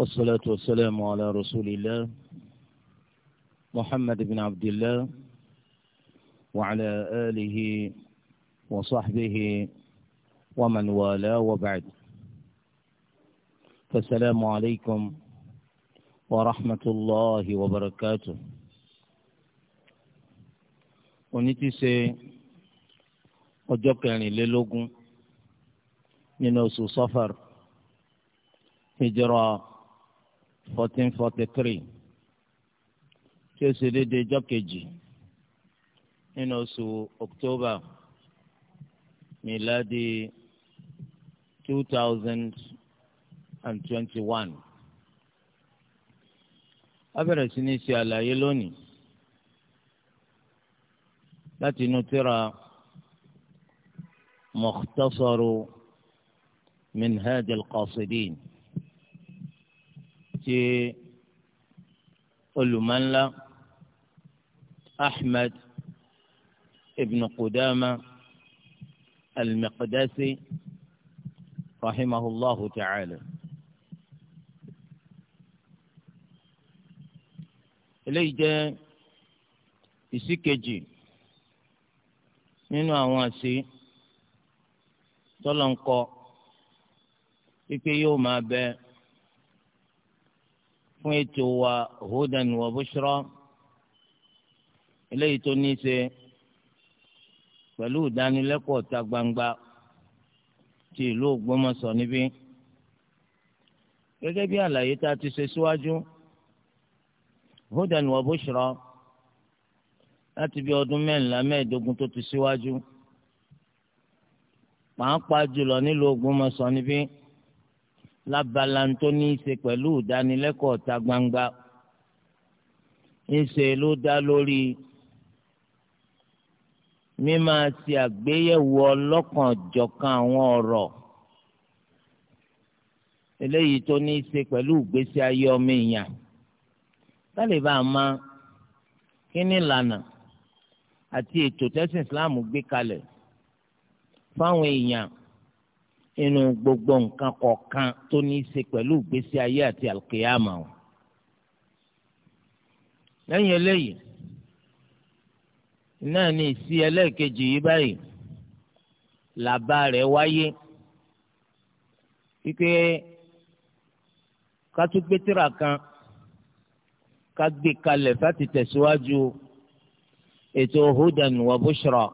والصلاة والسلام على رسول الله محمد بن عبد الله وعلى آله وصحبه ومن والاه وبعد فالسلام عليكم ورحمة الله وبركاته سي وجبك يعني للوغن من أسو صفر هجرة fourteen forty three tí ó ṣe déédéé ọjọ́ kejì nínú oṣù october miladi two thousand and twenty one a sí ní ṣe àlàyé lónìí láti inú tírà mukhtasaru minhaj al-qasidin ti olùmọ̀ńlá ahmed ibn qudama al-miqdasi rahimahullahu ta'ala. eléyìí jẹ́ ìsí kejì nínú àwọn àṣì tọ́lọ̀ ń kọ́ wípé yóò máa bẹ́ẹ̀ fún ètò wa hudan wa bushra eléyìí tó ní í ṣe pẹ̀lú ìdánilẹ́kọ̀ọ́ ta gbangba ti ìlú Ògbómọ̀ṣọ́ níbí gẹ́gẹ́ bí àlàyé tá a ti ṣe síwájú hudan wa bushra láti bí ọdún mẹ́rìnlá mẹ́ẹ̀ẹ́dógún tó ti síwájú pàápàá jùlọ nílùú Ògbómọ̀ṣọ́ níbí lábala tó ní í ṣe pẹ̀lú ìdánilẹ́kọ̀ọ́ ta gbangba ńṣe ló dá lórí mímá ṣe àgbéyẹ̀wò ọlọ́kanòjọ̀kan àwọn ọ̀rọ̀ eléyìí tó ní í ṣe pẹ̀lú ìgbésí ayé ọmọ èèyàn tálíbà máa kí ni ìlànà àti ètò tẹ́sán Islam gbé kalẹ̀ fáwọn èèyàn inú gbogbo nǹkan kọ̀ọ̀kan tó ní í ṣe pẹ̀lú ìgbésí ayé àti àlùkìyàmà o. lẹ́yìn eléyìí náà ní ìsí ẹlẹ́ẹ̀kejì yìí báyìí làbá rẹ̀ wáyé wípé ká kan ká gbé kalẹ̀ láti tẹ̀síwájú ètò hudan wa bushra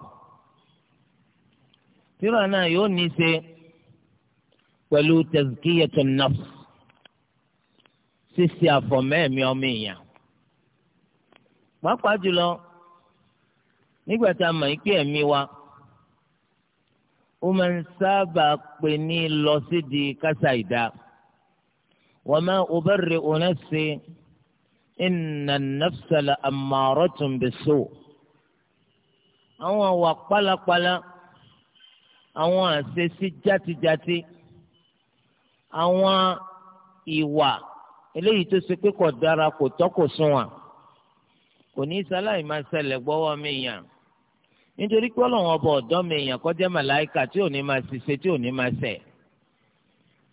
náà yóò ní í ṣe pẹ̀lú tazkiyatun nafs ṣíṣe àfọ̀mẹ́ẹ̀mí ọmọ èèyàn. pàápàá jùlọ nígbà tá a mọ̀ pé ẹ̀mí wa ó máa ń sábà pè ní lọ sídìí kásá ìdá wa ma ubarri'u nafsi inna an-nafsa la'ammaratun bis-su' àwọn àwà pálapàla àwọn àṣeṣí játijáti. Jati àwọn ìwà eléyìí tó ṣe pé kò dára kò tọ́ kò sunwọ̀n kò ní sáláì máa ṣẹlẹ̀ gbọ́wọ́ mi yàn nítorí pé ọlọ́run ọba ọ̀dọ́ mi yàn kọjá màláìka tí ò ní máa ṣiṣẹ́ tí ò ní máa ṣẹ̀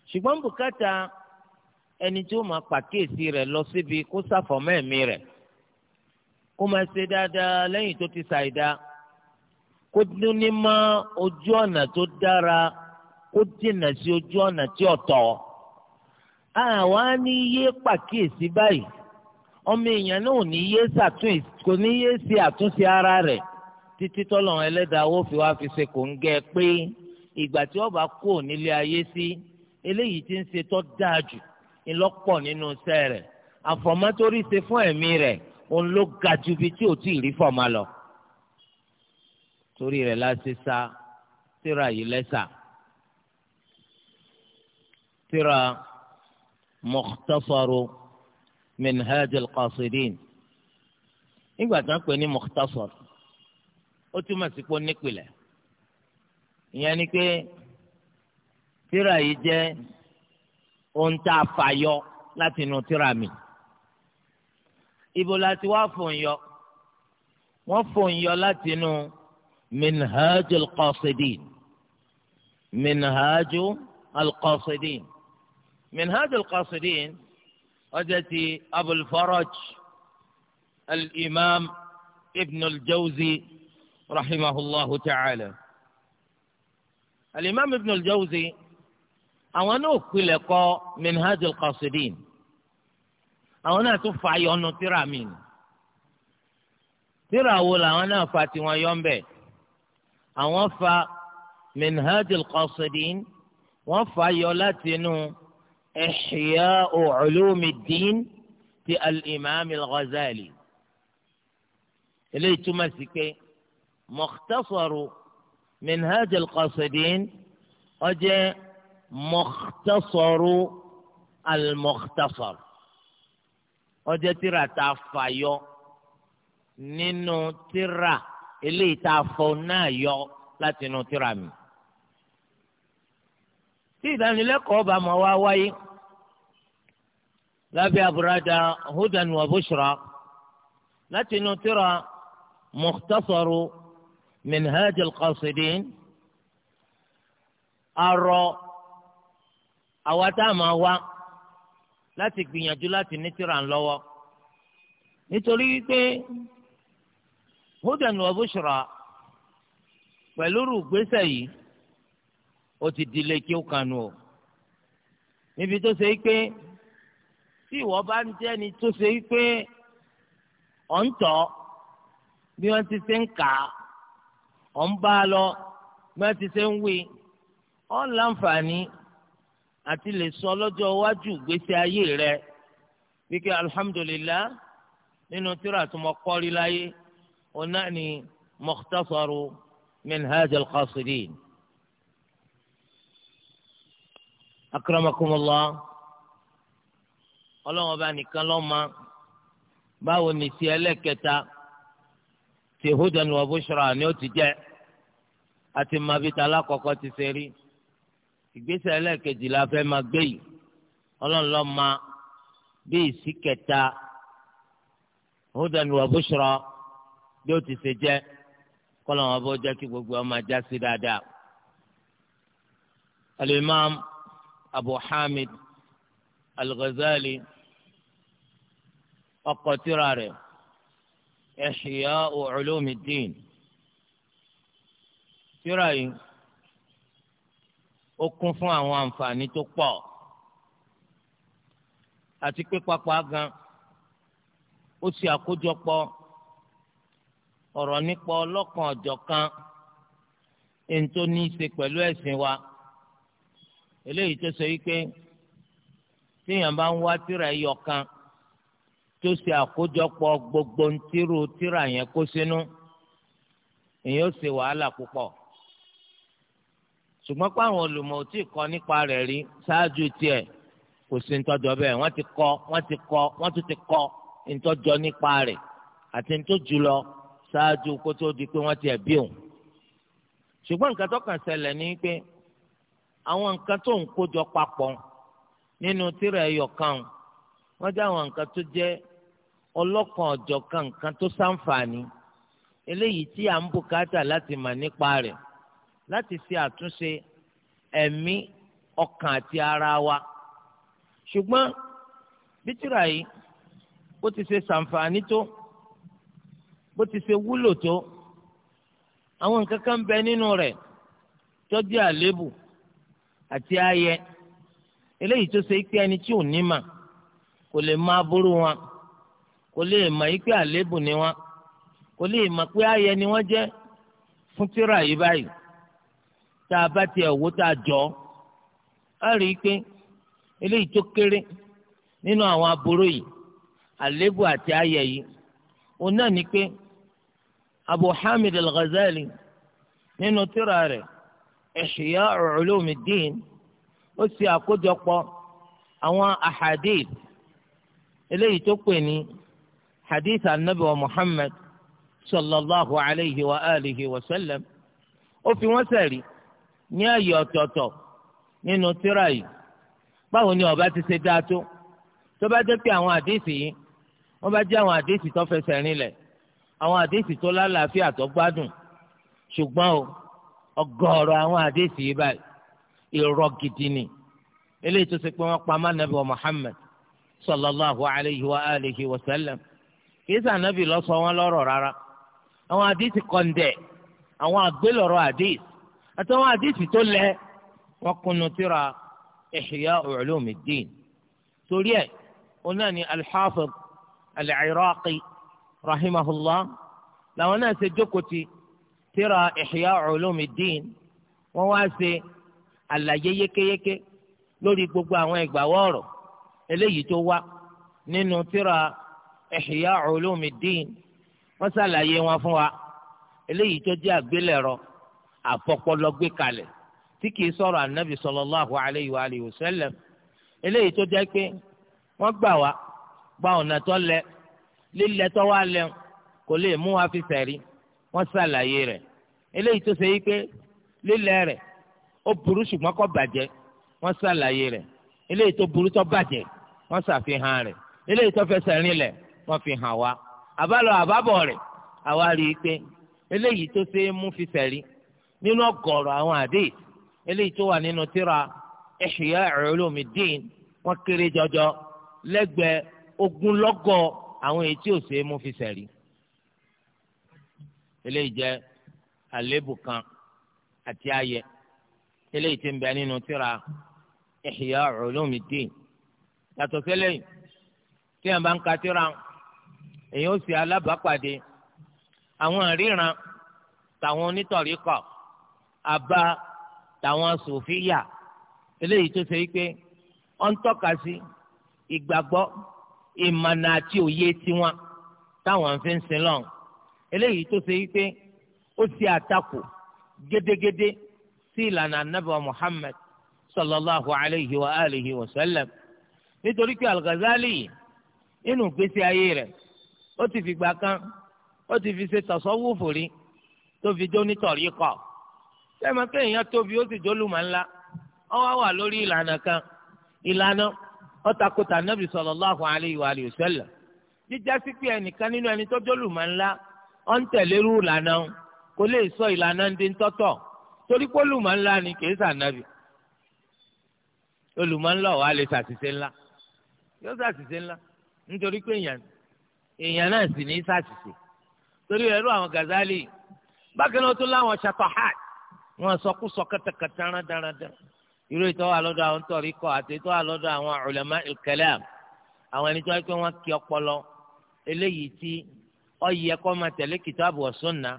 ṣùgbọ́n bùkátà ẹni tí ó máa pàkíyèsí rẹ̀ lọ síbi kó ẹ̀mí rẹ̀ kó máa ṣe dáadáa lẹ́yìn tó ti ṣàìdá kó ní mọ́ ojú ọ̀nà tó dára kó jìnnà sí ojú ọ̀nà tí ọ̀tọ̀ àwa ní yé pàkíyèsí báyìí ọmọ èèyàn náà ní yé ṣàtúnṣe kò ní yé ṣe àtúnṣe ara rẹ̀ títí tọ́lọ́run ẹlẹ́dàá fi wá fi ṣe kò ń gẹ pé ìgbà tí ọba kú nílé ayé sí eléyìí ti ń ṣe tó dáa jù ńlọ́pọ̀ nínú iṣẹ́ rẹ̀ àfọ̀mọ́tórí ṣe fún ẹ̀mí rẹ̀ òun ló ga ju bí tí ò tí rí fọ̀mà lọ. torí rẹ̀ la ṣe sa síra yìí lẹ́sà ترى مختصر منهاج القاصدين nígbà tí wọ́n pè ní mukhtasar ó túmọ̀ sí pé nípìnlẹ̀ ìyẹn ni pé tíra yìí jẹ́ ohun tá a fàyọ láti inú tíra mi ibo láti wá fòǹyọ wọ́n fòǹyọ láti inú minhajul qasidin minhajul qasidin من هذا القاصدين وجدت أبو الفرج الإمام ابن الجوزي رحمه الله تعالى الإمام ابن الجوزي أونوك لقاء من هذا القاصدين أونا تفع يونو ترى مين ترى ولا أنا فاتي ويوم بي أوفى من هذا القاصدين وفى يولاتي نو إحياء علوم الدين ti al-imam al-ghazali eléyìí túmọ̀ sí pé mukhtasaru minhaj al-qasidin ó jẹ́ mukhtasaru al-mukhtasar ó jẹ́ tírà tá a fà yọ nínú tírà eléyìí tá a fọ náà yọ látinú tírà mi tí ìdánilẹ́kọ̀ọ́ bá máa wá wáyé lábẹ́ àbúradà hudan wa bushra láti inú tíra mukhtasaru minhaj al-qasidin arọ àwa tá a máa wá láti gbìyànjú láti ní tíra lọ́wọ́ nítorí pé hudan wa pẹ̀lú rúgbésẹ̀ yìí ó ti di ilé kí ó kanu o níbi tó ṣe pé tí ìwọ bá ń jẹ́ni tó ṣe pé ọ̀ ń tọ́ bí wọ́n ti ṣe ń kà á ọ̀ ń bá a lọ bí wọ́n ti ṣe ń wí ọ̀ ń láǹfààní àti lè sọ lọ́jọ́ iwájú ìgbésí ayé rẹ wíkẹ́ alhamdulillah nínú tírà tí mo kọ́ rí láyé ọ̀nà ni mukhtasaru min hajj al akramakumullah ọlọ́wọ́n bá nìkan lọ́mọ báwo ni ti ẹlẹ́kẹta ti hudan wa bushra ni ó ti jẹ́ àti mabita alákọ̀ọ́kọ́ ti ṣe rí ìgbésẹ̀ ẹlẹ́kejì la fẹ́ máa gbé yìí ọlọ́run ló ma bí ìsí kẹta hudan wa bí ó ti ṣe jẹ́ kọ́lọ́wọ́n bó jẹ́ kí gbogbo ọmọ ajá sí dáadáa. al abu hamid al-ghazali ọkọ tírà rẹ̀ ihya ulumuddin tírà yìí ó kún fún àwọn àǹfààní tó pọ̀ àti pé pápá gan ó ṣe àkójọpọ̀ ọ̀rọ̀ nípa ọlọ́kan ọ̀jọ̀kan ẹni tó ní í ṣe pẹ̀lú ẹ̀sìn wa eléyìí tó sọ wípé tíyàn bá ń wá tírà ẹyọ kan tó ṣe àkójọpọ̀ gbogbo ntírú tírà yẹn kó sínú èyàn ó ṣe wàhálà púpọ̀ ṣùgbọ́n pé àwọn olùmọ̀ ò tí ì kọ́ nípa rẹ̀ rí ṣáájú tiẹ̀ kò sí ntọ́jọ́ bẹ́ẹ̀ wọ́n ti kọ́ wọ́n ti kọ́ wọ́n tún ti kọ́ ntọ́jọ́ nípa rẹ̀ àti ntó jùlọ ṣáájú kó tó di pé wọ́n ti ẹ̀ bí òun ṣùgbọ́n nǹkan tó kàn ṣẹlẹ̀ ni pé àwọn nǹkan tó ń kójọ papọ̀ nínú tírà ẹyọ kan wọ́n jẹ́ àwọn nǹkan tó jẹ́ ọlọ́kan ọ̀jọ̀kan nǹkan tó ṣàǹfààní eléyìí tí à ń bùkátà láti mà nípa rẹ̀ láti ṣe àtúnṣe ẹ̀mí ọkàn àti ara wa ṣùgbọ́n bí tírà yìí bó ti ṣe ṣàǹfààní tó bó ti ṣe wúlò tó àwọn nǹkan kan bẹ nínú rẹ̀ tó jẹ́ àti ayẹ eléyìí tó ṣe pé ẹni tí ò ní mà kò lè máa burú wọn kò lè mà yí pé ni wọn kò lè mà pé ayẹ ni wọn jẹ fún tíra yìí báyìí tá a bá tiẹ̀ wò tá a jọ á rí i pé eléyìí tó kéré nínú àwọn aburú yìí àléébù àti ayẹ yìí òun náà ni pé Abu Hamid al-Ghazali nínú tíra rẹ̀. Ihya Ulumuddin ó ṣe àkójọpọ̀ àwọn ahadith eléyìí tó pè ní hadith anabi wa Muhammad sallallahu alayhi wa alihi wa sallam ó fi wọ́n sẹ̀rí ní ààyè ọ̀tọ̀ọ̀tọ̀ nínú tírà yìí báwo ni ọba ti ṣe dáa tó tó bá jẹ́ pé àwọn àdéhìsì yìí wọ́n bá jẹ́ àwọn àdéhìsì tó fẹsẹ̀ rinlẹ̀ àwọn àdéhìsì tó lálàáfíà tó gbádùn ṣùgbọ́n o ọgọ́rọ̀ àwọn àdéhìí yìí báyìí irọ́ gidi ni eléyìí tó ṣe pé wọ́n pa mánàbí wa Muhammad sallallahu alayhi wa alihi wa sallam kìí sàn nàbí ló sọ wọ́n lọ́rọ̀ rárá àwọn àdéhìí kọ̀ǹdẹ̀ àwọn àgbélọ̀rọ̀ àdéhìí àtàwọn àdéhìí tó lẹ wọ́n kunu tíra Ihya Ulumiddin torí ẹ̀ òun ni al-Hafiz al-Iraqi làwọn náà ṣe jókòó ti tíra Ihya Ulumuddin wọ́n wá ṣe àlàyé yékéyéké lórí gbogbo àwọn ìgbàwọ́ ọ̀rọ̀ eléyìí tó wá nínú tíra Ihya Ulumuddin wọ́n ṣàlàyé wọn fún wa eléyìí tó jẹ́ àgbélẹ̀rọ àfọpọlọgbé kalẹ̀ tí kìí sọ̀rọ̀ ànábì sallallahu alayhi wa alihi wa sallam eléyìí tó jẹ́ pé wọ́n gbà wá gba ọ̀nà tó lẹ lílẹ̀ tó wá lẹ kò lè mú wa fi sẹ̀rí wọ́n ṣàlàyé rẹ̀ eléyìí tó ṣe yí pé lílẹ̀ rẹ̀ ó burú ṣùgbọ́n kò bàjẹ́ wọ́n ṣàlàyé rẹ̀ eléyìí tó burú tó bàjẹ́ wọ́n ṣàfihàn rẹ̀ eléyìí tó fẹsẹ̀ rinlẹ̀ wọ́n fi hàn wá àbálọ àbábọ̀ rẹ̀ àwa rí i pé eléyìí tó ṣe é mú fi sẹ̀rí nínú ọ̀gọ̀rọ̀ àwọn àdéhì eléyìí tó wà nínú tíra Ihya Ulumuddin wọ́n kéré jọjọ lẹ́gbẹ̀ẹ́ ogunlọ́gọ̀ àwọn èyí tí ò ṣe é mú fi sẹ̀rí eléyìí jẹ́ àléébù kan àti ayẹ eléyìí tí ń bẹ nínú tírà Ihya Ulumuddin yàtọ̀ sẹ́lẹ̀yìn tí a bá ń ka tírà èyí ó sì alábàápàdé àwọn àríran tàwọn onítọ̀ríkọ̀ àbá tàwọn sòfíyà eléyìí tó ṣe wípé ó ń tọ́ka sí ìgbàgbọ́ ìmọ̀nà àti òye tiwọn táwọn fi ń sin lọ́hùn eléyìí tó ṣe wípé ó ṣe àtakò gédégédé sí ìlànà ànábì wa Muhammad sallallahu alayhi wa alihi wa sallam nítorí pé Al-Ghazali yìí inú gbèsè ayé rẹ̀ ó ti fìgbà kan ó ti fi ṣe tasawufu rí tó fi jó ní tariqa sẹ́mi pé èèyàn tóbi ó sì jólùmọ̀ ńlá ó wá wà lórí ìlànà kan ìlànà ó takò tà sallallahu alayhi wa alihi wa sallam jíjásí pé ẹnìkan nínú ẹni tó jólùmọ̀ ńlá. ọ ń tẹ̀lé irú ìlànà wọn kò lè sọ ìlànà ndí tọ́tọ̀ torí pé olùmọ̀ ni kìí sànàbì olùmọ̀ ọ̀ wá lè ṣàṣìṣe ńlá yóò nla. ńlá nítorí pé èèyàn èèyàn náà sì ní ṣàṣìṣe torí àwọn Gazali bákan náà tó láwọn wọn sọ kẹtẹkẹtẹ rán irú ìtọ́ lọ́dọ̀ àwọn tọ̀rí kọ àti ìtọ́ lọ́dọ̀ àwọn àwọn ọyẹ kọ́ máa tẹ̀lé kitabu wa sunna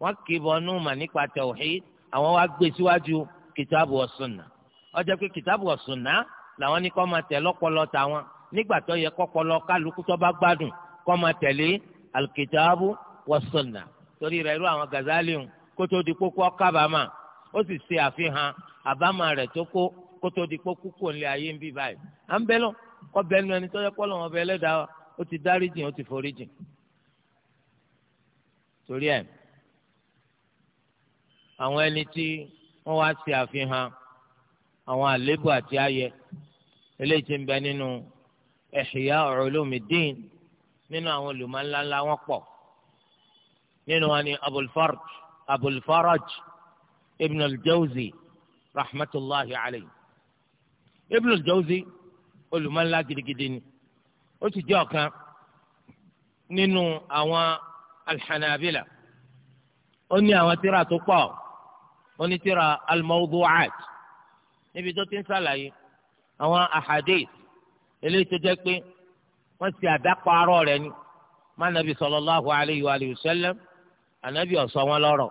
wọ́n kì í bọ́nú mà nípa tawhid àwọn wa gbé síwájú kìtàbù wa sunna ó jẹ́ pé kìtàbù wa sunna làwọn ní kọ́ máa tẹ̀ lọ́pọlọ tàwọn nígbà tó yẹ kọ́pọlọ kálukú tó bá gbádùn kọ́ máa tẹ̀lé alkìtàbù wa sunna torí rẹ̀ irú àwọn Gazali ń kótó di kókó kábàámà ó sì ṣe àfihàn àbámà rẹ̀ tó kó kótó di kókó kò ní ayé ń bí báyìí à ń bẹ́ lọ kọ́ bẹ́ẹ̀ ẹni tó yẹ kọ́ lọ́wọ́ bẹ́ẹ̀ lẹ́dàá ó ti dáríjìn ó ti foríjìn torí ẹ̀ àwọn ẹni tí wọ́n wá ṣe àfihàn àwọn àléébù àti ayẹ eléyìí tí ń bẹ nínú Ihya Ulumuddin nínú àwọn olùmọ̀ ńláńlá wọn pọ̀ nínú wọn ni Abul Faraj Abul Faraj Ibn al-Jawzi rahmatulahi alayhi Ibn al-Jawzi olùmọ̀ ńlá gidigidi ni ó ti jẹ́ ọ̀kan nínú àwọn alḥanabila ó ní àwọn tíra tó pọ̀ ó ní tíra almawdu'at níbi tó ti ń sàlàyé àwọn ahadith eléyìí tó jẹ́ pé wọ́n ti àdáparọ́ rẹ̀ ni mánàbí sallallahu alayhi wa alihi wa sallam ànábì ọ̀sọ́ wọn lọ́rọ̀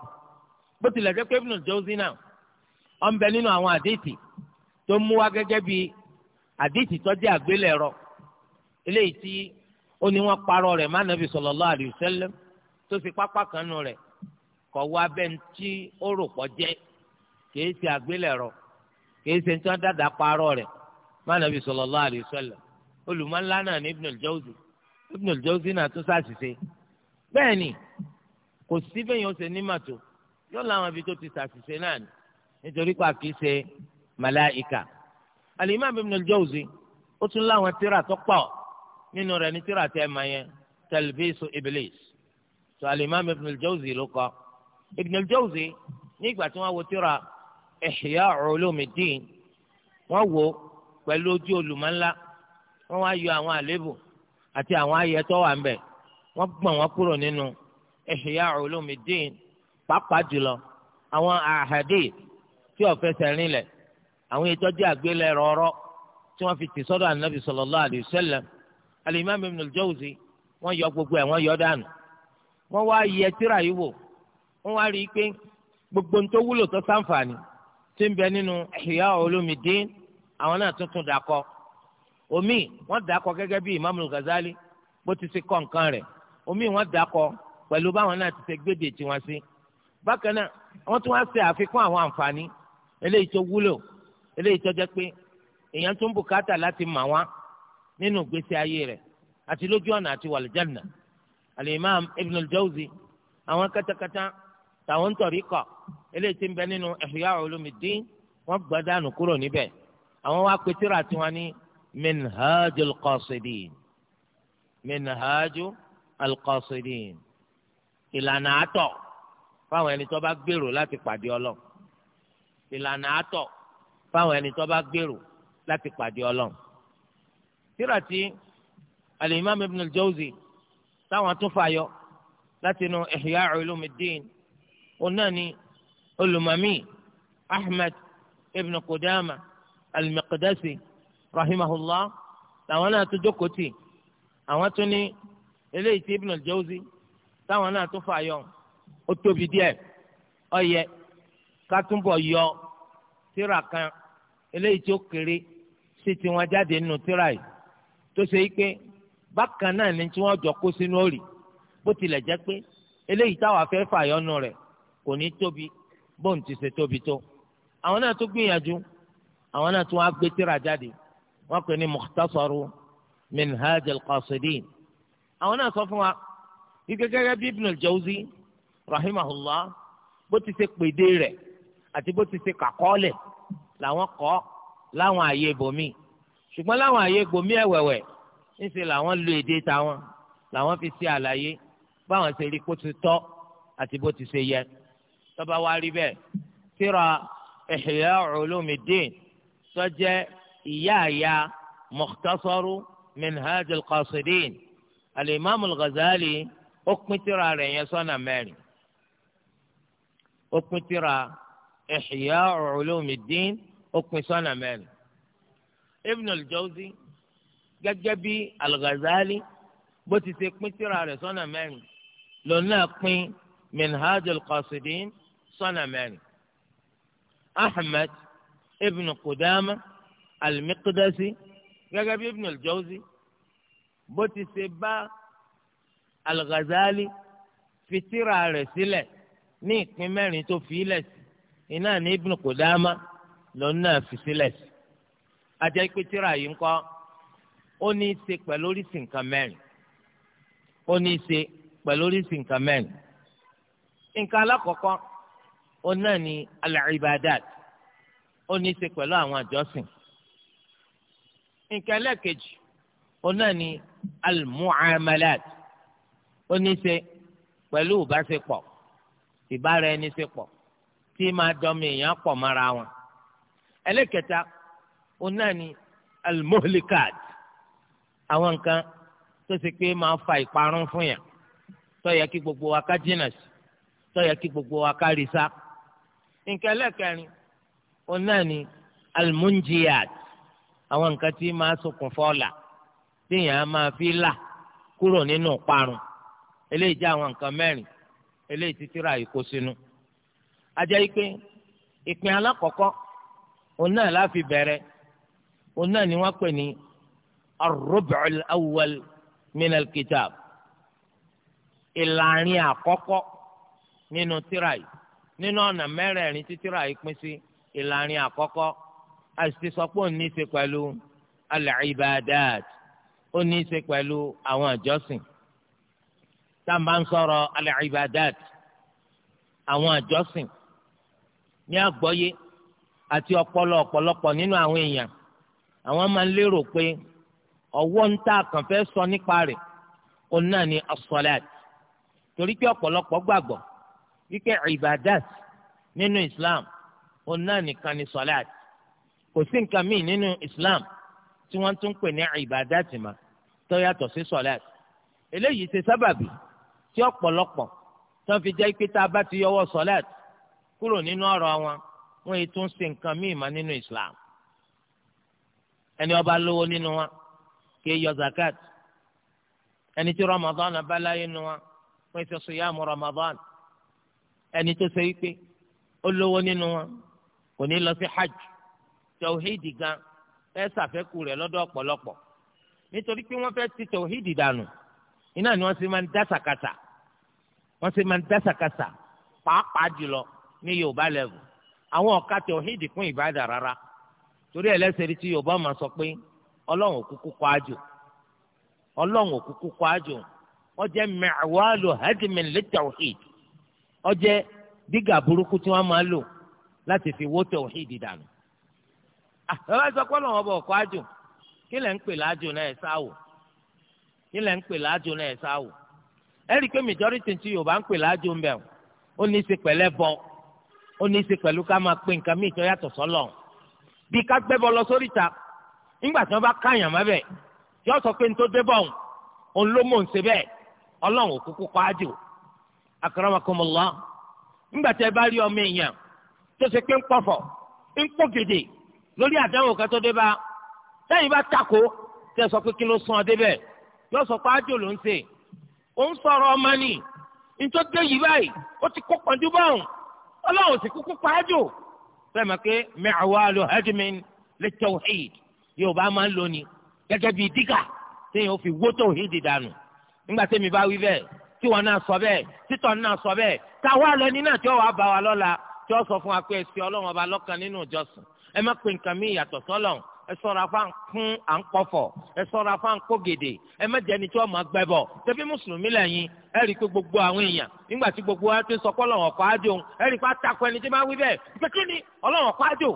bó tilẹ̀ jẹ́ pé Ibn Jawzi náà ó ń bẹ nínú àwọn àdéhìtì tó mú wá gẹ́gẹ́ bí àdéhìtì tó jẹ́ àgbélẹ̀rọ eléyìí tí ó ní wọ́n parọ́ rẹ̀ mánàbí sallallahu alayhi wa sallam tó fi pápá kan nù rẹ̀ kọ̀ wá bẹ́ẹ̀ tí ó rò pọ̀ jẹ́ kìí ṣe àgbélẹ̀rọ kìí ṣe tí wọ́n dàda parọ́ rẹ̀ mánàbí sallallahu alaihi wasallam olùmọ̀lá náà ní Ibnul Jawzi Ibnul Jawzi náà tún ṣàṣìṣe bẹ́ẹ̀ ni kò sí bẹ́yìn ọ̀sẹ̀ ní màtó yóò láwọn ibi tó ti ṣàṣìṣe náà ni nítorí pa kìí ṣe màláìka Al-Imam Ibnul ó tún láwọn tíra tó pọ̀ nínú rẹ̀ ní tíra tẹ́ ẹ̀ máa yẹn Talbisu Iblis sọ alimami ibn al-jawzi ló kọ ibn al-jawzi ní ìgbà tí wọ́n wo tírà ihya ulumuddin wọ́n wò pẹ̀lú ojú olùmọ̀ńlá wọ́n wá yọ àwọn àlébù àti àwọn ayẹtọ́ wà ń bẹ̀ wọ́n gbọ̀n wọn kúrò nínú ihya ulumuddin pàápàá jùlọ àwọn àhàdì tí ó fẹsẹ̀ rinlẹ̀ àwọn ìtọ́jú àgbélẹ̀rọ ọ̀rọ̀ tí wọ́n fi tì sọ́dọ̀ ànábì sallallahu alayhi wa sallam ibn al-jawzi yọ gbogbo ẹ̀ wọ́n yọ dànù wọ́n wá yẹ tíra yìí wò wọ́n wá rí i pé gbogbo ní tó wúlò tó sáǹfààní tí ń bẹ nínú Ihya Ulumuddin àwọn náà tuntun dàkọ omi wọ́n dàkọ gẹ́gẹ́ bí Imam Al-Ghazali bó ti ṣe kọ́ nǹkan rẹ̀ omi wọ́n dàkọ pẹ̀lú báwọn náà ti ṣe gbédè tiwọn sí bákan náà wọ́n tún wá ṣe àfikún àwọn àǹfààní eléyìí tó wúlò eléyìí tó jẹ́ pé èèyàn tún bùkátà láti mà wá nínú ìgbésí ayé rẹ̀ àti lójú ọ̀nà àti wàlùjánnà alimam ibn al-jawzi àwọn katakata tàwọn tọrí kọ eléyìí ti ń bẹ nínú ihya ulumuddin wọn gbọdánù kúrò níbẹ̀ àwọn wa pẹtira tiwọn ní minhajul qasidin minhajul qasidin ìlànà àtọ fáwọn ẹni tó bá gbèrò láti pàdé Ọlọ́run ìlànà àtọ fáwọn ẹni tó bá gbèrò láti pàdé Ọlọ́run tírà alimami ibn al táwọn tún fàyọ láti inú Ihya Ulumuddin òun náà ni olùmọ̀mí Ahmad ibn Qudama al-Maqdisi rahimahullah làwọn náà tún jókòó tì àwọn tún ní eléyìí tí ibn al táwọn náà tún fàyọ ó tóbi díẹ̀ ó yẹ ká túnbọ̀ yọ tírà kan eléyìí tí ó kéré sí tiwọn jáde nínú tírà yìí tó ṣe é pé bákan náà ni tí wọ́n jọ kó sínú òrì bó tilẹ̀ jẹ́ pé eléyìí táwa fẹ́ fàyọ́nù rẹ̀ kò ní tóbi bóun ti ṣe tóbi tó àwọn náà tún gbìyànjú àwọn náà tún wá gbé tíra jáde wọ́n pè ní mukhtasaru minhaj al-qasidin àwọn náà sọ fún wa ike gẹ́gẹ́ bí ibn al rahimahullah bó ti ṣe pèdè rẹ̀ àti bó ti ṣe kàkọ́ọ̀lẹ̀ làwọn kọ́ láwọn àyè ibòmí ṣùgbọ́n láwọn àyè ibòmí ẹ̀wẹ̀wẹ̀ níṣẹ làwọn lo èdè táwọn làwọn fi ṣe àlàyé báwọn ṣe rí kó ti tọ́ àti bó ti ṣe yẹ tọba wa rí bẹ́ẹ̀ tíra Ihya Ulumuddin tó jẹ́ ìyá àyà Mukhtasaru Minhaj al-Qasidin al-Imam al-Ghazali ó pín tíra rẹ̀ yẹn sọ́nà mẹ́rin ó pín tíra Ihya Ulumuddin ó pín sọ́nà mẹ́rin Ibn al gẹ́gẹ́ bí Al-Ghazali bó ti ṣe pín tírà rẹ̀ sọ́nà mẹ́rin lòun náà pín Minhajul Qasidin sọ́nà mẹ́rin Ahmad ibn Qudama al-Miqdasi gẹ́gẹ́ bí ibn al-Jawzi bó ti ṣe bá Al-Ghazali fi tírà rẹ̀ sílẹ̀ ní ìpín mẹ́rin tó fi ilẹ̀ sí iná ní ibn Qudama lòun náà fi sílẹ̀ sí. ajẹ́ pé yìí ń kọ́ ó ní í ṣe pẹ̀lú oríṣi nǹkan mẹ́rin ó ní í ṣe pẹ̀lú oríṣi nǹkan mẹ́rin nǹkan alákọ̀ọ́kọ́ ó náà ní al-ibadat ó ní í ṣe pẹ̀lú àwọn àjọsìn nǹkan ẹlẹ́ẹ̀kejì ó náà ní al-muamalat ó ní í ṣe pẹ̀lú ìbáṣepọ̀ ìbára ẹni ṣe pọ̀ tí máa dọ́mi èèyàn pọ̀ mọ́ra wọn ẹlẹ́ẹ̀kẹta ó náà ní al àwọn nǹkan tó ṣe pé máa fa ìparun fún yàn tó kí gbogbo wa ká jìnnà sí kí gbogbo wa ká rí sá. nǹkan ẹlẹ́kẹrin òun náà ni almunjiyat àwọn nǹkan tí máa ṣokùnfà ọ̀la téèyàn á máa fi là kúrò nínú parun eléyìí jẹ́ àwọn nǹkan mẹ́rin eléyìí títíra ìkó sínú. ajá yìí pé ìpín alákọ̀ọ́kọ́ òun náà láfi bẹ̀rẹ̀ òun náà ni wọ́n pè ní الربع الأول من الكتاب ìlànà àkọ́kọ́ nínú tírà yìí nínú ọ̀nà mẹ́rẹ̀ẹ̀rin tí tírà yìí pín sí ìlànà àkọ́kọ́ àti sọ́pọ̀ ní í ṣe pẹ̀lú al-ibadat ó ní í ṣe pẹ̀lú àwọn àjọsìn tá a máa ń sọ̀rọ̀ al-ibadat àwọn àjọsìn ní àgbọ́yé àti ọpọlọ ọwọ́ ń tà kàn fẹ́ sọ nípa rẹ̀ òun náà ni asọ́láàt torí pé ọ̀pọ̀lọpọ̀ gbàgbọ́ wípé ibadat nínú islam òun náà nìkan ni sọ́láàt kò sí nǹkan míì nínú islam tí wọ́n tún pè ní ibadat mà tó yàtọ̀ sí sọ́láàt eléyìí ṣe sábàbí tí ọ̀pọ̀lọpọ̀ tí wọ́n fi jẹ́ pé tá a bá ti yọwọ́ sọ́láàt kúrò nínú ọ̀rọ̀ wọn wọ́n yìí tún ṣe nǹkan míì mà nínú islam ẹni ó lówó nínú wọn kì í yọ zakat ẹni tí Ramadan abala láyé nu wa wọ́n Ramadan ẹni tó ṣe wípé ó lówó nínú wa kò ní lọ sí hajj tawhidi gan ẹ ṣàfẹ́kù rẹ lọ́dọ̀ ọ̀pọ̀lọpọ̀ nítorí pé wọ́n fẹ́ ti tawhidi dànù iná ni wọ́n ṣe máa ń dá sàkàtà wọ́n ṣe máa ń dá sàkàtà pàápàá jùlọ ní yorùbá lẹ́vù àwọn ọ̀ka tawhidi kún ìbádà rárá torí ẹlẹ́sẹ̀ rí yorùbá máa sọ pé ọlọ́run òkúkú kọ́ àjò ọlọ́run òkúkú kọ́ àjò wọ́n mẹ́wàálù hadimin litawhid wọ́n jẹ́ burúkú tí wọ́n máa fi wó tawhid dànù. Ah, àbẹ̀wò sọ pé ọlọ́run ọba ọ̀kọ́ àjò kí lẹ̀ ń pè láàjò náà ẹ̀ sáwò kí ń pè láàjò náà ẹ̀ sáwò pé majority ti Yorùbá ń pè láàjò ń bẹ̀ ó ní í ṣe pẹ̀lẹ́ bọ́ ó ní í ṣe pẹ̀lú ká máa pè nǹkan míì tó nígbà tí wọ́n bá káyàn má bẹ́ẹ̀ tí wọ́n sọ pé nítorí dé bọ̀ òun ló mọ̀ ń ṣe bẹ́ẹ̀ ọlọ́run ò kúkú pa á jù akramakumullah nígbà tí ẹ bá rí ọmọ èèyàn tó ṣe pé ń pọ̀fọ̀ ń pọ̀ gèdè lórí àdánwò kan tó dé bá sẹ́yìn bá takò tẹ sọ pé kí ló sún ọ débẹ̀ yóò sọ pé ájò ló ń ṣe ó ń ọmọ nì nítorí dé yìí báyìí ó ti kó pọ̀njú bọ́ọ̀n ọlọ́run sì kúkú pa ájò fẹ́ẹ́ mọ̀ pé mẹ́àwá lo hajjimin li tawhid yorùbá máa ń lò ní gẹ́gẹ́ bíi dígà téèyàn ó fi wó tó hídì dànù nígbà tẹ́mi bá wí bẹ́ẹ̀ tí wọn náà sọ bẹ́ẹ̀ títọ́ náà sọ bẹ́ẹ̀ táwa lẹni náà tí ó wàá bá wa lọ́la tí ó sọ fún wa pé ẹsẹ̀ ọlọ́run ọba lọ́kàn nínú ìjọsìn ẹ má pe nǹkan mí ìyàtọ̀ sọ́lọ́run ẹ ṣọ́ra fún kún à ń pọ̀fọ̀ ẹ ṣọ́ra fún à ń kó gèdè ẹ má jẹ́ ẹni tí wọ́n máa gbẹ bọ̀ tẹ́bí mùsùlùmí lẹ́yìn ẹ rí i pé gbogbo àwọn èèyàn nígbà tí gbogbo wa ti sọ pé ọlọ́run ọ̀kọ́ ájò ẹ rí i pé atakọ ẹni tí máa wí bẹ́ẹ̀ pé kí ni ọlọ́run ọ̀kọ́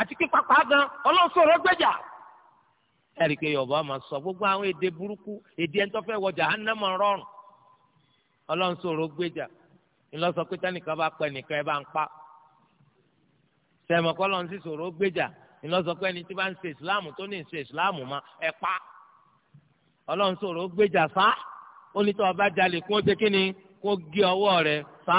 àti pé pàpà gan ọlọ́sọ̀rọ̀ gbẹ́jà ẹ̀rí pé yorùbá máa sọ gbogbo àwọn èdè burúkú èdè ẹni tó fẹ́ wọ jahannama rọrùn ọlọ́sọ̀rọ̀ gbẹ́jà ńlọsọ pé tẹ́nìkan bá pẹ́ nìkan ẹ bá ń pa sẹ́mọ̀kọ́ lọ́n sì sọ̀rọ̀ gbẹ́jà ńlọsọ pé ẹni tí bá ń ṣe ìsìláàmù tó ní ìṣe ìsìláàmù ma ẹ̀ pa ọlọ́sọ̀rọ̀ gbẹ́jà fa onítọ̀ ọba jalè kó o ṣe kíni kó gé ọwọ́ rẹ fa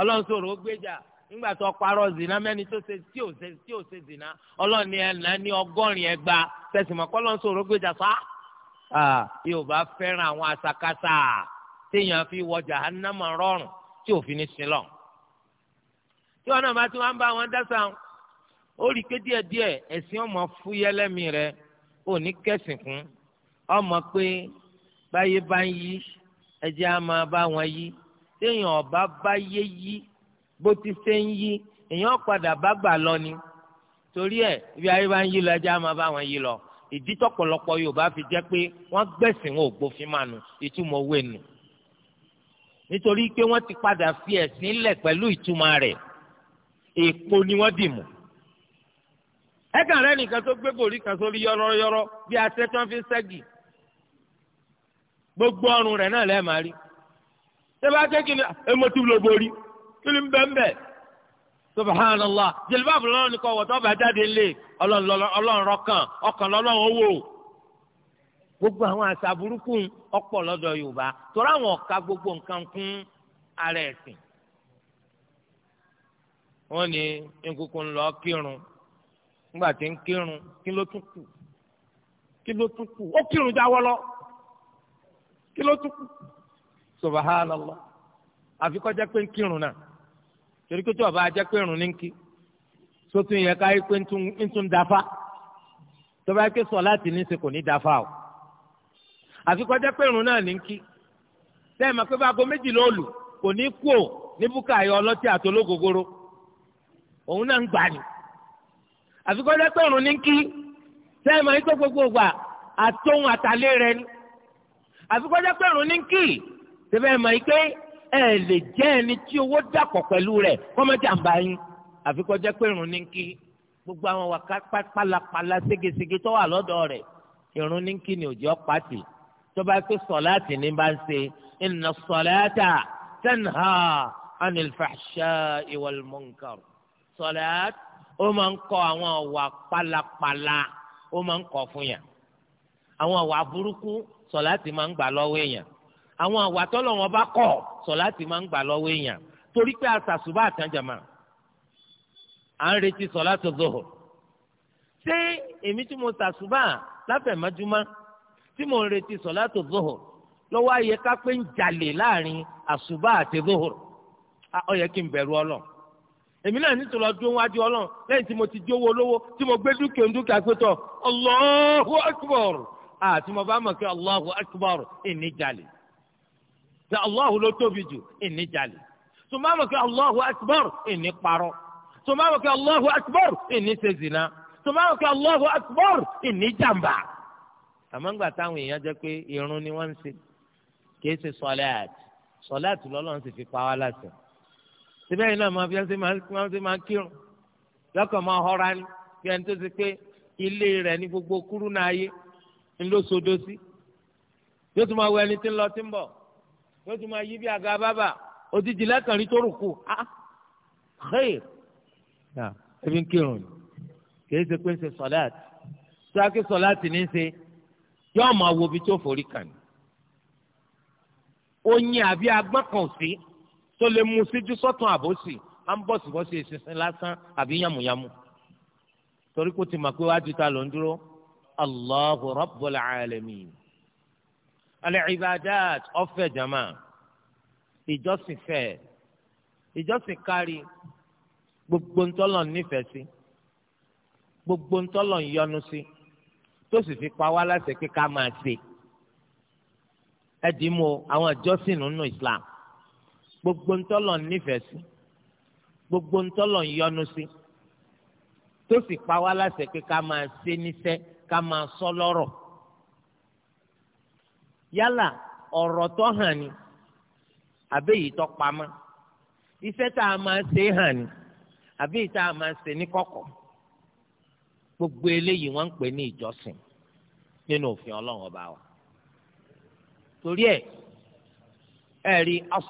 ọlọ́sọ̀rọ̀ gbẹ́jà nígbà tó parọ́ zina mẹ́ni tó ṣe tí ò ṣe tí ò ṣe zina ọlọ́run ni ẹ̀nà ní ọgọ́rin ẹgba tẹ̀sí mọ́ kọ́lọ́n sọ̀rọ̀ gbèjà sá. yorùbá fẹ́ràn àwọn asakasa téèyàn fi wọ jahannama rọrùn tí òfin ní sílọ. tí wọn náà bá ti wá ń bá wọn dásà ó rí pé díẹ̀díẹ̀ ẹ̀sìn ọmọ fúyẹ́lẹ́mì rẹ ò ní kẹ́sìn kún ọmọ pé báyé bá ń yí ẹjẹ́ á máa bá wọn yí téèyàn ọba báyé yí bó ti ṣe ń yí èèyàn padà bá gbà lọ ni torí ẹ ibi ayé bá ń yí lọ ẹjẹ á máa bá wọn yí lọ ìdí tọ̀pọ̀lọpọ̀ Yorùbá fi jẹ́ pé wọ́n gbẹ̀sìn wọn ò gbófin máa nù ìtumọ̀ owó ẹnu nítorí pé wọ́n ti padà fi ẹ̀sìn lẹ̀ pẹ̀lú ìtumọ̀ rẹ̀ èèpo ni wọ́n dì mú ẹ̀ka rẹ̀ nìkan tó gbé bòrí kan sórí yọ́rọ́yọ́rọ́ bí asẹ́ tí wọ́n fi ń ṣẹ́gi gbogbo ọrùn rẹ̀ náà lẹ́ẹ̀ máa rí ṣé bá jẹ́ kí ni ẹ mo borí kí ni bẹ́ẹ̀nbẹ́ subhanallah jìlbáàbù lọ́nà nìkan wọ̀ tó bá jáde lé ọlọ́ọ̀rọ̀ kan ọkàn lọ́lọ́wọ́ wò gbogbo àwọn àṣà burúkú ọ̀pọ̀ lọ́dọ̀ Yorùbá torí àwọn ọ̀ka gbogbo nǹkan kún ara ẹ̀sìn wọ́n ní nkukú ń lọ kírun nígbà tí ń kírun kí ló tún kù kí ló tún kù ó kírun jáwọ́ kí ló tún kù subhanallah àfi kọjá pé ń kírun náà torí pé tí ọba ajẹ́ pé irun ní kí sótún yẹ ká pé ń tún dáfá tọ́ba yẹ pé sọ láti ní ṣe kò ní dáfá o àfikọ́ jẹ́ pé irun náà ní kí sẹ́yìn máa pé bá aago méjì ló lù kò ní kú o ní búkà ayọ̀ ọlọ́tí àtológogoro òun náà ń gbà ní àfikọ́ jẹ́ pé irun ní kí sẹ́yìn máa ń tó gbogbo gbà àtòhun àtàlẹ́ rẹ ni àfikọ́ jẹ́ pé irun ní kí sẹ́yìn máa ń pé ẹ lè jẹ́ ẹni tí owó dàpọ̀ pẹ̀lú rẹ̀ kọ́mọ́jàmbá yín àfi kó jẹ́ pé ìrun ní kí gbogbo àwọn wà pálapàla ségesège tó wà lọ́dọ̀ rẹ̀ ìrun ní kí ni òjò pàtì tó bá pé sọ̀láàtì ní bá ń ṣe inna sọ̀láàtà tanha anil fahsha'i wal munkar sọ̀láàtì ó máa ń kọ́ àwọn ọ̀wà pálapàla ó máa ń kọ́ fún yàn àwọn ọ̀wà burúkú sọ̀láàtì máa ń gbà lọ́wọ́ èèyàn àwọn àwàtọ́ lọ́wọ́n bá kọ̀ sọ̀láàtì máa ń gbà lọ́wọ́ èèyàn torí pé àṣàṣùbà àtàjàmà à ń retí sọ̀láàtì zohor ṣé èmi tí mo ṣàṣùbà láfẹ̀mọ́júmọ́ tí mo ń retí sọ̀láàtì zohor lọ́wọ́ ayẹ ká pé ń jalè láàrin àṣùbà àti zohor ó yẹ kí n bẹ̀rù ọlọ́ èmi náà ní tòlọ́ dún wájú ọlọ́run lẹ́yìn tí mo ti jówó olówó tí mo gbé dúkìá dúkìá pétọ́ Allahu Akbar àti mo bá mọ̀ kí Allahu Akbar ìníjàlè ṣe Allahu ló tóbi jù ìní jalè tó máa mọ̀ kí Allahu akbar ìní parọ́ tó máa mọ̀ kí Allahu akbar ìní ṣe zina tó máa mọ̀ kí Allahu akbar ìní jàmbá. àmọ́ ńgbà táwọn èèyàn jẹ́ pé irun ni wọ́n ń ṣe kìí ṣe sọláàtì sọláàtì lọ́lọ́run sì fi pa wá láṣẹ. síbẹ̀ yìí náà máa fi ẹsẹ̀ máa ṣe máa kírun lọ́kàn máa họra ní bí ẹni tó ṣe pé ilé rẹ̀ ní gbogbo kúrú náà yé ńlọ́sọdọ́sí yóò tún máa wọ ẹni tí ń lọ tí ń bọ̀ yóò tún máa yí bí àga bábà òjijì lẹ́kànrí tó rùkù xeyr ebi ń kírun kì í ṣe pé ń ṣe sọláàtì tí a kí sọláàtì ní í ṣe yóò máa wo ibi tó forí kàn ní. oyin àbí agbọ́n kan sí tó lè mú síjú sọ́tún àbòsí à ń bọ̀ síbọ̀ lásán àbí yàmùyàmù torí kó ti mọ̀ pé wájú ta ló ń dúró Allahu Rabbul Alamin al-ibadat ọ̀fẹ́ jama ìjọsìn fẹ́ ìjọsìn kárí gbogbo ntọ́lọ̀ nífẹ̀ẹ́ sí gbogbo ntọ́lọ̀ yọ́nú sí tó sì fi pa wá láṣẹ pé ká máa ṣe ẹ̀dì mú àwọn ìjọsìn nínú Islam gbogbo ntọ́lọ̀ nífẹ̀ẹ́ sí gbogbo ntọ́lọ̀ yọ́nú sí tó sì pa wá láṣẹ pé ká máa ṣe níṣẹ́ ká máa sọ lọ́rọ̀ yálà ọ̀rọ̀ tó hàn ni àbẹ́yìí tó pamọ́ iṣẹ́ tá a máa ṣe hàn ni àbẹ́yìí tá a máa ṣe ní kọ̀kọ̀ gbogbo eléyìí wọ́n ń pè ní ìjọsìn nínú òfin ọlọ́run ọba wa torí ẹ̀ ẹ̀ rí as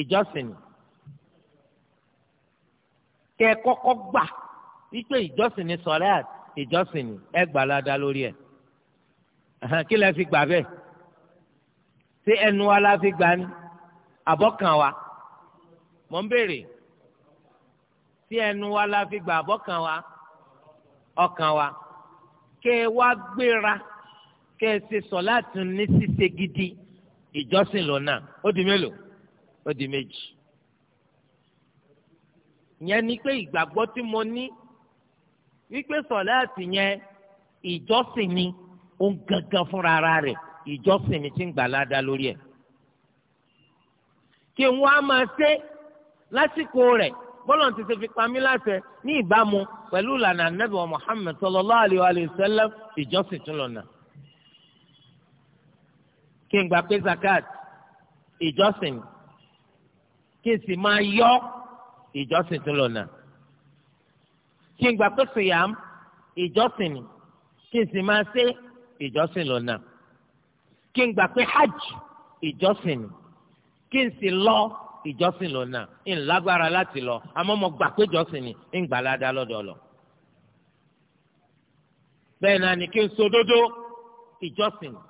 ìjọsìn ni kẹ́ ẹ kọ́kọ́ gbà wípé ìjọsìn ni sọ̀lẹ́t ìjọsìn ni ẹ gbàládá lórí ẹ̀ kí lẹ fi gbà bẹ́ẹ̀ ṣé ẹnu wa la fi gbà ni àbọ̀kàn wa mò ń béèrè ṣé ẹnu wa la fi gbà àbọ̀kàn wa ọkàn wa kẹ́ ẹ wá gbéra kẹ́ ẹ ṣe sọ̀láàtì ní ṣíṣe gidi ìjọsìn lọ́nà ó di mélòó ó di méjì yẹn ni pé ìgbàgbọ́ tí mo ní wípé sọ̀láàtì yẹn ìjọsìn ni ó ń gangan fúnra ara rẹ̀ ìjọsìn mi ti ń gbà ládá lórí ẹ̀. kí n wá máa ṣe lásìkò rẹ̀ bọ́lá ti ṣe fi pa mí láṣẹ ní ìbámu pẹ̀lú ìlànà anábì wa Muhammad sallallahu alayhi wa sallam ìjọsìn tún lọ́nà. kí n gbà pé zakat ìjọsìn kí n sì máa yọ ìjọsìn tún lọ́nà. kí n gbà pé siyam ìjọsìn kí n sì máa ṣe ìjọsìn lọ́nà kí n gbà pé hajj ìjọsìn ni kí n sì lọ ìjọsìn lọ́nà ń lágbára láti lọ àmọ́ mo gbà pé ìjọsìn ni ń gbà ládàá lọ́dọ̀ lọ. bẹ́ẹ̀ náà ni kí n sòdodo ìjọsìn ni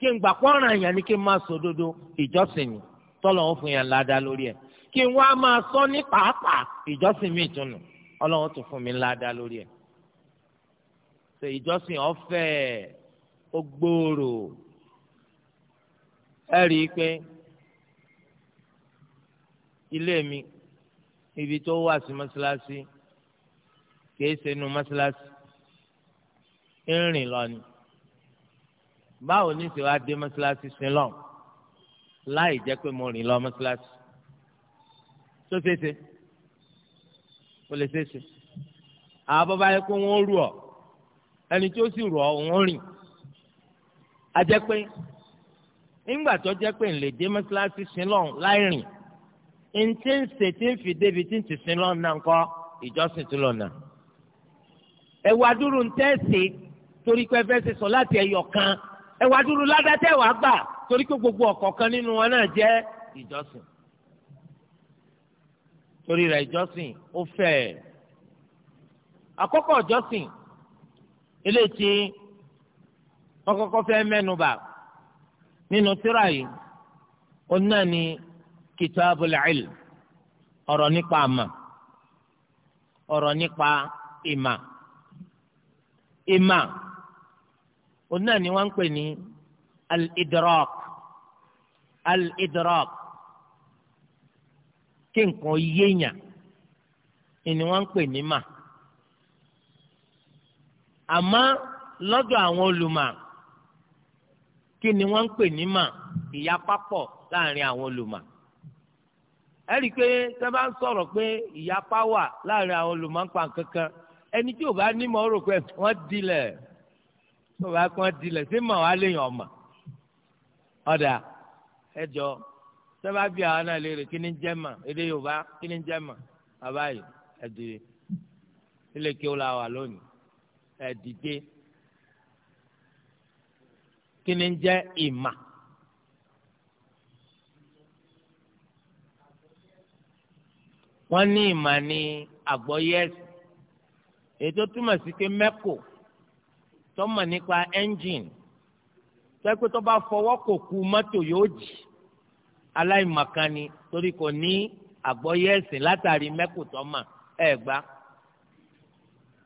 kí n gbà pọ́nrán èèyàn ni kí n máa sòdodo ìjọsìn ni tọ́lọ̀ ń fún yẹn ládàá lórí ẹ̀ kí n wá máa sọ ní pàápàá ìjọsìn mi ìtùnú ọlọ́run tún fún mi ládàá lórí ẹ̀ so ìjọsìn ọ̀fẹ́ ó gbòòrò ẹ rí i pé ilé mi ibi tó wà sí mọ́ṣáláṣí kìí ṣe nu mọ́ṣáláṣí ń rìn lọ ni báwo ní ṣe wá dé mọ́ṣáláṣí sin lọ láì jẹ́ pé mo rìn lọ mọ́ṣáláṣí tó ṣeéṣe kò lè ṣeéṣe àwọn bàbá yẹ kó wọ́n rú ọ. ẹni tí ó sì rọ òun rìn a jẹ́ pé nígbà tó jẹ́ pé ńlẹ̀ dé mọ́sálásí sílọ̀ láì rìn ntí ń ṣe tí ń fi débi tí ń ti sin lọ́nà ńkọ́ ìjọsìn tí lọ́nà. ẹ̀wà dúró ń tẹ́sí torí pé fẹ́ ṣe sọ láti ẹ̀yọ̀ kan ẹ̀wà dúró ládàtẹ́ wàá gbà torí pé gbogbo ọ̀kọ̀ọ̀kan nínú wọn náà jẹ́ ìjọsìn. torí rẹ̀ ìjọsìn ó fẹ̀. àkọ́kọ́ ìjọsìn eléyìí tí wọ́n kọ́kọ́ fẹ́ mẹ́nubà nínú tírà yìí òun náà ni kitabul ilm ọ̀rọ̀ nípa àmà ọ̀rọ̀ nípa ìmà ìmà òun náà ni wọ́n ń pè ní al-idrak al-idrak kí nǹkan yéèyàn ni wọ́n ń pè ní mà àmọ́ lọ́dọ̀ àwọn olùmọ̀ kí ni wọ́n ń pè ní mà ìyapa pọ̀ láàrin àwọn olùmọ̀ ẹ rí i pé tẹ́ bá ń sọ̀rọ̀ pé ìyapa wà láàrin àwọn olùmọ̀ ń pa kankan ẹni tí ò bá nímọ̀ ó rò pé wọ́n dilẹ̀ tó bá kàn dilẹ̀ sí mà wá léèyàn ọmọ ọ̀dà ẹjọ́ tẹ́ bá bí àwọn náà léèrè kí ni jẹ́ mà èdè Yorùbá kí ni jẹ́ mà bàbá yìí ẹ̀dì ilé kí ó la wà lónìí ẹ dìde ń jẹ́ ìmà. wọ́n ní ìmà ní àgbọ́yé ètò túmọ̀ sí pé mẹ́kò tó nípa ẹ́ńjìnì tẹ́pẹ́ tó bá fọwọ́ kò ku mọ́tò yóò jì aláìmọ̀kan ni torí kò ní àgbọ́yé ẹ̀sìn látàrí mẹ́kò tó ẹ̀ gbá.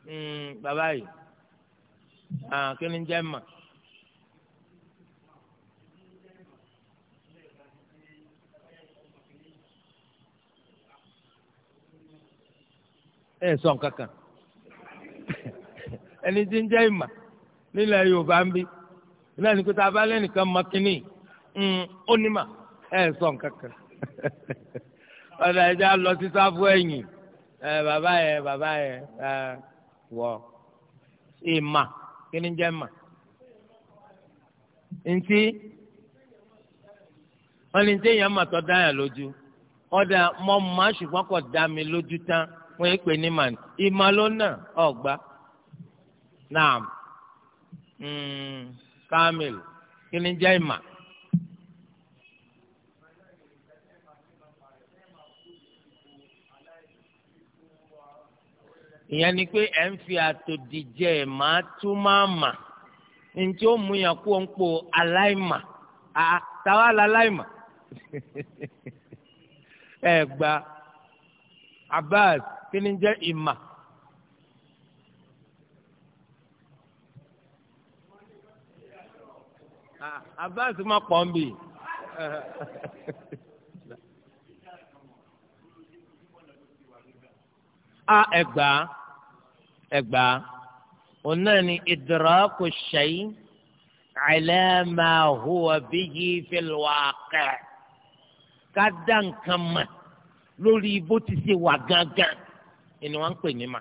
Hmm, bàbá yìí kí ni jẹ́ mà. ẹ sọ nǹkan kan ẹni tí ń jẹ́ ìmà nílẹ̀ Yorùbá ń bí náà ní kó tá a bá lẹ́nìkan mọ kínní mm, ó ní mà ẹ sọ nǹkan kan ọ̀dà ẹja lọ sí sáfù ẹ̀yìn ẹ bàbá yẹ bàbá yẹ ẹ wọ ìmà. E, kí ni jẹ́ mà ntí wọ́n ní téèyàn mà tọ́ dáyà lójú ọ̀dà mọ́ mà ṣùgbọ́n kò dá mi lójú tán wọ́n yẹ pé ní mà ní ìmà ló nà ọ̀gbá naam hmm, kamil kí ni jẹ́ ìyẹn ni pé ẹ̀ ń fi àtòdìjẹ́ ẹ̀ máa tún máa mà ntí ó mú yàn kó ń po aláìmà àtàwọn aláìmà ẹ Abbas kí ni jẹ́ ìmà. Abbas ma pọ̀ ń bì. a ẹgbàá ẹgbàá òun náà ni idraku shay ala ma huwa bihi fil waqi' ká dá nǹkan mọ̀ lórí bó ti ṣe wà gángan ni wọ́n ń pè ní mà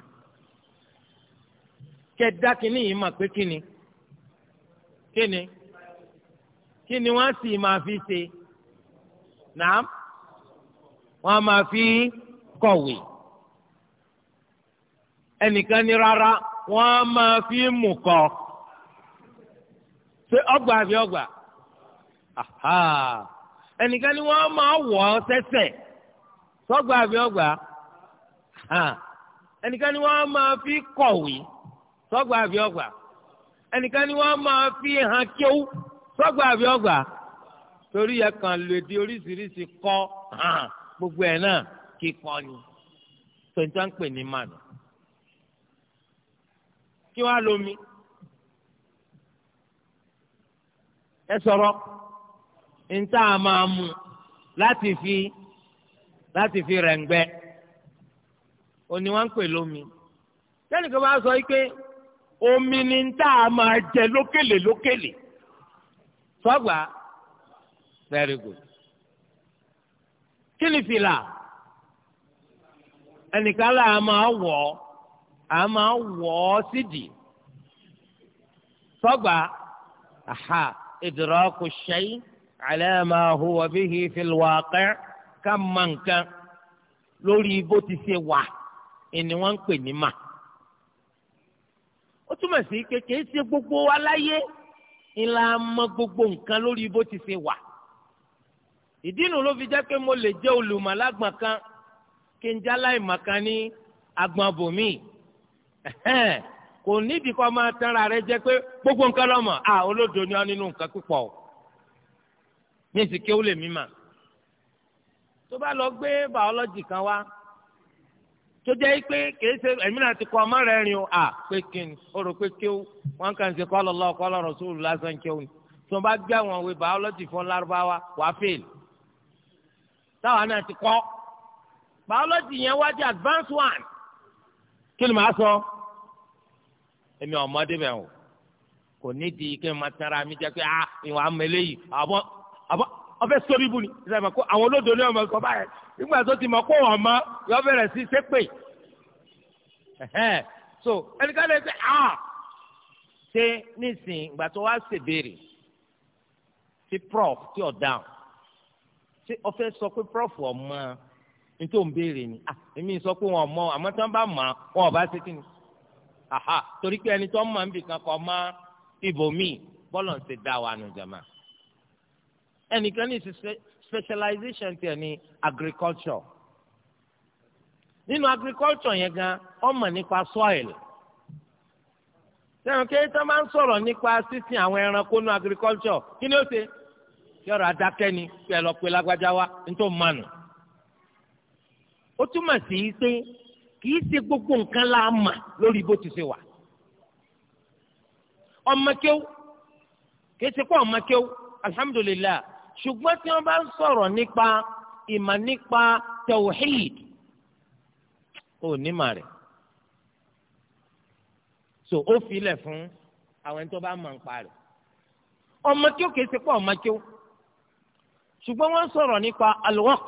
kẹ dá yìí mà pé kínni kínni kínni wọ́n sì máa fi ṣe nàá wọ́n máa fi kọ̀wé. ẹnìkan ni rárá wọ́n a máa fi mú kọ ọgbà àbí ọgbà ẹnìkan ni wọ́n a máa wọ ọ́ sẹ́sẹ̀ sọ́gbà àbí ẹnìkan ni wọ́n máa fi kọ̀wé sọ́gbà àbí ọgbà ẹnìkan ni wọ́n máa fi hàn kíó àbí ọgbà torí yẹ kàn lè di oríṣiríṣi gbogbo náà ni kí wọ́n á lomi. ẹ sọ̀rọ̀ níta máa mu láti fi láti fi rẹ̀ǹgbẹ́ òní wọ́n ń pè lómi. sẹ́nìkan bá sọ pé omi ni níta máa jẹ lókèlè lókèlè sọ́gbà very good. kí ni fìlà ẹnìkan là máa wọ̀ ọ́ a máa wọ̀ ọ́ sídìí sọ́gbà aha idraku shay ala ma huwa bihi fil waqi' ká mọ nǹkan lórí bó ti ṣe wà ẹni wọ́n ń pè ní mà ó túmọ̀ sí kékeré ṣe gbogbo wa láyé ńlá mọ gbogbo nǹkan lórí bó ti ṣe wà ìdí nu ló fi jẹ́ pé mo lè jẹ́ olùmọ̀lágbọ̀n kan kí n jẹ́ aláìmọ̀kan ní agbọ̀n bòmíì kò nídìí kọ́ máa tẹ́ra rẹ jẹ́ pé gbogbo nǹkan lọ́mọ à olódo ni wọ́n nínú nǹkan púpọ̀ o ní ìsìnkú ó lè mí mà tó bá lọ gbé bàọ́lọ́jì kan wá tó jẹ́ pé kìí ṣe ẹ̀mí náà ti kọ́ ọmọ rẹ̀ rìn o à pé kí ni ó rò pé kí o wọ́n kàn ṣe kọ́ lọ́lọ́ kọ́ lọ́rọ̀ sóòlù lásán kí o ni tó bá gbé àwọn òwe bàọ́lọ́jì fún lárúbáwá wàá fèèlì táwa náà ti kọ́ bàọ́lọ́jì yẹn wá di advance one kí ni màá sọ èmi ọmọdé bẹ̀ wò kò nídìí kí n máa tẹ́ra mi jẹ́ pé ah ìwà mẹ́lẹ́ yìí àbọ̀ àbọ̀ ọbẹ̀ sórí ibu ni ìsàmì kó àwọn olódò ní ọmọ ìsọba yẹn nígbà tó ti mọ̀ kó wọ́n mọ́ yọ bẹ̀rẹ̀ sí sépè so ẹnikẹ́ni lè ṣe ah ṣe nísìnyí ìgbà tó wá ṣèbéèrè ti prof ti ọ̀daràn ṣé ọfẹ sọ pé prof ọmọ nítorí òun béèrè ni ah, èmi sọ pé wọn mọ àmọ́ tí wọ́n bá mọ̀ wọn ò ṣe kí ni aha torí pé ẹni tó ń mọ̀ níbi kan kọ́ mọ́ ibòmíì bọ́lọ̀ ń ṣe dá wa nù jàmá ẹnìkan ní specialization tiẹ̀ ní agriculture nínú agriculture yẹn gan ó mọ̀ nípa soil sẹ́wọ̀n kí ẹ̀tọ́ máa ń sọ̀rọ̀ nípa sísìn àwọn ẹranko nínú agriculture kí ni ó ṣe kí ọ̀rọ̀ adákẹ́ ni kí ẹ lọ pe lágbájá wa nítorí mànù ó túmọ̀ sí i pé kì í ṣe gbogbo nǹkan la mà lórí bó ti ṣe wà ọmọ kéwú kì í ṣe kó ọmọ kéwú alihamudulilayi ṣùgbọ́n tí wọ́n bá ń sọ̀rọ̀ nípa ìmọ̀ nípa tawhid ó nímọ̀ rẹ̀ so ó filẹ̀ fún àwọn ẹni tó bá mọ̀ nípa rẹ̀ ọmọ kéwú kì í ṣe kó ọmọ kéwú ṣùgbọ́n wọ́n sọ̀rọ̀ nípa alwaqf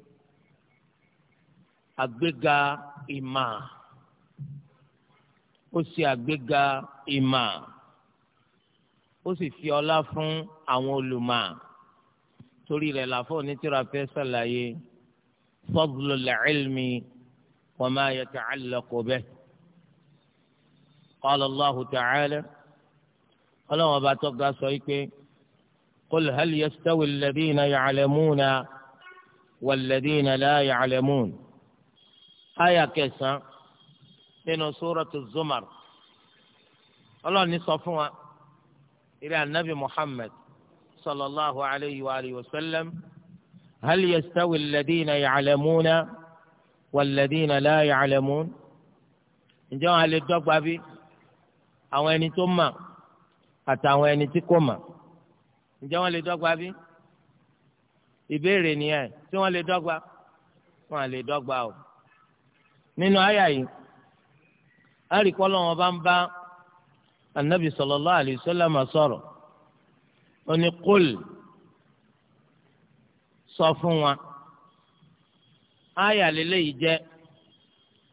àgbéga ìmà ó ṣe àgbéga ìmà ó sì fi ọlá fún àwọn olùmọ̀ torí rẹ̀ làfọ onítìrà fẹ́ sàlàyé fadlul ilmi wa ma yata'allaqu bihi qala Allahu ta'ala ọlọ́run ọba tó ga sọ yìí pé qul hal yastawi alladhina ya'lamuna wal àyà kẹsàn-án nínú sóràtú zumar ọlọ́ọ̀ni sọ fún wa ìrẹ́ anabi muhammad sallallahu alayhi wa alihi wa sallam hal yastawi alladhina ya'lamuna walladhina la ya'lamun ǹjẹ́ wọn a lè dọ́gba bí àwọn ẹni tó mà àtàwọn ẹni tí kò mà ǹjẹ́ wọn lè dọ́gba bí ìbéèrè nìyẹn tí wọ́n lè dọ́gba wọn à dọ́gba o nínú àyà yìí àríkọ́ lọ́wọ́ bá ń bá anabi sallallahu alayhi wa sallam sọ̀rọ̀ ó ní kúl sọ fún wa àyà lélẹ́yìí jẹ́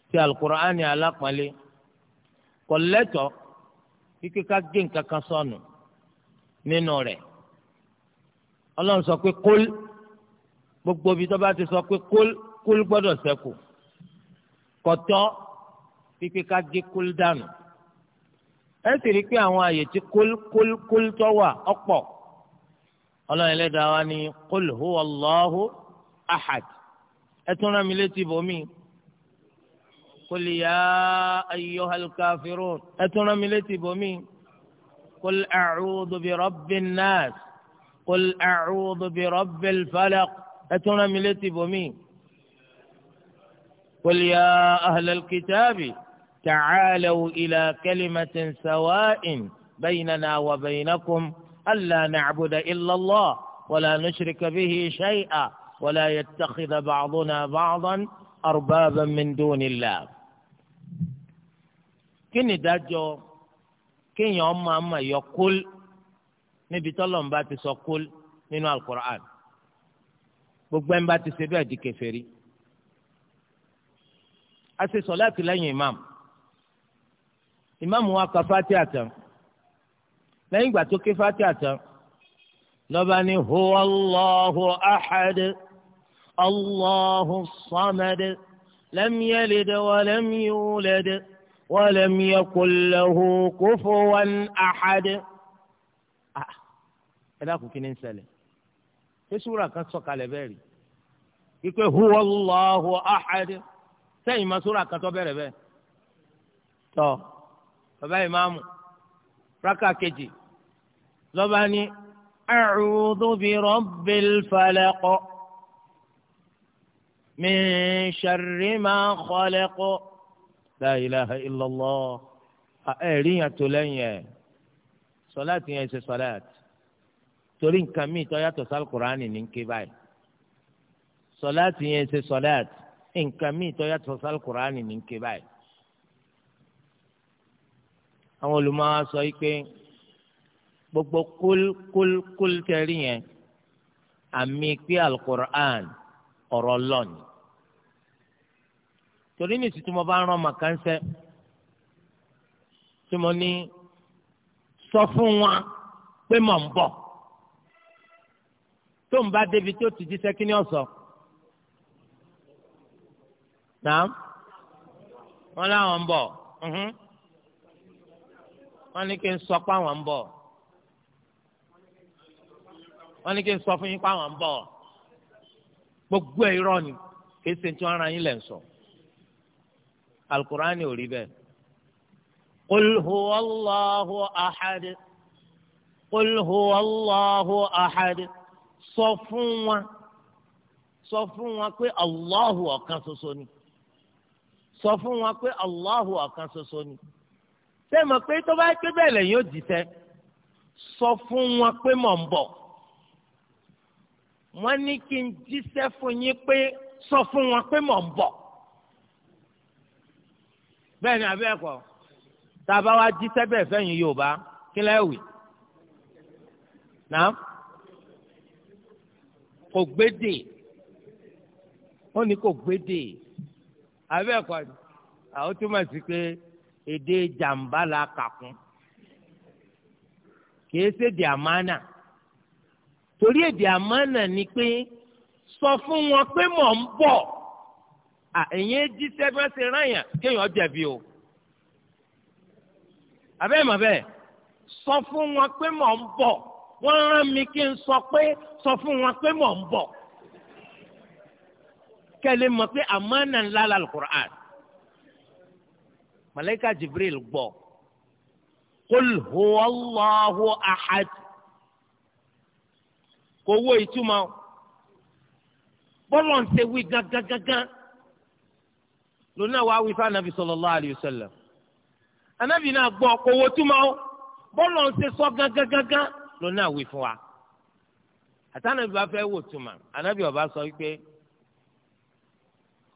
ti alukur'ani alápọ̀nlé kò lẹ́tọ̀ kíkẹ́ ká gé nǹkan kan sọnù nínú rẹ̀ ọlọ́run sọ pé kúl gbogbo ibi tó ti sọ pé kúl kúl gbọ́dọ̀ ṣẹ́kù kọtọ pípé ká gé kúl dànù ẹ sì rí i pé àwọn àyè tí kúl kúl kúl tó wà ọ̀pọ̀ ọlọ́run ẹlẹ́dàá wa ni kúl huwa Allahu ahad ẹ tún rán mi létí bòmí kúl ya ayyuhal kafirun ẹ tún rán mi létí bòmí kúl a'udhu bi rabbin nas kúl a'udhu bi rabbil falaq ẹ tún mi létí bòmí. قل يا أهل الكتاب تعالوا إلى كلمة سواء بيننا وبينكم ألا نعبد إلا الله ولا نشرك به شيئا ولا يتخذ بعضنا بعضا أربابا من دون الله kíni dájọ́ kéèyàn ọmọ àmọ́ yọ kúl níbi tọ́lọ̀ ń bá ti sọ kúl nínú alukur'an gbogbo a ṣe sọ̀láàtì lẹ́yìn imam imam wa ka fatiha tán lẹ́yìn ìgbà tó ké fatiha tán lọ́ba ní huwallahu ahad allahu samad lam yalid wa lam yulad wa lam yakul lahu kufuwan ahad. Ah, ẹ kan sọ̀kalẹ̀ bẹ́ẹ̀ rí i pé huwallahu sẹ́yìn máa sóra kan tó bẹ̀rẹ̀ bẹ́ẹ̀ tọ́ bàbá ìmáàmù rákà kejì lọ́ba ní a'udhu bi rabbil falaq min sharri ma khalaq la ilaha illallah ẹ̀rí yẹn tó lẹ́yìn ẹ̀ sọláàtì yẹn ṣe sọláàtì torí nǹkan míì tó yàtọ̀ sálùkùránì ní ń sọláàtì yẹn ṣe sọláàtì nǹkan míì tó yàtọ̀ sálùkùránì ní ké báyìí. àwọn olùmọ̀ọ́ sọ pé gbogbo kúlkúlkúl tẹ̀rí yẹn àmì pé alukur'an ọ̀rọ̀ lọ́ọ̀nì. torí ní ìsìtú mo bá ń rán màkànṣẹ́ tí mo ní sọ fún wa pé mò ń bọ̀ tó ń bá débi tó ti jíṣẹ́ kí ni naam wọn láwọn ń bọ̀ mhm. wọn ní kí n sọ pé àwọn ń bọ̀ wọn ní kí n sọ fún yín pé àwọn ń gbogbo ni kí ṣe tí wọ́n ra yín lẹ̀ ń sọ alukur'ani ò rí Allahu ni. sọ fún wọn pé Allahu ọ̀kan ṣoṣo ni ṣé mọ̀ pé tó bá pé bẹ́ẹ̀ lẹ́yìn ó jìtẹ́ sọ fún wọn pé mò ń bọ̀ wọ́n ní kí n jíṣẹ́ fún yín pé sọ fún wọn pé mò ń bọ̀ bẹ́ẹ̀ ni àbí ẹ̀kọ́ tá a bá wá jíṣẹ́ bẹ́ẹ̀ fẹ́yìn Yorùbá kí lẹ́ wì náà kò gbédè ó ní kò gbédè àbẹ́ ẹ̀kọ́ ni àwọn túmọ̀ sí pé èdè jàǹbá la kà kún kìí ṣèdè àmánà torí èdè àmánà ni pé sọ fún wọn pé mọ̀ ń bọ̀ ẹ̀yin jíṣẹ́ bí wọ́n ṣe kéèyàn jẹ̀bi o àbẹ́ mọ̀ bẹ́ẹ̀ sọ fún wọn pé mọ̀ ń bọ̀ wọ́n rán mi kí n sọ pé sọ fún wọn pé mọ̀ ń bọ̀ kẹ́lẹ́ mọ̀ pé àmánà ńlá la alukur'an malayika jibril gbọ́ kul huwa allahu ahad kò wo ìtumọ̀ bọ́lọ̀ ń ṣe wí gangan gangan lónà wàá wí fún anabi sallallahu alayhi wa sallam anabi náà gbọ́ kò wo túmọ̀ bọ́lọ̀ ń ṣe sọ gangan lónà wí fún wa àtànàbí bá fẹ́ wò túmọ̀ anabi ọba sọ wípé.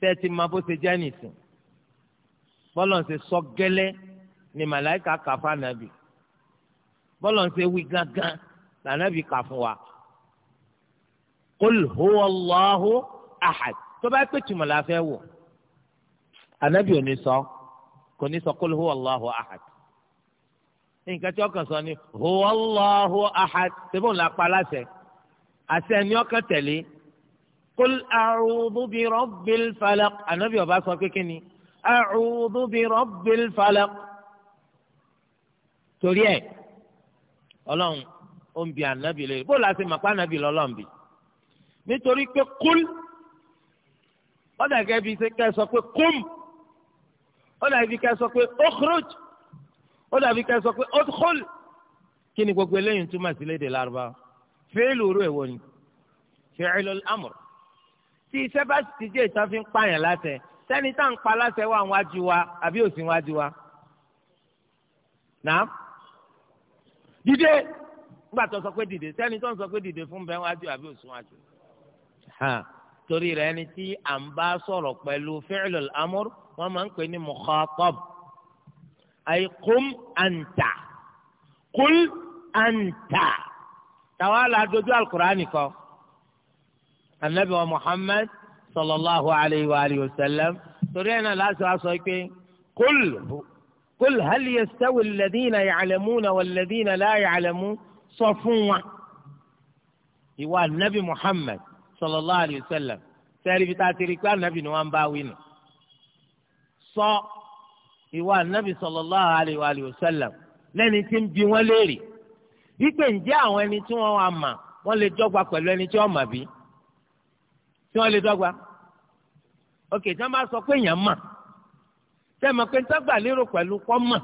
tẹ́tí ma bó ṣe jẹ́ nìsín bọ́lọ̀ ń ṣe sọ gẹ́lẹ́ ni màláìka kà fún ànábì bọ́lọ̀ ń ṣe wí gángan lànábì kà fún wa qul huwa Allahu ahad tó bá pè tìmọ̀ la fẹ́ wò ànábì ò ní sọ kò ní sọ qul huwa nǹkan tí ọkàn sọ ni huwa Allahu tẹ́bọ̀n la pa láṣẹ àṣẹ ni ọkàn tẹ̀lé. قل أعوذ برب الفلق النبي أبا سوكيكني أعوذ برب الفلق تولي ألون أم بي النبي لي بولا سي مقا نبي لولون بي nítorí pé kúl ó dàgẹ́ bíi kẹ́ sọ pé kúm ó dàbí kẹ́ sọ pé okhroj ó dàbí kẹ́ sọ pé odkhol kí ni gbogbo eléyìí túmọ̀ sí léde lárúbá fẹ́ẹ́lì òru èwo ni fẹ́ẹ́lì amr tí iṣẹ́ bá sì ti jẹ́ ìtàn fi ń pààyàn láṣẹ sẹ́ni tá à ń pa láṣẹ wà wájú wa àbí òsì wájú wa. nàá dìde nígbà tó sọ pé dìde sẹ́ni tó ń sọ pé dìde fún bẹ́ẹ̀ wájú àbí òsì wájú. torí rẹ̀ ẹni tí à ń bá sọ̀rọ̀ pẹ̀lú fi'lul amr wọ́n máa ń pè ní mukhatab ay qum anta qul anta tàwa la dojú alukur'ani kan anabi wa muhammad sallallahu alayhi wa alihi wa sallam torí ẹ̀ náà láti wá sọ pé kul kul hal yastawi alladhina ya'lamuna walladhina la ya'lamun sọ fún wa ìwà anabi muhammad sallallahu alayhi wa sallam sẹ́ẹ̀rì bí táà ti rí i pé anabi ni wọ́n ń bá wí nù sọ ìwà anabi sallallahu alayhi wa alihi wa sallam lẹ́ni tí ń bi wọ́n léèrè wípé ǹjẹ́ àwọn ẹni tí wọ́n wà mà wọ́n lè jọ́gba pẹ̀lú ẹni tí wọ́n mà bí tí wọ́n lè dọ́gba ok tí wọ́n bá sọ pé èèyàn mà tẹ́ ẹ mọ̀ pé dọ́gba lérò pẹ̀lú kọ́ mà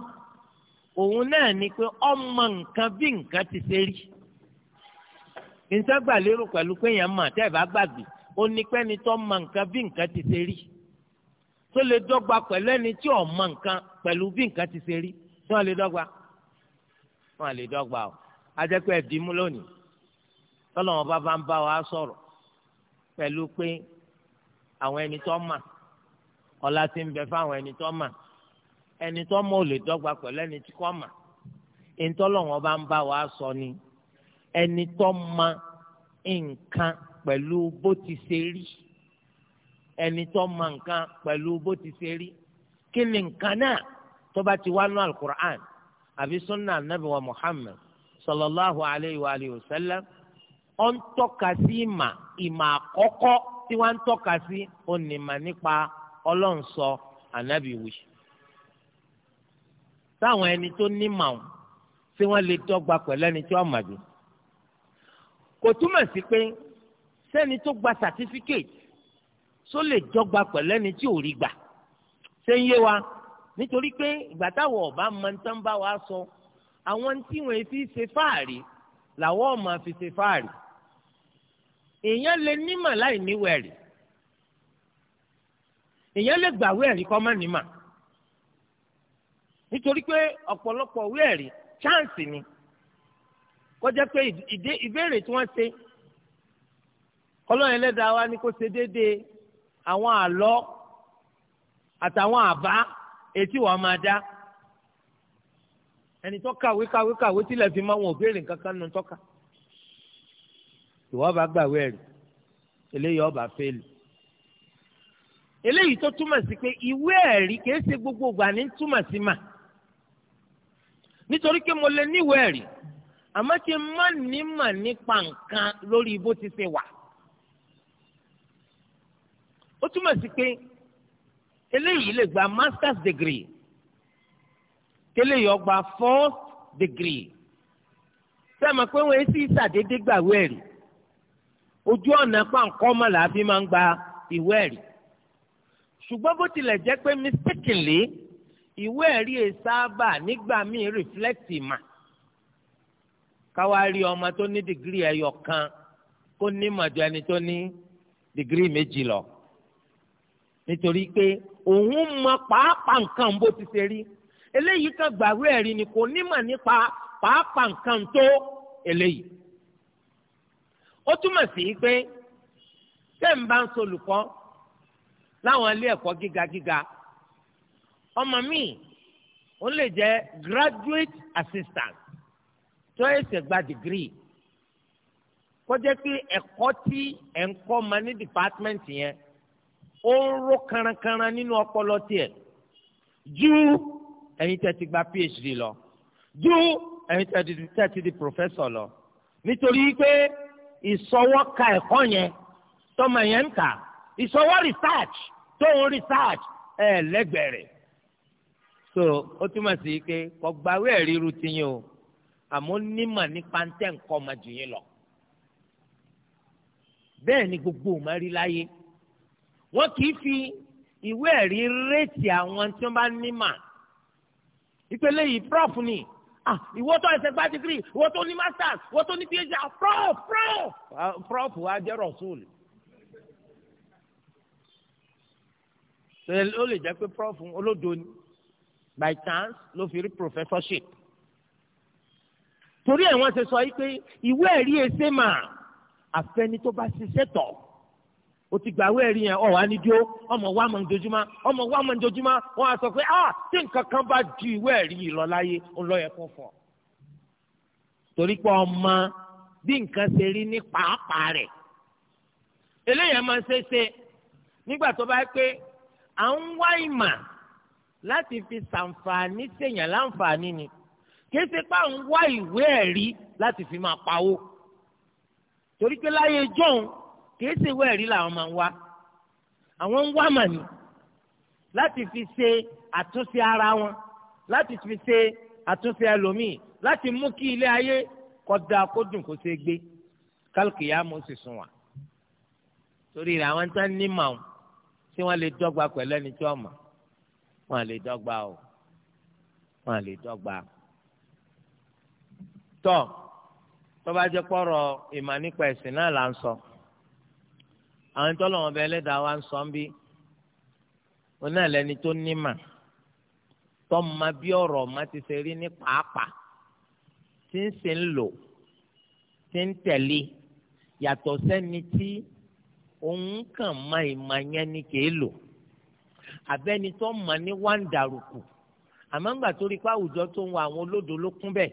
òun náà ni pé ọmọ nǹkan bí nǹkan ti ṣe rí ìtọ́gbà lérò pẹ̀lú pé èèyàn mà tẹ́ ẹ bá gbàgbé ó ní pé ẹni tó mọ nǹkan bí nǹkan ti ṣe rí tó lè dọ́gba pẹ̀lú ẹni tí ò mọ nǹkan pẹ̀lú bí nǹkan ti ṣe rí tí wọ́n lè dọ́gba wọ́n lè dọ́gba o ajẹ́pẹ́ ẹ̀dínmú lónìí tọ́lọ́wọ́n bá bá ń bá wa sọ̀rọ̀ pẹ̀lú pé àwọn ẹni tó mà ọlá ti ń bẹ fáwọn ẹni tó mà ẹni tó mọ̀ ò lè dọ́gba pẹ̀lú ẹni tí kò mà ìtọ́lọ́wọ́n bá ń bá wa sọ ni ẹni tó ma nǹkan pẹ̀lú bó ti ṣe rí ẹni tó ma nǹkan pẹ̀lú bó ti ṣe rí kí ni nǹkan náà tó bá ti wá nú alukur'an àbí sunna anabi wa muhammed sallallahu alayhi wa alihi wa sallam ọ ń tọ́ka sí ìmà ìmà àkọ́kọ́ tí wọ́n ń tọ́ka sí onímà nípa ọlọ́run sọ ànábì wí. táwọn ẹni tó ní màùn tí wọ́n lè dọ́gba pẹ̀lú ẹni tí wọ́n mà bí. kò túmọ̀ sí pé sẹ́ni tó gba sàtífíkèètì só lè dọ́gba pẹ̀lú ẹni tí ò rí gbà ṣé ń yé wa nítorí pé ìgbà táwọn ọba máa ń tán bá wa sọ àwọn tí wọn fi ṣe fáàrí làwọn máa fi ṣe fáàrí èèyàn lè nímọ̀ láì níwẹ̀ ẹ̀rí èèyàn lè gbàwé ẹ̀rí kọ́ má nímọ̀ nítorí pé ọ̀pọ̀lọpọ̀ wé ẹ̀rí chance ni kọjá pé ìbéèrè tí wọ́n ṣe kọ́lọ́yìn ẹlẹ́dàá wa ni kó ṣe déédéé àwọn àlọ́ àtàwọn àbá etí wàá máa dá ẹni tó kàwé kàwé kàwé tí lè fi máa wọn ò béèrè nǹkan kan nù tọ́ka ìwọ bá gbàwé ẹ̀rí eléyìí ọba fẹ́ẹ̀lì eléyìí tó túmọ̀ sí pé ìwé ẹ̀rí kìí ṣe gbogbo ìgbà ní túmọ̀ sí mà nítorí pé mo lè níwèé ẹ̀rí àmọ́ kí n má ní mà nípa nǹkan lórí bó ti ṣe wà ó túmọ̀ sí pé eléyìí lè gba master's degree kéléyìí ọgbà fourth degree sẹ́ẹ̀ mọ̀ pé wọ́n èsì ìsàdédé gbàwé ẹ̀rí ojú ọ̀nà pàǹkọ́ mọ̀ làá fi máa ń gba ìwé ẹ̀rí ṣùgbọ́n bó tilẹ̀ jẹ́ pé mistakenly ìwé ẹ̀rí ẹ̀ sábà nígbà míì reflect ìmà káwa rí ọmọ tó ní dìgírì ẹyọ kan kó ní mọ̀jọ ẹni tó ní dìgírì méjì lọ nítorí pé òun mọ pàápàá nǹkan bó ti ṣe rí eléyìí kan gbàgbé ẹ̀rí ni kò nímọ̀ nípa pàápàá nǹkan tó eléyìí ó túmọ̀ sí pé tẹ́ǹ bá ń solùkọ́ láwọn ilé ẹ̀kọ́ gíga gíga ọmọ míì ó lè jẹ́ graduate assistant tó ẹsẹ̀ gba degree kọjá pé ẹ̀kọ́ tí ẹ̀ ń kọ́ ma ní department yẹn ó ń ró karankaran nínú ọpọlọ tiẹ̀ ju ẹ̀yin tẹ́ ti gba phd lọ ju ẹ̀yin tẹ́ ti di professor lọ nítorí pé ìsọwọ́ka ẹ̀kọ́ yẹn tọmọ yẹn ń kà ìsọwọ́ research tóun research ẹ̀ lẹ́gbẹ̀rẹ̀ so ó túmọ̀ sí pé kọgbàwé ẹ̀rí irú ti yín o àmọ́ nímọ̀ nípa ń tẹ̀ ń ọmọ jù yín lọ bẹ́ẹ̀ ni gbogbo ò máa rí láyé wọ́n kì í fi ìwé ẹ̀rí réètì àwọn tí wọ́n bá nímọ̀ ìpele yìí prof ni ah ìwọ tó ẹsẹ̀ gba degree ìwọ tó ní masters ìwọ tó ní phd ah, prof prof ah, prof wa jẹ́ rọ̀súl. ó lè jẹ́ pé prof olódo ni by chance ló fi rí professorship. torí ẹ̀ wọ́n ṣe sọ yìí pé ìwé ẹ̀rí ẹsẹ̀ mà àfẹni tó bá ṣiṣẹ́ tọ̀ o ti gbàwé ẹ̀rí yẹn ọ̀ wá ní dúró ọmọ wa máa ń dojúmọ́ ọmọ wa máa ń dojúmọ́ wọ́n á sọ pé ah tí nǹkan kan bá ju ìwé ẹ̀rí yìí lọ láyé ń lọ yẹ kún fún ọ. torí pé ọmọ bí nǹkan ṣe rí ní pàápàá rẹ̀ eléyẹn máa ń ṣe nígbà tó bá pé à ń wá ìmà láti fi ṣàǹfààní ṣèyàn láǹfààní ni kì í ṣe pé à ń wá ìwé ẹ̀rí láti fi máa pawó torí pé láyé jọ̀hún kìí ṣe ìwé ẹ̀rí làwọn máa ń wá àwọn ń wá màní láti fi ṣe àtúnṣe ara wọn láti fi ṣe àtúnṣe ẹlòmíì láti mú kí ilé ayé kódà kó dùn kó ṣe gbé kálukìyà mo sì sùn wà torí rẹ̀ àwọn tán ní màá tí wọ́n lè dọ́gba pẹ̀lú ẹni tí wọ́n mọ̀ wọ́n lè dọ́gba o wọ́n lè dọ́gba tọ́ tó bá jẹ́ pọ̀rọ̀ ìmọ̀ nípa ẹ̀sìn náà là ń sọ. So àwọn tọ́lọ̀ wọn bẹ ẹlẹ́dàá wa ń sọ ń bí wọn náà lẹni tó tọ́mọ bí ọ̀rọ̀ ọ̀ma ti ṣe rí ní pàápàá tí ń ṣe lò tí ń tẹ̀lé yàtọ̀ sẹ́ni tí òun kàn má ìmọ̀ yẹn ni kìí lò àbẹ́ni tó mọ̀ ní wàǹdàrùkù àmọ́ ńgbà tó rí pé àwùjọ tó ń wọ àwọn olódo ló kún bẹ́ẹ̀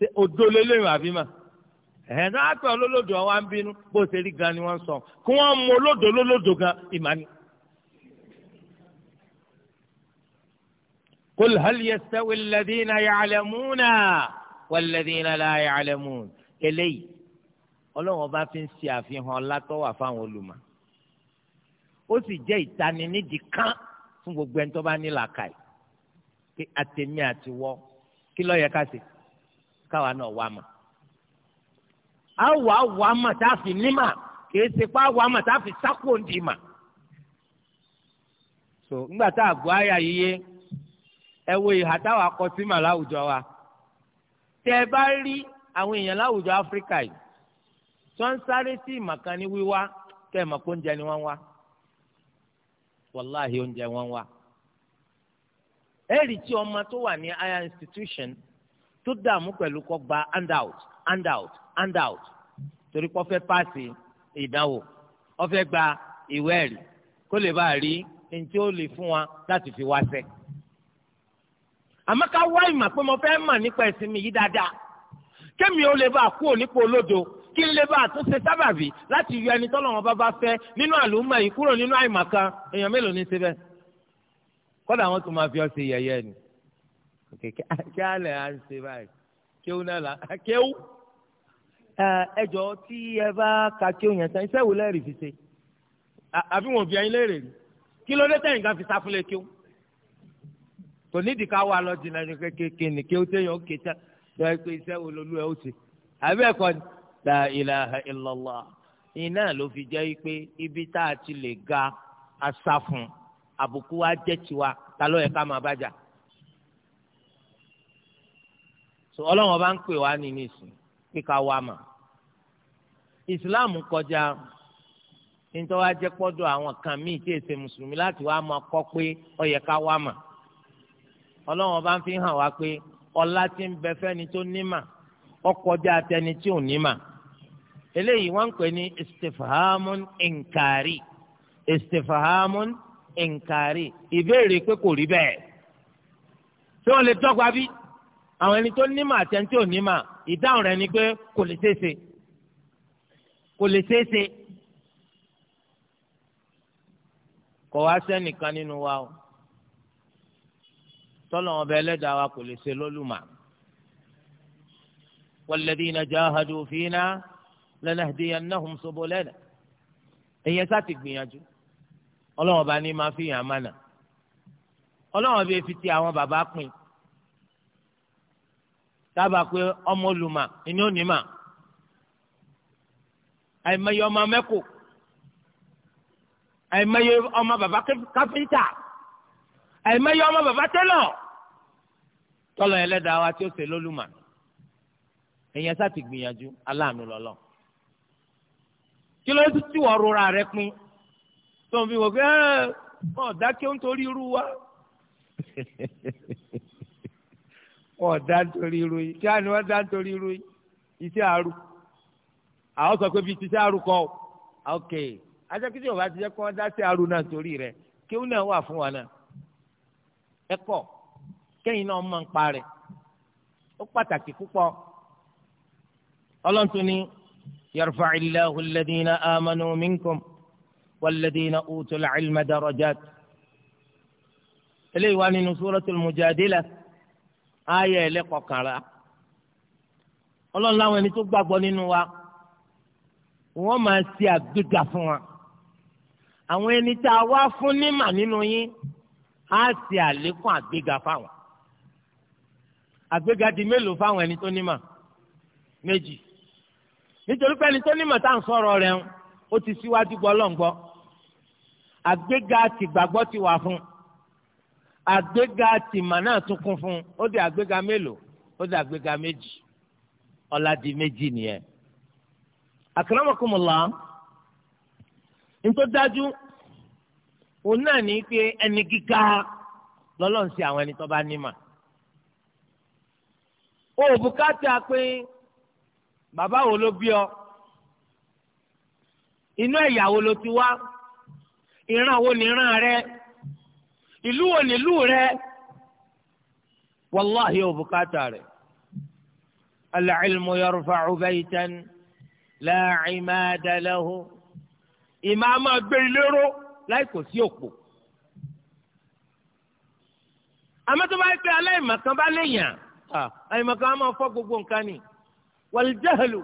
ṣe odó lélẹ́yìn àbí mà ẹ̀hẹ́n náà pẹ́ olólòdò wa ń bínú bó ṣe rí gan ni wọ́n sọ kí wọ́n mú olódò olólòdò gan ìmánì. قل هل يستوي الذين يعلمون والذين لا يعلمون eléyìí ọlọ́run ọba fi ń ṣe àfihàn ọlátọ́wà fáwọn olùmọ̀ ó sì jẹ́ ìtaninídìí kan fún gbogbo ẹni tó bá ní làákàyè pé àtẹ̀mí àtiwọ́ kí ló yẹ ká ṣe káwa náà wà mà á wà á wà mà tá a fi nímà kìí ṣe pa wà mà tá a fi sákò ń mà. so ńgbà tá a gbọ́ àyà yìí yé ẹ wo ìhà táwa kọ sí mà láwùjọ wa tẹ ẹ bá rí àwọn èèyàn láwùjọ áfíríkà yìí tó ń sáré sí ìmàkan ní wíwá kẹ́ ẹ̀ mọ̀ pé oúnjẹ ni wọ́n ń wá wàláhì oúnjẹ tí ọmọ tó wà ní higher institution tó dààmú pẹ̀lú kọ́ gba handout handout handout torí kọ́ fẹ́ paasi ìdánwò ó fẹ́ gba ìwé ẹ̀rí kó lè bá a rí ní tí ó lè fún wa láti fi wá ṣe. àmọ́ ká wá ìmọ̀ pé mo fẹ́ mọ̀ nípa ẹ̀sìn mi yìí dáadáa kémi ó lè bá a kú ònípo olódo kí n lè bá a tún ṣe sábàbí láti yọ ẹni tọ́lọ́wọ́n bá bá fẹ́ nínú àlùmọ̀ yìí kúrò nínú àìmọ̀ kan èèyàn mélòó ní síbẹ̀ kódà wọ́n tún máa fi ọ ṣe yẹ̀yẹ́ ni kí á lè à ń ṣe báyìí kéwú náà là kéwú ẹjọ tí ẹ bá ka kéwú yẹn sẹ́yìn sẹ́wù lẹ́rìí fi ṣe àbí wọn fi ẹyin léèrè ni kí ló dé tẹ̀yìn kan fi sáfúnlé kéwú kò nídìí ká wà lọ jìnnà ní kékeré ní kéwú téèyàn ó ké tán lọ ẹ pé iṣẹ́ wo lolú ẹ ó ṣe àbí ẹ̀kọ́ ni la ilaha illallah iná ló fi jẹ́ pé ibi tá a ti lè ga asáfún àbùkù wa jẹ́ tiwa ta ló yẹ ká máa bá jà. so ọlọ́run ọba ń pè wá ní nísìn pé ká wá mà ìsìláàmù kọjá nítorí wàá jẹ́ pọ́dọ̀ àwọn kan míì tí èsè mùsùlùmí láti wá máa kọ́ pé ó yẹ ká wá mà ọlọ́run ọba ń fi hàn wá pé ọlá tí ń bẹ fẹ́ni tó nímà ó kọjá tẹni tí ò nímà eléyìí wọ́n ń pè ní istifahamun inkari istifahamun inkari ìbéèrè pé kò rí bẹ́ẹ̀ tí wọ́n lè tọ́gba bí àwọn ẹni tó nímọ̀ àti ẹni tí ò nímọ̀ ìdáhùn rẹ̀ ni pé kò lè ṣeéṣe kò lè ṣeéṣe kò wá sẹ́nìkan nínú wa o tọ́lọ̀ ọba ẹlẹ́dàá wa kò lè ṣe lólùmọ̀ walladhina jahadu fina lanahdiyannahum subulana ẹ̀yẹ sá gbìyànjú ọlọ́wọ́n bá ní máa fi hàn mánà ọlọ́wọ́n bí fi ti àwọn bàbá pin sábà pé ọmọ olùmọ̀ ìní onímọ àìmọye ọmọ mẹkọ àìmọye ọmọ bàbá káfíńtà àìmọye ọmọ bàbá télọ̀ tọlọ Ẹlẹ́dàá wa tí ó ṣe lólùmọ̀ èèyàn sá ti gbìyànjú aláàánú lọlọ kí ló ti rora rẹ pin tó ń fi wọ pé ẹ ọ dákẹ́ ń torí irú wa wọn dá nítorí irú yìí tí àná wọn dá nítorí irú yìí iṣẹ́ àrù àwọn sọ pé bíi ti iṣẹ́ àrù kọ́ ok ajẹ́kítí ọba ti jẹ́ kí wọ́n dá sí àrù náà torí rẹ̀ kí ó náà wà fún wa náà ẹ kọ́ kẹ́yìn náà máa ń pa ó pàtàkì púpọ̀ ọlọ́ntún ni yarfa' illahu alladhina amanu minkum walladhina utul ilma darajat eléyìí wá nínú suratul mujadila ayé ẹlẹ́kọ̀ọ́kànlá ọlọ́run láwọn ẹni tó gbàgbọ́ nínú wa wọ́n máa ṣe àgbéga fún wa àwọn ẹni tá a wá fún nímà nínú yín á ṣe àlékún àgbéga fáwọn àgbéga di mélòó fáwọn ẹni tó nímà méjì nítorí pé ẹni tó nímà tá à ń sọ̀rọ̀ rẹ̀ ó ti síwájú gbọ́ lọ́ngbọ́ àgbéga tìgbàgbọ́ ti wà fún un agbega tìmà náà tún kún fún ó di agbega mélòó ó di agbega méjì ọlá di méjì nìyẹn. àkàràmọ̀kùnmọ̀lá nítorí dájú òun náà ní pé ẹni gíga lọ́lọ́ ń ṣe àwọn ẹni tó bá nímà. o ò bùkátà pé bàbá wo ló bí ọ inú ẹ̀yà wo ló ti wá ìran wo ni ìran rẹ ìlú wo ìlú rẹ wàláhi ò bùkátà rẹ. العلم يرفع بيتا لا عماد له ìmọ̀ máa gbé ilé ró sí òpó. àmọ́ tó bá yẹ pé aláìmọ̀kan bá léèyàn àìmọ̀kan á máa fọ́ gbogbo nǹkan ni. wàlìjáhàlù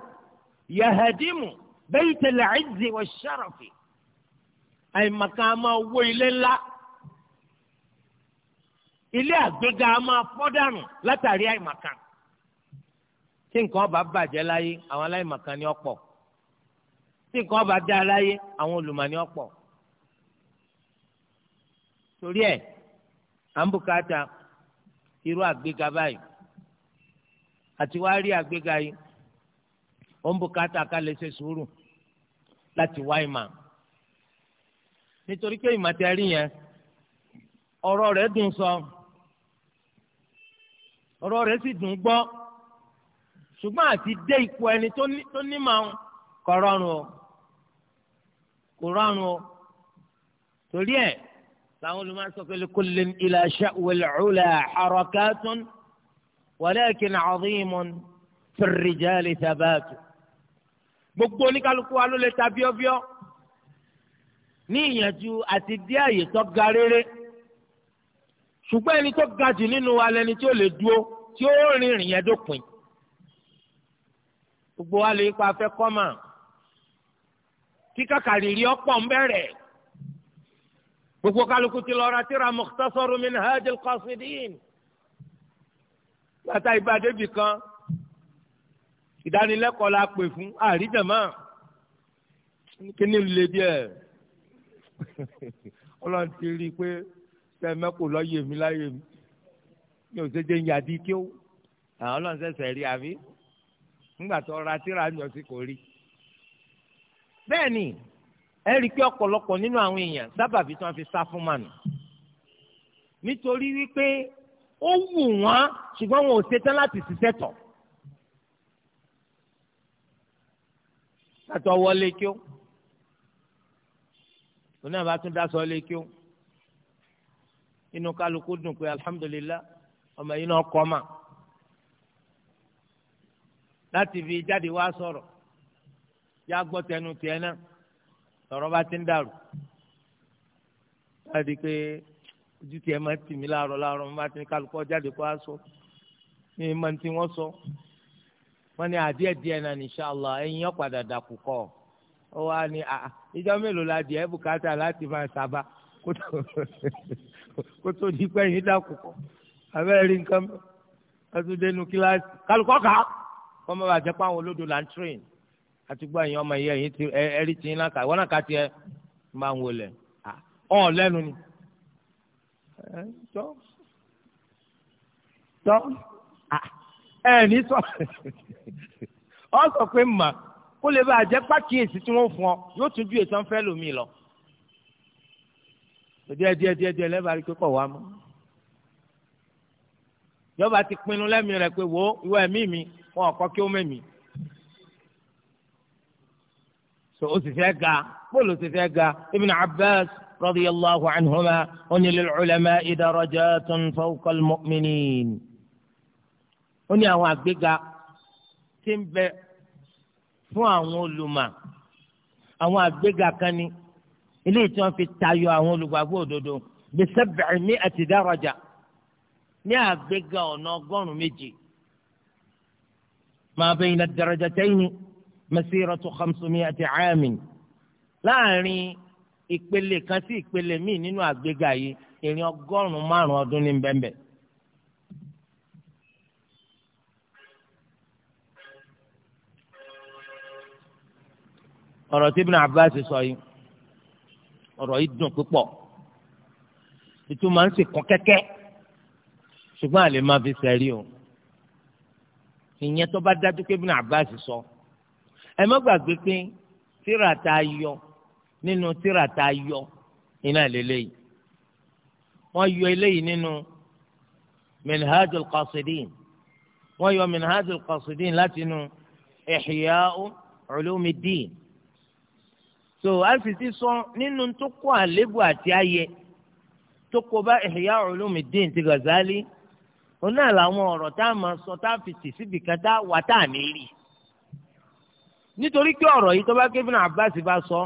yahadimu baytal izzi wash-sharafi àìmọ̀kan á máa wó ilé ńlá ilé àgbéga a máa fọ́ dànù látàrí àìmọ̀kan tí nǹkan ọba bàjẹ́ láyé àwọn aláìmọ̀kan ni ọ̀pọ̀ tí nǹkan ọba dá láyé àwọn olùmọ̀ ni ọ̀pọ̀ torí ẹ̀ à ń bùkátà irú àgbéga báyìí àti wá rí àgbéga yìí ó ká lè ṣe sùúrù láti wá ìmọ̀ nítorí pé ìmọ̀ tẹ́ yẹn ọ̀rọ̀ rẹ̀ dùn sọ. So, ọ̀rọ̀ rẹ̀ sì dùn gbọ́ ṣùgbọ́n àti dé ipò ẹni tó ní màá kò rọrùn o kò rọrùn o torí ẹ̀ làwọn olùmọ̀ọ́sọ pé likullin ila sha'wil 'ula harakatun walakin 'azimun fi rijali thabatu gbogbo oníkálukú wa ló lè ta bíọ́bíọ́ ní ìyànjú àti dí àyè tó ga rere ṣùgbọ́n ẹni tó ga jù nínú wa lẹni tí ó lè dúró tí ó rìn ìrìn yẹn dópin gbogbo wa lè pa afẹ́ kọ́mà kí kàkàrírí ọ̀pọ̀ ń bẹ̀rẹ̀ gbogbo kálukú ti lọ́ra tíra Mukhtasar min Hadil Qasidin bàtà ìbàdébì kan ìdánilẹ́kọ̀ọ́ la pè fún àríjàmá kíní lè díẹ̀ ọlọ́run ti rí i pé fẹ́ mẹ́kò lọ́yẹ̀ mi láyẹ̀ mi mi ò ṣèjẹ́ ìyá di kí ó àwọn ọlọ́run ṣẹ̀ṣẹ̀ rí àbí nígbà tó ra tíra ń yọ sí kò rí. bẹ́ẹ̀ ni ẹ rí i pé ọ̀pọ̀lọpọ̀ nínú àwọn èèyàn sábàbí tí wọ́n fi sá fún mànà nítorí wípé ó wù wọ́n ṣùgbọ́n wọn ò ṣetán láti ṣiṣẹ́ tọ̀. látọ̀ kí ó oní àbá kí ó inú kálukú dùn pé alhamdulillah ọmọ yìí náà kọ́ mà láti fi jáde wá sọ̀rọ̀ yá gbọ́ tẹnu tiẹ̀ náà lọ́rọ̀ bá ti ń dàrú láti pé ojú tiẹ̀ máa tì mí láàárọ̀ láàárọ̀ máa ti ní kálukú jáde kó aṣọ ní ìmọ̀ tí wọ́n sọ wọ́n ní àdíẹ̀ díẹ̀ náà insha Allah ẹ̀yin ọ̀padà dàkú kọ́ ọ wá ní ìjọ mélòó la díẹ̀ bùkátà láti máa sábà kó tó di pé yín dákòkò abẹ́rẹ́ rí nǹkan ẹtùdẹ́nu kíláàsì kálukọ́ kà á kọ́ mọ́ bàjẹ́ pé àwọn olódò là ń train àti gbọ́ ẹ̀yin ọmọ yìí ẹ̀yin ti ẹ̀rí ti yín láka ìwọ́n náà ká tiẹ̀ máa ń wọlé ọ̀ lẹ́nu ni tọ́ tọ́ ẹ̀ ní sọ ọ sọ pé mà kó lè bàjẹ́ pàkíyèsí tí wọ́n fún ọ yóò tún ju èso ń fẹ́ lómi lọ díẹ̀ díẹ̀ díẹ̀ díẹ̀ lẹ́bàá rí kíkọ̀ wá mọ́ yọba ti pinnu lẹ́mi rẹ̀ pé wo ìwọ ẹ̀mí mi wọn kọ́ kí ó mẹ́mi so o sì fẹ́ ga bóòlù sì fẹ́ ga Ibn Abbas radiyallahu anhuma ó ní lil ulama'i ó ní àwọn àgbéga tí ń bẹ fún àwọn olùmọ̀ àwọn àgbéga kan ni eléyìí tí wọ́n fi tayọ àwọn olùgbàgbọ́ òdodo bí sab'i mi'ati daraja ní àgbéga ọ̀nà ọgọ́rùn-ún méje ma bayna ad-darajatayni masiratu khamsu mi'ati 'amin láàrin ìpele kan sí ìpele míì nínú àgbéga yìí ìrìn ọgọ́rùn-ún márùn-ún ọdún ní bẹ́ẹ̀nbẹ́ẹ̀. ọ̀rọ̀ tí Ibn Abbas sọ yìí ọ̀rọ̀ yìí dùn púpọ̀ ìtumọ̀ ń sì kún kẹ́kẹ́ ṣùgbọ́n àlè máa fi sẹ́rí o ìyẹn tó bá dájú pé Ibn Abbas sọ ẹ má gbàgbé pé tíra tá a yọ nínú tíra tá a yọ iná lélẹ́yìí wọ́n yọ eléyìí nínú Minhajul Qasidin wọ́n yọ Minhajul Qasidin látinú Ihya'u Ulumiddin. so alfisi sọ nínú tó kó àléébù àti ayẹ tó kó bá Ihya Ulumuddin ti Ghazali òun náà làwọn ọ̀rọ̀ tá a máa sọ tá a fi tì síbi kan tá a wà tá a ní rí nítorí pé ọ̀rọ̀ yìí tó bá ké Ibn Abbas bá sọ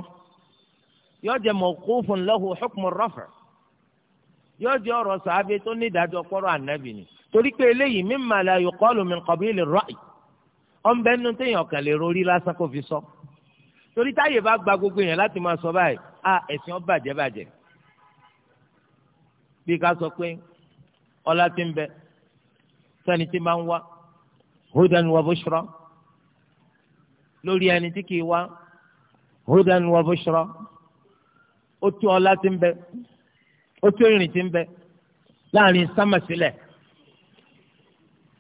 yóò jẹ́ mawqufun lahu hukmu rafa yóò jẹ́ ọ̀rọ̀ sàábé tó ní ìdájọ́ kọ́rọ̀ ànábì ni torí pé eléyìí kàn lè rori lásán kó fi sọ. So. torí táyè bá gba gbogbo èèyàn láti máa sọ báyìí a ẹ̀sìn ọ bàjẹ́ bàjẹ́ bí ká sọ pé ọlá ti ń bẹ sani ti máa ń wá hudan wa bushra lórí ẹni tí kì í wá hudan wa bushra ó tú ọlá ti ń bẹ ó tú ìrìn ti ń bẹ láàrin sámàsílẹ̀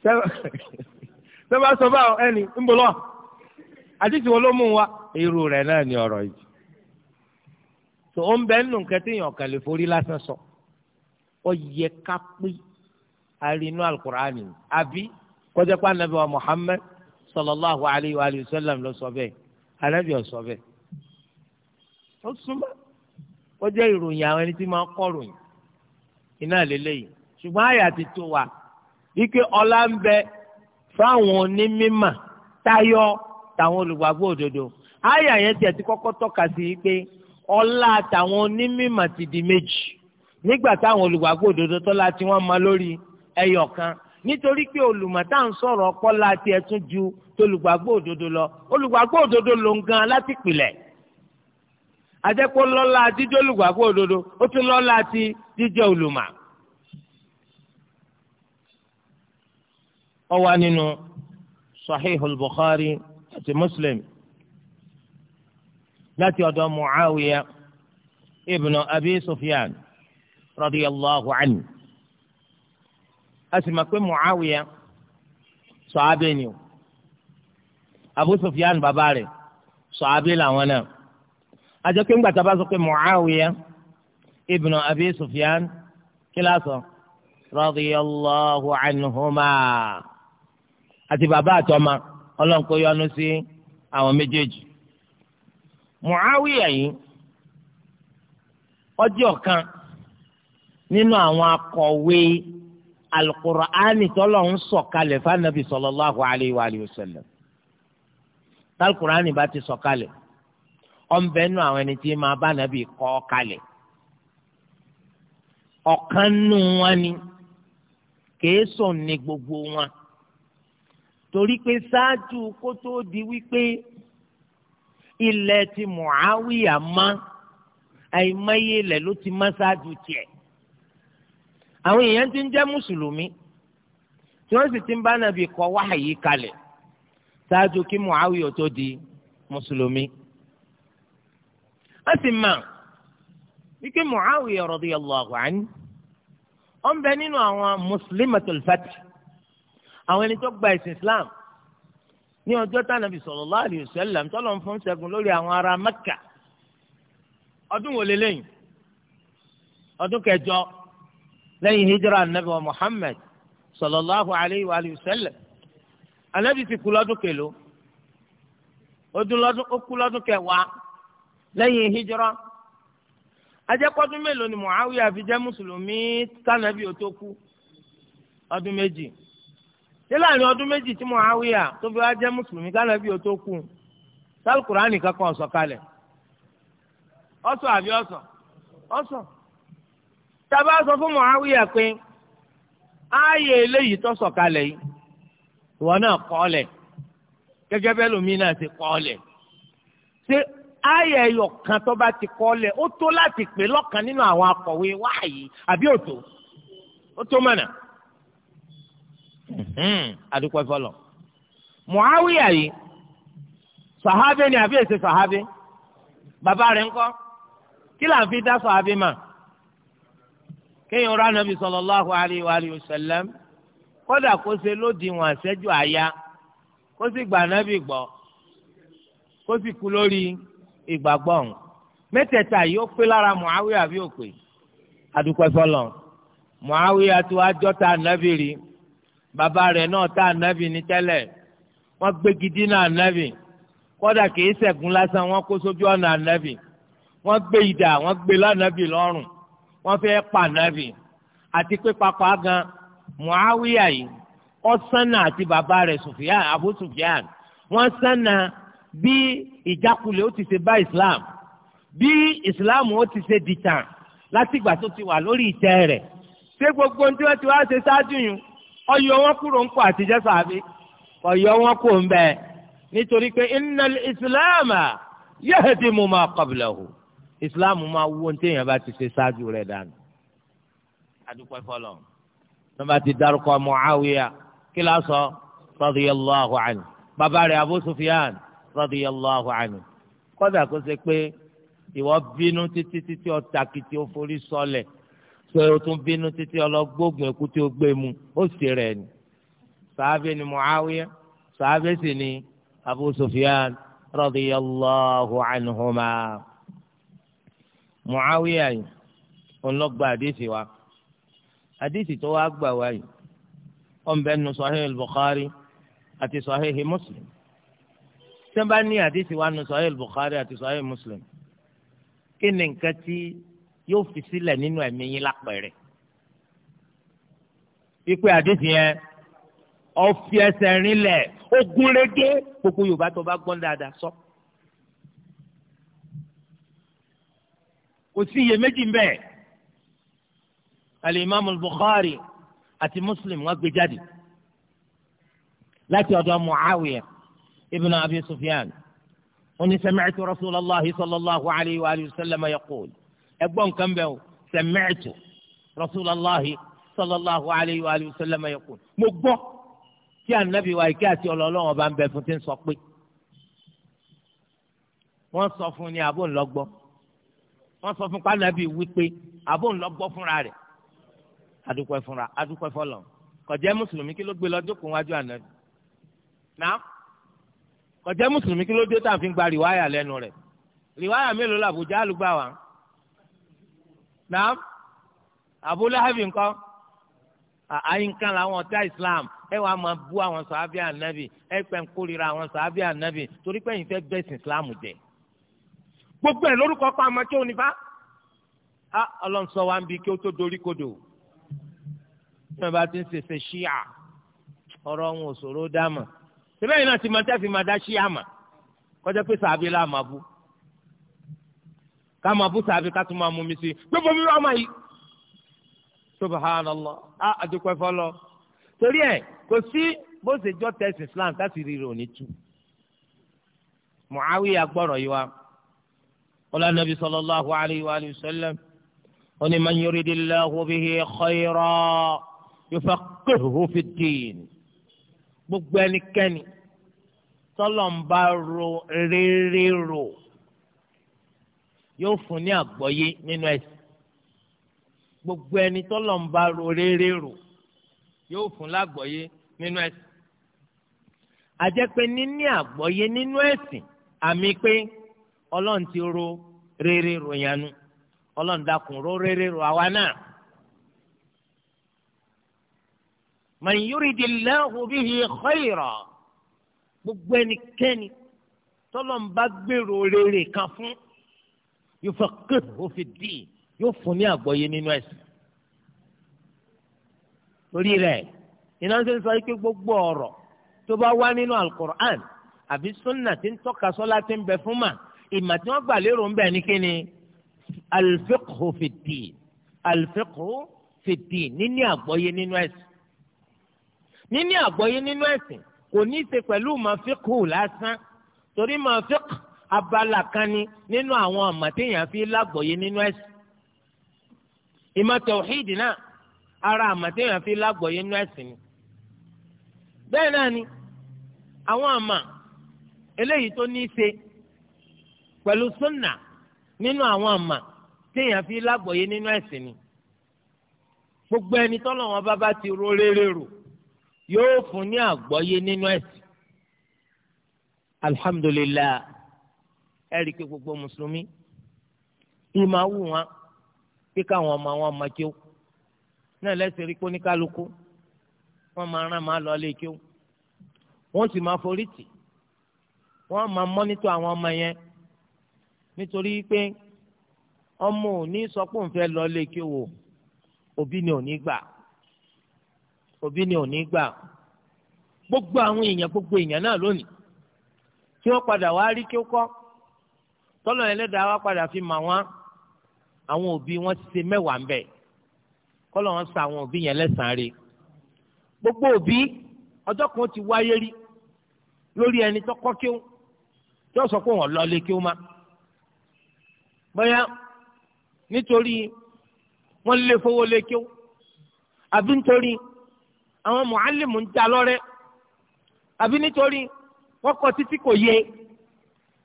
sẹ́wọ́n sọ báwọn ẹni ń bọ̀ lọ́wọ́ àti tí wọ́n ló mú un wá irú rẹ̀ náà ni ọ̀rọ̀ yìí tó ó ń bẹ nínú nǹkan tí èèyàn kàn lè forí lásán sọ ó yẹ ká pé arínú alukur'ani àbí kọjá pa anabi wa muhammed sallallahu alayhi wa sallam ló sọ bẹ́ẹ̀ anabi ó sọ bẹ́ẹ̀ ó súnmọ́ ó jẹ́ ìròyìn àwọn ẹni tí máa ń iná lélẹ́yìn ṣùgbọ́n àyà ti tó wa wípé ọlá ń bẹ fáwọn onímímà tayọ táwọn olùgbàgbọ́ òdodo àyà yẹn tiẹ̀ ti kọ́kọ́ tọ́ka sí i pé ọlá àtàwọn onímọ̀ ti di méjì nígbà táwọn olùgbàgbọ́ òdodo tọ́lá tí wọ́n mọ lórí ẹyọ kan nítorí pé olùmọ̀ tá à ń sọ̀rọ̀ ọpọlọ àti ẹ̀tún ju tolùgbàgbọ́ òdodo lọ olùgbàgbọ́ òdodo ló ń gan láti pìlẹ̀ àjẹpọ̀ lọ́la jíjẹ́ olùgbàgbọ́ òdodo ó tún lọ́la ti jíjẹ́ olùmọ̀. ó wà nínú Sahihul Bukhari àti Muslim láti ọ̀dọ̀ muawiya ibn abi sufyan radiyallahu anhu a sì mọ̀ pé muawiya sọ̀hábẹ́ ni o abu sufyan bàbá rẹ̀ sọ̀hábẹ́ làwọn náà àjọ pé ńgbà tá a bá sọ pé muawiya ibn abi sufyan kí lásán radiyallahu anhuma àti bàbá àtọ́mà ọlọ́nkó sí àwọn méjèèjì. Muawiya yìí ọjọ́ kan nínú àwọn akọ̀wé alukur'ani tọ́lọ̀ ń sọ̀kalẹ̀ fanabi sallallahu alayhi wa alihi wa sallam talukur'ani bá ti sọ̀kalẹ̀ ọ̀nbẹ nù àwọn ẹni tí máa bá nàbì kalẹ̀ ọ̀kan wọn ni gbogbo wọn torí pé di wípé ilẹ̀ ti Muawiya ma àìmọye ilẹ̀ ló ti ma ṣáájú tiẹ̀ àwọn èèyàn ti ń jẹ́ mùsùlùmí tí wọ́n sì ti ń bá nàbì kọ wáhàyí kalẹ̀ ṣáájú kí Muawiya tó di mùsùlùmí wọ́n sì mọ̀ wípé Muawiya radiyallahu anhu ó nínú àwọn Muslimatul Fath àwọn ẹni tó gba Islam. ní ọjọ́ tánàbì sallallahu alaihi tọ́lọ́ fún ṣẹ́gun lórí àwọn ará Mẹ́kà ọdún wo ọdún anabi wa Muhammad sallallahu alaihi wa wasallam anabi ti kú lọ́dún kẹló ọdún lọ́dún ó kú lọ́dún kẹwàá lẹ́yìn hijra ajẹ́pọ́dún mélòó ni ọdụm fi mùsùlùmí tó kú ọdún méjì ṣé láàrin ọdún méjì tí Muawiya tó fi wá jẹ́ mùsùlùmí kálẹ̀ bí o tó kù sálùkùránì kankan ọ̀sọ̀ kalẹ̀ ọ̀sọ̀ àbí ọ̀sọ̀ ọ̀sọ̀ tábà sọ fún pé ààyè eléyìí tó sọ̀ kalẹ̀ yìí ìwọ náà kọ́ gẹ́gẹ́ bẹ́ẹ̀ lómi ti kọ́ ṣé ààyè kan tó bá ti kọ́ ó tó láti pè lọ́kàn Hmm, adúpẹ́ fọlọ́ muawiya yìí sahabe ni àbí èsè sahabe bàbá rẹ̀ ńkọ́ kí là ń fi dá sahabe mà kéèyàn rà nàbì sallallahu alayhi wa alihi wa sallam kódà kó ṣe lódiwọ̀n àṣẹ́jú àyà kó sì gbà nàbì gbọ́ kó sì kú lórí ìgbàgbọ́ ọ̀hún mẹ́tẹ̀ẹ̀ta yìí ó pé lára muawiya àbí òpè adúpẹ́ fọlọ́ muawiya tó ajọ́ta nàbì rí bàbá rẹ̀ náà tá ànábì ní tẹ́lẹ̀ wọ́n gbégi dínà ànábì kódà kìí ṣẹ́gun lásán wọ́n kó sójú ọ̀nà ànábì wọ́n gbé idà wọ́n gbé lánàbì lọ́rùn wọ́n fẹ́ pa ànábì àti pé papá gan Muawiya yìí ọ̀sánà àti bàbá rẹ̀ Sufyan Abu Sufyan wọ́n sánà bí ìjákulẹ̀ ó ti ṣe bá Islam bí Islam ó ti ṣe dìtàn látìgbà tó ti wà lórí ìtẹ́ rẹ̀ ṣé gbogbo ohun tí wọ́n ti wá ṣe ṣáájú yìí ọyọ wọn kúrò ń kọ àtijọ́ sàbí ọyọ wọn kò ń bẹ nítorí pé innal ìsìláàmà yahdimu ma qablahu ìsìláàmù máa wó ní téèyàn bá ti ṣe ṣáájú rẹ̀ dànù. adúpẹ́ fọlọ́ ní bá ti dárúkọ Muawiya kí la sọ radiyallahu anhu bàbá rẹ̀ Abu Sufyan radiyallahu anhu kọ́dà kó ṣe pé ìwọ bínú títí títí ọ̀tàkìtì ó forí sọlẹ̀. So sọ yóò tún bínú títí ọlọgbógun ẹkú tí ó gbé mu ó sì rẹ ni sàábẹ ni Muawiya sàábẹ sì ni Abu Sufyan radiyallahu anhuma Muawiya yìí ọlọgba àdìsí wa àdìsí tó wàá gbà wá yìí ọ̀nbẹ nu sahih bukhari àti sahih Muslim sẹ́ńbà ní àdìsí wa nu sahih bukhari àti sahih Muslim kí ni nǹkan tí yóò fi sílẹ̀ nínú ẹ̀mí yín lápẹ̀rẹ̀. ipe àdéhùn yẹn ọ̀fi ẹsẹ̀ rinlẹ̀ ogúnrégé gbogbo yorùbá tó bá gbọ́n dáadáa sọ. kò sí iyèméjì ń bẹ alimami bukhari àti muslim wọ́n gbé jáde láti ọ̀dọ̀ muawiya ibn abi sufyan onísàmìtì rasulallah sallallahu alayhi wa sallam yaqul ẹgbọ́n nǹkan bẹ́ẹ̀ o sami'tu rasulallahi sallallahu alayhi wa sallam yaqul mo gbọ́ kí anabi wa ike àti ọlọ́lọ́wọ́n bá ń bẹ fún ti ń sọ pé wọ́n sọ fún ni àbò ńlọgbọ́ wọ́n sọ fún pànàbí wípé àbò ńlọgbọ́ fúnra rẹ̀ adúpẹ́ fúnra adúpẹ́ fọlọ́ kọjá mùsùlùmí kí ló gbé lọ́jọ́ kó wájú ànábì náà kọjá mùsùlùmí kí ló dé tá fi gba rìwáyà lẹ́nu rẹ̀ rìwáyà mélòó làbújá àlùgbà wa naam Abu Lahabi nǹkan àyínká làwọn ọ̀tá Islam ẹ wàá máa bú àwọn sàábì ànábì ẹ pẹ́ ń kórìíra àwọn sàábì ànábì torí pé ẹ̀yin fẹ́ bẹ́sìn Islam jẹ gbogbo ẹ̀ lórúkọ pa àmọ́ tí ò ní bá a ọlọ́nsọ wa ń bi kí ó tó dorí kodò tí wọ́n bá ti ń ṣèṣe ṣíà ọ̀rọ̀ wọn ò ṣòro dáàmà síbẹ̀ yìí náà ti máa tẹ́ fi máa dá ṣíà mà kọjá pé sàábì là máa bú ká máa bú sàbí ká tún máa mú mi sí gbogbo mi ọmọ yìí subhanallah a àdúpẹ́ fọlọ́ torí ẹ̀ kò sí bó ṣe jọ tẹ̀sí islam láti rí ròní tù muawiya gbọ́rọ̀ yìí wa wọ́n lọ́nà nabi sallallahu alayhi wa sallam ó ní man yuridillahu bihi khayra yufaqqihhu fi ddin gbogbo ẹnikẹ́ni tọ́lọ̀ ń bá ro yóò fún ní àgbọ́yé nínú ẹ̀sìn gbogbo ẹni tọ́lọ̀ ń bá ro rere rò yóò fún lágbọ́yé nínú ẹ̀sìn àjẹpẹ́ níní àgbọ́yé nínú ẹ̀sìn àmì pé ọlọ́run ti ro rere rò yanu ọlọ́run dákun ro rere rò àwa náà. man yuridi Allahu bihi khayra gbogbo ẹnikẹ́ni tọ́lọ̀ ń gbèrò rere kan fún yufaqqihhu fid-din yóò fún ní àgbọ́yé nínú ẹ̀sìn. torí rẹ̀ iná ń sọ pé gbogbo ọ̀rọ̀ tó bá wá nínú alukur'an àbí sunna tí ń tọ́ka sọ́lá tí ń bẹ fún mà ìmọ̀ tí wọ́n gbà lérò ń bẹ ní kíni al-fiqhu fid-din al-fiqhu níní àgbọ́yé nínú ẹ̀sìn. níní àgbọ́yé nínú ẹ̀sìn kò ní í ṣe pẹ̀lú màfíkù lásán torí màfíkù abala kan ni nínú àwọn àmọ̀téèyàn fi lágbòye nínú ẹ̀sìn ìmọ̀ tọ̀hídì náà ara àmọ̀téèyàn fi lágbòye nínú ẹ̀sìn ni bẹ́ẹ̀ náà ni àwọn àmà eléyìí tó ní í ṣe pẹ̀lú súnà nínú àwọn àmà téèyàn fi lágbòye nínú ẹ̀sìn ni gbogbo ẹni tọ́lọ̀ wọn bá bá ti ro rere rò yóò fún ní àgbọ́yé nínú ẹ̀sìn alhamdulilayi ẹ rí i pé gbogbo mùsùlùmí ìmọ̀ awù wọn pé káwọn ọmọ wọn máa kéwò náà lẹ́sẹ̀ rí kóníkálukú wọ́n máa rán máa lọ lé kéwò wọ́n sì máa forí tì wọ́n máa mọ́nítọ̀ àwọn ọmọ yẹn nítorí pé ọmọ ò ní sọ pé òun fẹ́ lọ lé òbí ni ò ní gbà òbí ni ò ní gbà gbogbo àwọn èèyàn gbogbo èèyàn náà lónìí tí wọ́n padà wá rí kí ó kọ́ tọ́lọ̀ ẹlẹ́dàá wa padà fi mà wọ́n àwọn òbí wọn ti ṣe mẹ́wàá ń bẹ̀ kọ́lọ̀ wọn sa àwọn òbí yẹn lẹ́sàn-án rẹ̀ gbogbo òbí ọjọ́ kan ti wáyé rí lórí ẹni tó kọ́ kíó tó sọ pé wọ́n lọ lé kíó má bóyá nítorí wọ́n lé fowó lé kíó àbí nítorí àwọn mọ̀álìmù ń jà lọ́rẹ́ àbí nítorí wọ́n kọ́ títí kò yé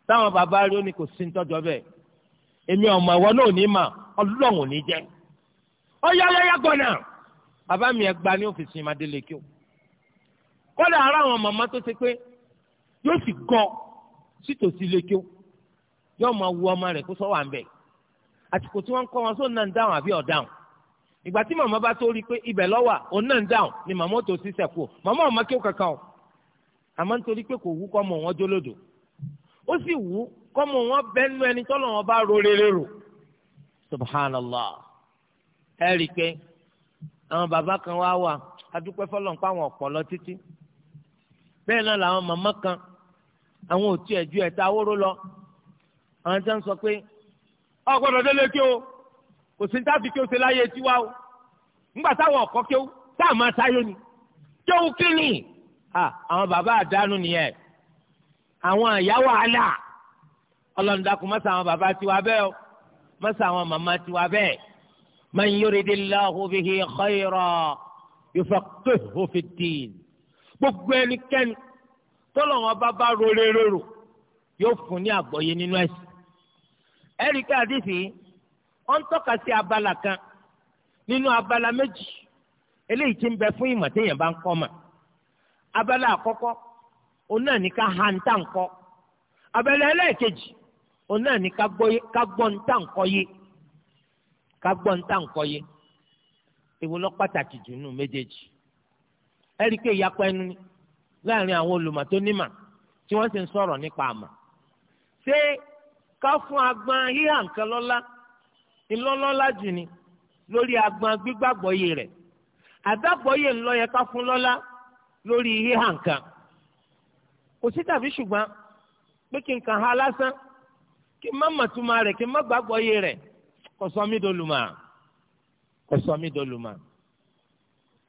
táwọn bàbá rí ó ní kò sí nítọ́jọ́ bẹ́ẹ̀ èmi ọmọ ìwọ náà ò ní mà ọlọ́run ò ní jẹ́ ọyáyáyá gbọ́nà bàbá mi ẹ̀ gba ní òfìsì ìmàdélé kí o kọ́dà ara àwọn màmá tó ṣe pé yóò sì kọ́ sítòsí ilé kí o yóò máa wu ọmọ rẹ̀ kó sọ wà ń bẹ̀ àsìkò tí wọ́n ń kọ́ wọn sóun náà ń dáhùn àbí ọ̀dáhùn ìgbà tí màmá bá tó rí i pé ibẹ̀ lọ́wà òun náà ń dáhùn ni màmá ò tó sí sẹ̀kù màmá ò má kí ó kankan o àmọ́ nítorí pé kò wú kọ́ mọ̀ wọ́n jólódò ó sì wù kọ́mọ wọn bẹ́nu ẹni tọ́lọ̀ wọn bá ro rere subhanallah ẹ rí i pé àwọn bàbá kan wá wà adúpẹ́ fọlọ́n pa àwọn ọ̀pọ̀ lọ títí bẹ́ẹ̀ náà làwọn màmá kan àwọn ò tiẹ̀ ju ẹ̀ta awóró lọ àwọn tí wọ́n sọ pé ọ gbọ́dọ̀ délé kí o kò sí ní kí o ṣe láyé tiwa o ńgbà táwọn ọ̀kọ́ kí o táà máa sáyé ni kí o kí ni àwọn bàbá àdánù nìyẹn àwọn àyà wàhálà ọlọ́ndàkùn mọ́sà àwọn bàbá tiwa bẹ́ẹ̀ o mọ́sà àwọn màmá tiwa bẹ́ẹ̀ man yuridillahu bihi khayra yufaqqihhu fid-din gbogbo ẹnikẹ́ni tọ́lọ̀ wọn bá bá rore rorò yóò fún ní àgbọ́yé nínú ẹ̀sìn ẹ̀ríkà àdìsí wọ́n tọ́ka sí abala kan nínú abala méjì eléyìí tí ń bẹ fún ìmọ̀ téèyàn bá ń kọ́ mọ̀ abala àkọ́kọ́ òun náà ní ká ha nta tà ń kọ́ abẹ́lẹ́ ẹlẹ́ẹ̀kejì òun náà ní ká gbọ́ ń tà ń kọ́ yé ká gbọ́ ń tà ń kọ́ yé èwo lọ pàtàkì jù nù méjèèjì ẹ̀rí pé ìyapa ẹnu ni láàrin àwọn olùmọ̀ tó nímà tí wọ́n sì ń sọ̀rọ̀ nípa àmà ṣé ká fún agbọn híhà nǹkan lọ́lá ńlọ́lọ́lá jù ni lórí agbọn gbígbàgbọ́ yé rẹ̀ àdàgbọ́ yé ńlọ yẹ ká fún lọ́lá lórí híhà nǹkan kò sí tàbí ṣùgbọ́n pé kí n kàn ha lásán kí n má màtúmọ̀ rẹ̀ kí n má gbàgbọ́ yé rẹ̀ kò sọ mí dolùmọ̀ kò sọ mí dolùmọ̀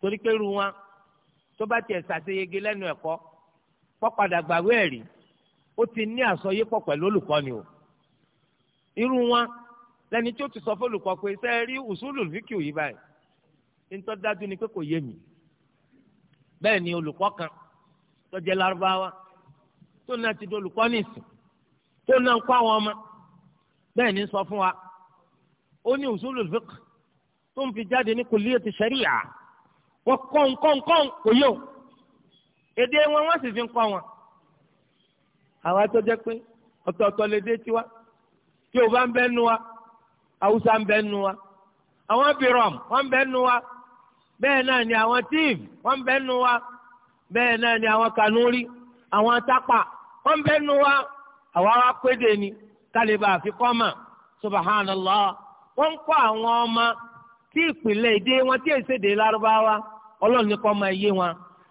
torí pé ru wọn tó bá tiẹ̀ ṣàṣeyege lẹ́nu ẹ̀kọ́ pọ́padà gbàgbé ẹ̀rí ó ti ní àsọyépọ̀ pẹ̀lú olùkọ́ni o irú wọn lẹni tí ó ti sọ fólùkọ́ pé ṣe é rí ùsùlù fíkìú yìí báyìí nítorí dájú ni pé kò yé mi bẹ́ẹ̀ ni olùkọ́ kan tó jẹ́ lárúbáwá tó náà ti dolùkọ́ nìsín tó náà ń kọ́ àwọn ọmọ bẹ́ẹ̀ ni sọ fún wa ó ní usulul fiqh tó ń fi jáde ní kulliyati sharia wọ́n kọ́ nǹkan nǹkan kò yóò èdè wọn wọ́n sì fi ń kọ́ wọn. àwa tó jẹ́ pé ọ̀tọ̀ọ̀tọ̀ lè dé tiwa tí o bá ń bẹ́ nu wa haúsá ń bẹ́ nu wa àwọn birom wọ́n ń bẹ́ nu wa bẹ́ẹ̀ náà ni àwọn tíìf wọ́n ń bẹ́ nu wa bẹ́ẹ̀ náà ni àwọn kanúrí àwọn tápà wọ́n bẹ́ẹ̀ nu wa àwa wa ni kálíbà àfikọ́ mà subahánàlá wọ́n ń àwọn ọmọ tí ìpìlẹ̀ èdè wọn tí èsèdè èdè ọlọ́run ní kọ́ wọn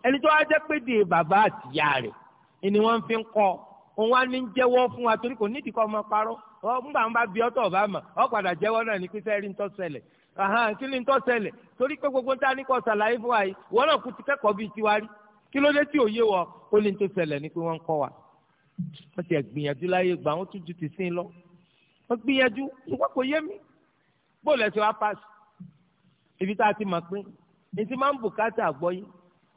ẹni tó wá jẹ́ bàbá àtìyá rẹ̀ ẹni wọ́n fi ń kọ́ òun wá ní jẹ́wọ́ fún wa torí kò nídìí ọmọ parọ́ wọn bá bí ọ́ padà jẹ́wọ́ wọ́n ti gbìyànjú láyé gbà wọ́n tún ju ti sìn lọ wọ́n gbìyànjú ṣùgbọ́n kò yé mi bóòlù ẹ̀sìn wa paṣì ibi tá a ti mọ̀ pé ètí máa ń bùkátà àgbọ́yé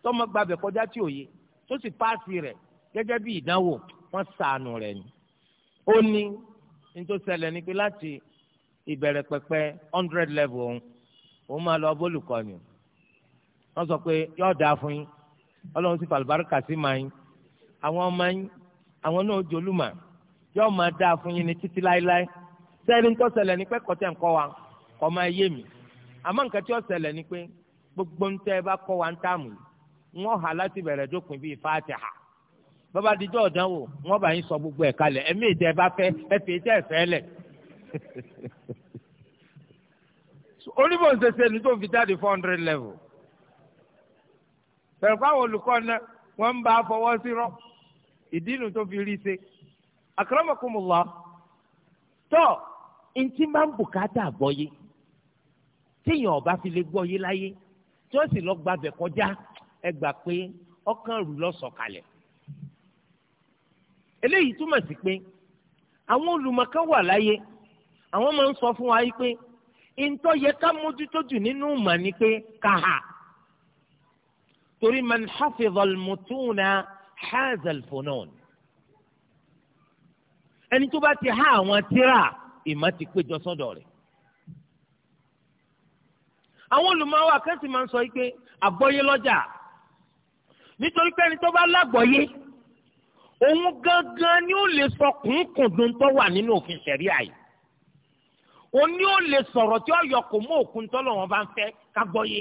tọ́mọ gbàbẹ̀ kọjá tí òye tó sì paṣì rẹ̀ gẹ́gẹ́ bí ìdánwò wọ́n sànù rẹ̀ ni ó ní nítorí ṣẹlẹ̀ ni pé láti ìbẹ̀rẹ̀ pẹ̀pẹ̀ hundred level òun òun máa lọ bólùkọ́ ni wọ́n sọ pé yóò dáa fún yín ọlọ́run sì fàlùbáríkà sí màá yín àwọn ọmọ yín àwọn náà jòlúmọ̀ yóò máa dáa fún yín ní títí láéláé sẹ́ni tó ṣẹlẹ̀ ní pẹ́ kọ́tẹ́ wa kọ́ máa yé mi àmọ́ nǹkan tí ó pé gbogbo ń tẹ́ ẹ bá kọ́ wa ń táàmù yìí wọ́n hà láti bẹ̀rẹ̀ dópin bíi fàtìhà bàbá àdìjọ́ ọ̀dánwò wọ́n bá yín sọ gbogbo ẹ̀ kalẹ̀ ẹ̀mí ìtẹ́ ẹ bá fẹ́ ẹ ìdínú tó fi rí ṣe akramakumullah tó ntí máa ń bùkátà gbọ́yé téèyàn ọba fi lè gbọ́yé láyé tí ó sì lọ gbàbẹ̀ kọjá ẹ gbà pé ọkàn rù lọ sọ̀kalẹ̀ eléyìí túmọ̀ sí pé àwọn olùmọ̀kan wà láyé àwọn máa ń sọ fún wa pé ntọ́ yẹ ká mójútó jù nínú mà ní pé káhà torí man hafidhal mutuna hazal funon ẹni tó bá ti há àwọn tíra ìmọ̀ ti péjọ sọ́dọ̀ rẹ̀ àwọn olùmọ̀wá kẹ́sì máa ń sọ pé àgbọ́yé lọ́jà nítorí pé ẹni tó bá lágbọ́yé òun gangan ni ó lè sọ kùnkùndùn tó wà nínú òfin ṣẹ̀ríà yìí òun ni ó lè sọ̀rọ̀ tí ó kò mú òkun tọ́lọ̀ wọn bá ń fẹ́ kágbọ́yé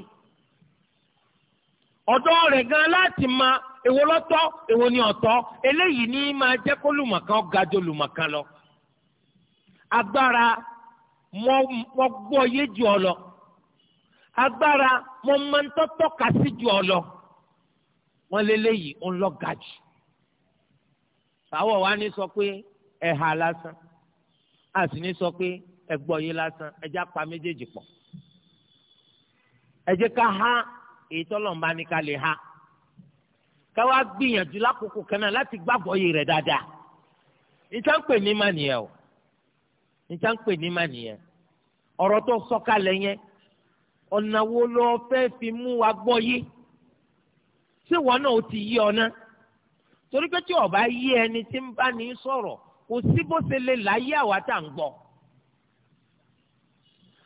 ọ̀dọ́ rẹ̀ gan láti máa èwo lọ́tọ́ èwo ni ọ̀tọ́ eléyìí ní máa jẹ́ kó lùmọ̀kan ga jù lùmọ̀kan lọ agbára mo gbọ́ yé jù ọ lọ agbára mo máa ń tọ́tọ́ ka sí jù ọ lọ wọ́n léléyìí ń lọ ga jù wa ní sọ pé ẹ̀hà lásán a sì ní sọ pé ẹgbọ́ yé lásán ẹjẹ́ apá méjèèjì pọ̀ ẹjẹ́ ká há èyí tọ́lọ̀ ń ká lè há. ká wá gbìyànjú lákòókò kan náà láti gbàgbọ́ yìí rẹ̀ dáadáa níta ń pè ní mà nìyẹn o níta ń pè ní mà ọ̀rọ̀ tó sọ̀kalẹ̀ yẹn ọ̀nà wo ló fẹ́ fi mú wa gbọ́ yìí tí wọn náà ó ti yí ọ náà torí pé tí ọba bá yí ẹni tí ń bá ní sọ̀rọ̀ kò sí bó ṣe lè láyé àwa tá à ń gbọ́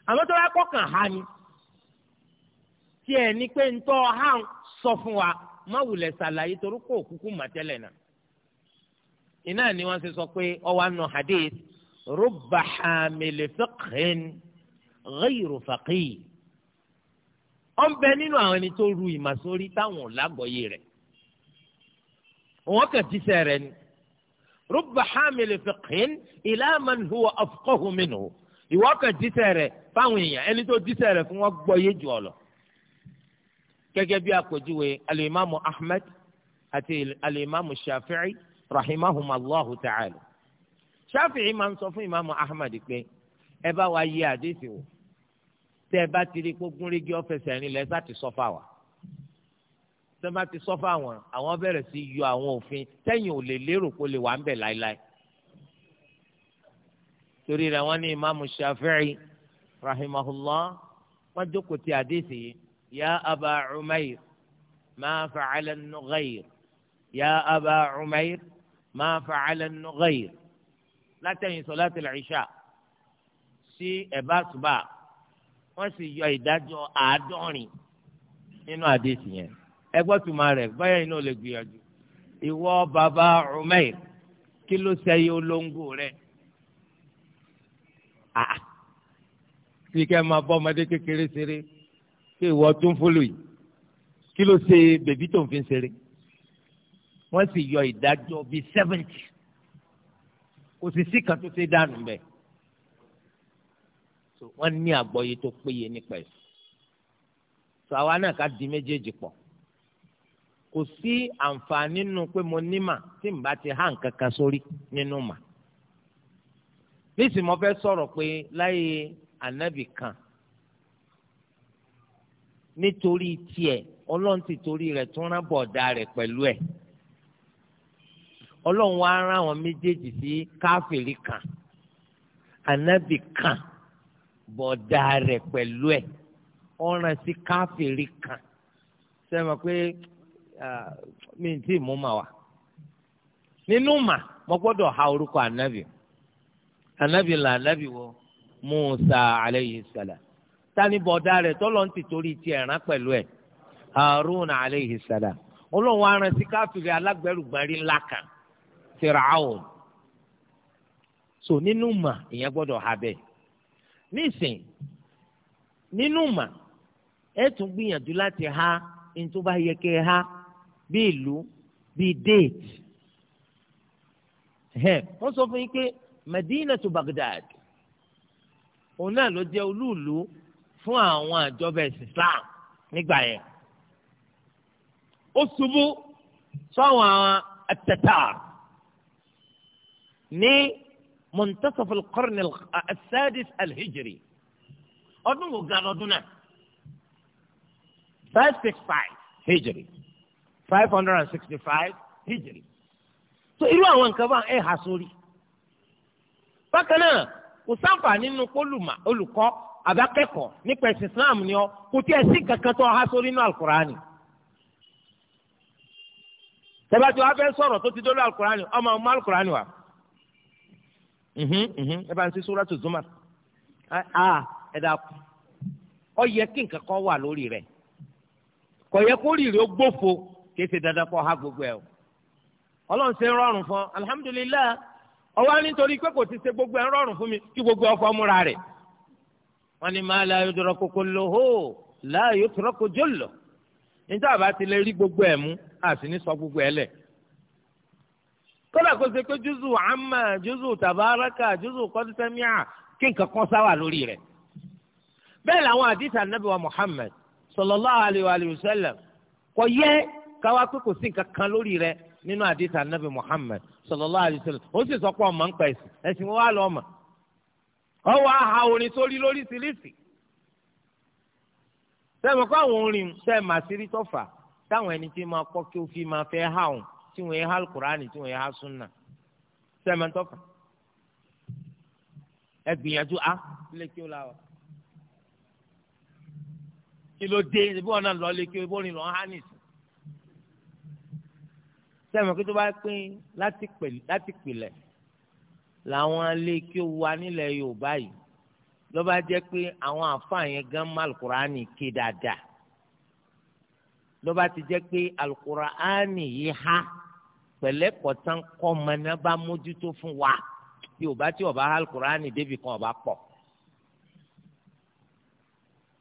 àmọ́ tó bá kọ́ kàn há ni tí ẹ̀ ní pé ń tọ́ hàn sọ fún wa má wulẹ̀ ṣàlàyé torí kò kúkú mà tẹ́lẹ̀ náà iná ni wọ́n ṣe sọ pé ọwọ́ àna hadith rubba hamili fiqhin ghayru faqih ó ń bẹ nínú àwọn ẹni tó ru ìmàsórí táwọn ò lágbọ̀ọ́yé rẹ̀ wọ́n kàn jíṣẹ́ rẹ̀ ni rubba hamili fiqhin ila man huwa afqahu minhu ìwọ kàn jíṣẹ́ rẹ̀ fáwọn èèyàn ẹni tó jíṣẹ́ rẹ̀ fún wọn gbọ́yé jù ọ lọ gẹ́gẹ́ bí àpèjúwe alimami ahmed àti alimami shafi'i rahimahum allahu ta'ala shafi'i máa ń sọ fún imaamu ahmed pé ẹ bá wa yí àdéhìí wò tẹ ẹ bá ti rí gbógun rígi ọfẹsẹ rìn lẹ sáà ti sọ fáwọn tẹ bá ti sọ fáwọn àwọn bẹ̀rẹ̀ sí yọ àwọn òfin tẹ̀yìn ò lè lérò kó lè wà ń bẹ láéláé torí rẹ̀ wọ́n ní imaamu shafi'i rahimahullah wọ́n jókòó ti àdéhìí yìí يا أبا عمير ما فعل النغير يا أبا عمير ما فعل النغير لا تنهي صلاة العشاء sí ẹ̀bá àsùbá wọ́n sì yọ ìdájọ́ àádọ́rin nínú àdéhùn yẹn ẹgbọ́n tuma rẹ̀ báyọ̀ iná lè gbìyànjú ìwọ bàbá Umair kí ló sẹ́yẹ olóńgò rẹ̀ àà kí kẹ́ máa bọ́ ọmọdé kékeré ṣeré ṣé ìwọ tó ń fọlọ yìí kí ló ṣe bèbí tó ń fi ṣeré wọ́n sì yọ ìdájọ́ bíi seventy kò sì sí kan tó ṣe dànù bẹ́ẹ̀ so wọ́n ní àgbọ́yé tó péye nípa ẹ̀ so àwa náà ká di méjèèjì pọ̀ kò sí àǹfààní nínú pé mo nímà tí n bá ti há nǹkan kan sórí nínú mà nísìnyí fẹ́ sọ̀rọ̀ pé láyé ànábì kan nítorí tiẹ̀ ọlọ́run ti torí rẹ̀ tún rán bọ̀dá rẹ̀ pẹ̀lú ẹ̀ ọlọ́run wa rán àwọn méjèèjì sí káfíìrì kan ànábì kan bọ̀dá rẹ̀ pẹ̀lú ẹ̀ ọ̀ràn sí káfíìrì kan sẹ́wọ̀n pé mi ti mú ma wá nínú mà mo gbọ́dọ̀ ha orúkọ anabi ànábì la ànábì wo Musa aleyhi salam tani bọ̀dá rẹ̀ tọ́lọ́ ń ti torí tiẹ̀ rán pẹ̀lú ẹ̀ harun aleyhi salam olóhùn aran sí káfíìrì alágbẹ̀rùgbẹ̀rì ńlá kan firaun so nínú mà ìyẹn gbọ́dọ̀ ha bẹ́ẹ̀ nísìn nínú mà ẹ tún gbìyànjú láti ha ní yẹ ha bí ìlú bí déètì wọ́n sọ fún yín pé Madina to Baghdad òun náà ló Olú olúùlú fún àwọn àjọbẹ Islam nígbà yẹn ó ṣubú sọ́wọ́n àwọn at-Tatar ní muntasaf al-qarn as-sadis al ọdún wo gan ọdún náà five six five hijri five hundred and sixty five hijri so irú àwọn nǹkan bá ẹ̀ hà sórí bákan náà kò sáǹfà nínú olùkọ́ àbákẹ́kọ̀ọ́ nípa ẹ̀sìn Islam ni ọ kò tí ẹ̀ sí kankan tó ọha sórí inú alukurani. tẹ́bàtì wàá fẹ́ sọ̀rọ̀ tó ti dọ́lọ́ alukurani ọmọ ọmọ alukurani wa. ẹ bá ń sí Suratu Zumar ẹ dà kú ọ yẹ kí nǹkan kan wà lórí kò yẹ kó rírì ó gbófo dandan ha gbogbo o. ọlọ́run ṣe ń rọrùn fún alihamudulilayi ọwọ́ pé kò ti ṣe gbogbo ń rọrùn mi kí gbogbo wọ́n ní ma la yudraku kulluhu la yutraku jullu níta àbá ti lè rí gbogbo ẹ̀ mú àti ní sọ gbogbo ẹ̀ lẹ̀ kódà kó ṣe pé júzù àmà júzù tàbáraka júzù kọ́sítẹ́míà kí nǹkan kan sáwà lórí rẹ̀ bẹ́ẹ̀ làwọn àdìsá nàbì wa Muhammad sallallahu alayhi wa sallam kò yẹ káwa pé kò sí nǹkan kan lórí rẹ̀ nínú àdìsá nàbì Muhammad sallallahu alayhi wa sallam ó sì sọ pé ọmọ ń pa ẹ̀sìn wọn wá lọ ọmọ ọwọ́ aha orin sórí lóríṣiríṣi sẹ́mi kọ́ àwọn orin sẹ́mi àṣírí tọ́fà táwọn ẹni tí máa kọ́ kí ó fi máa fẹ́ há òun tí wọ́n yẹ há alukur'ani tí wọ́n yẹ há sunna sẹ́mi tọ́fà ẹ gbìyànjú a ah, lè kí ó la wa kí ló dé ibi wọn náà lọ lè kí ó bórin lọ há nìsí sẹ́mi kí tó bá pín láti pèlè làwọn alẹ́ kí ó wà nílẹ̀ yorùbá yìí lọ́ba jẹ́ pé àwọn àfáà yẹn gan mọ alukur'ani ké dáadáa lọ́ba ti jẹ́ pé alukur'ani yìí ha pẹ̀lẹ́kọ̀tàn kọ́ mọ̀nàbá mójútó fún wa tí o bá tí o bá alukur'ani débi kan o bá pọ̀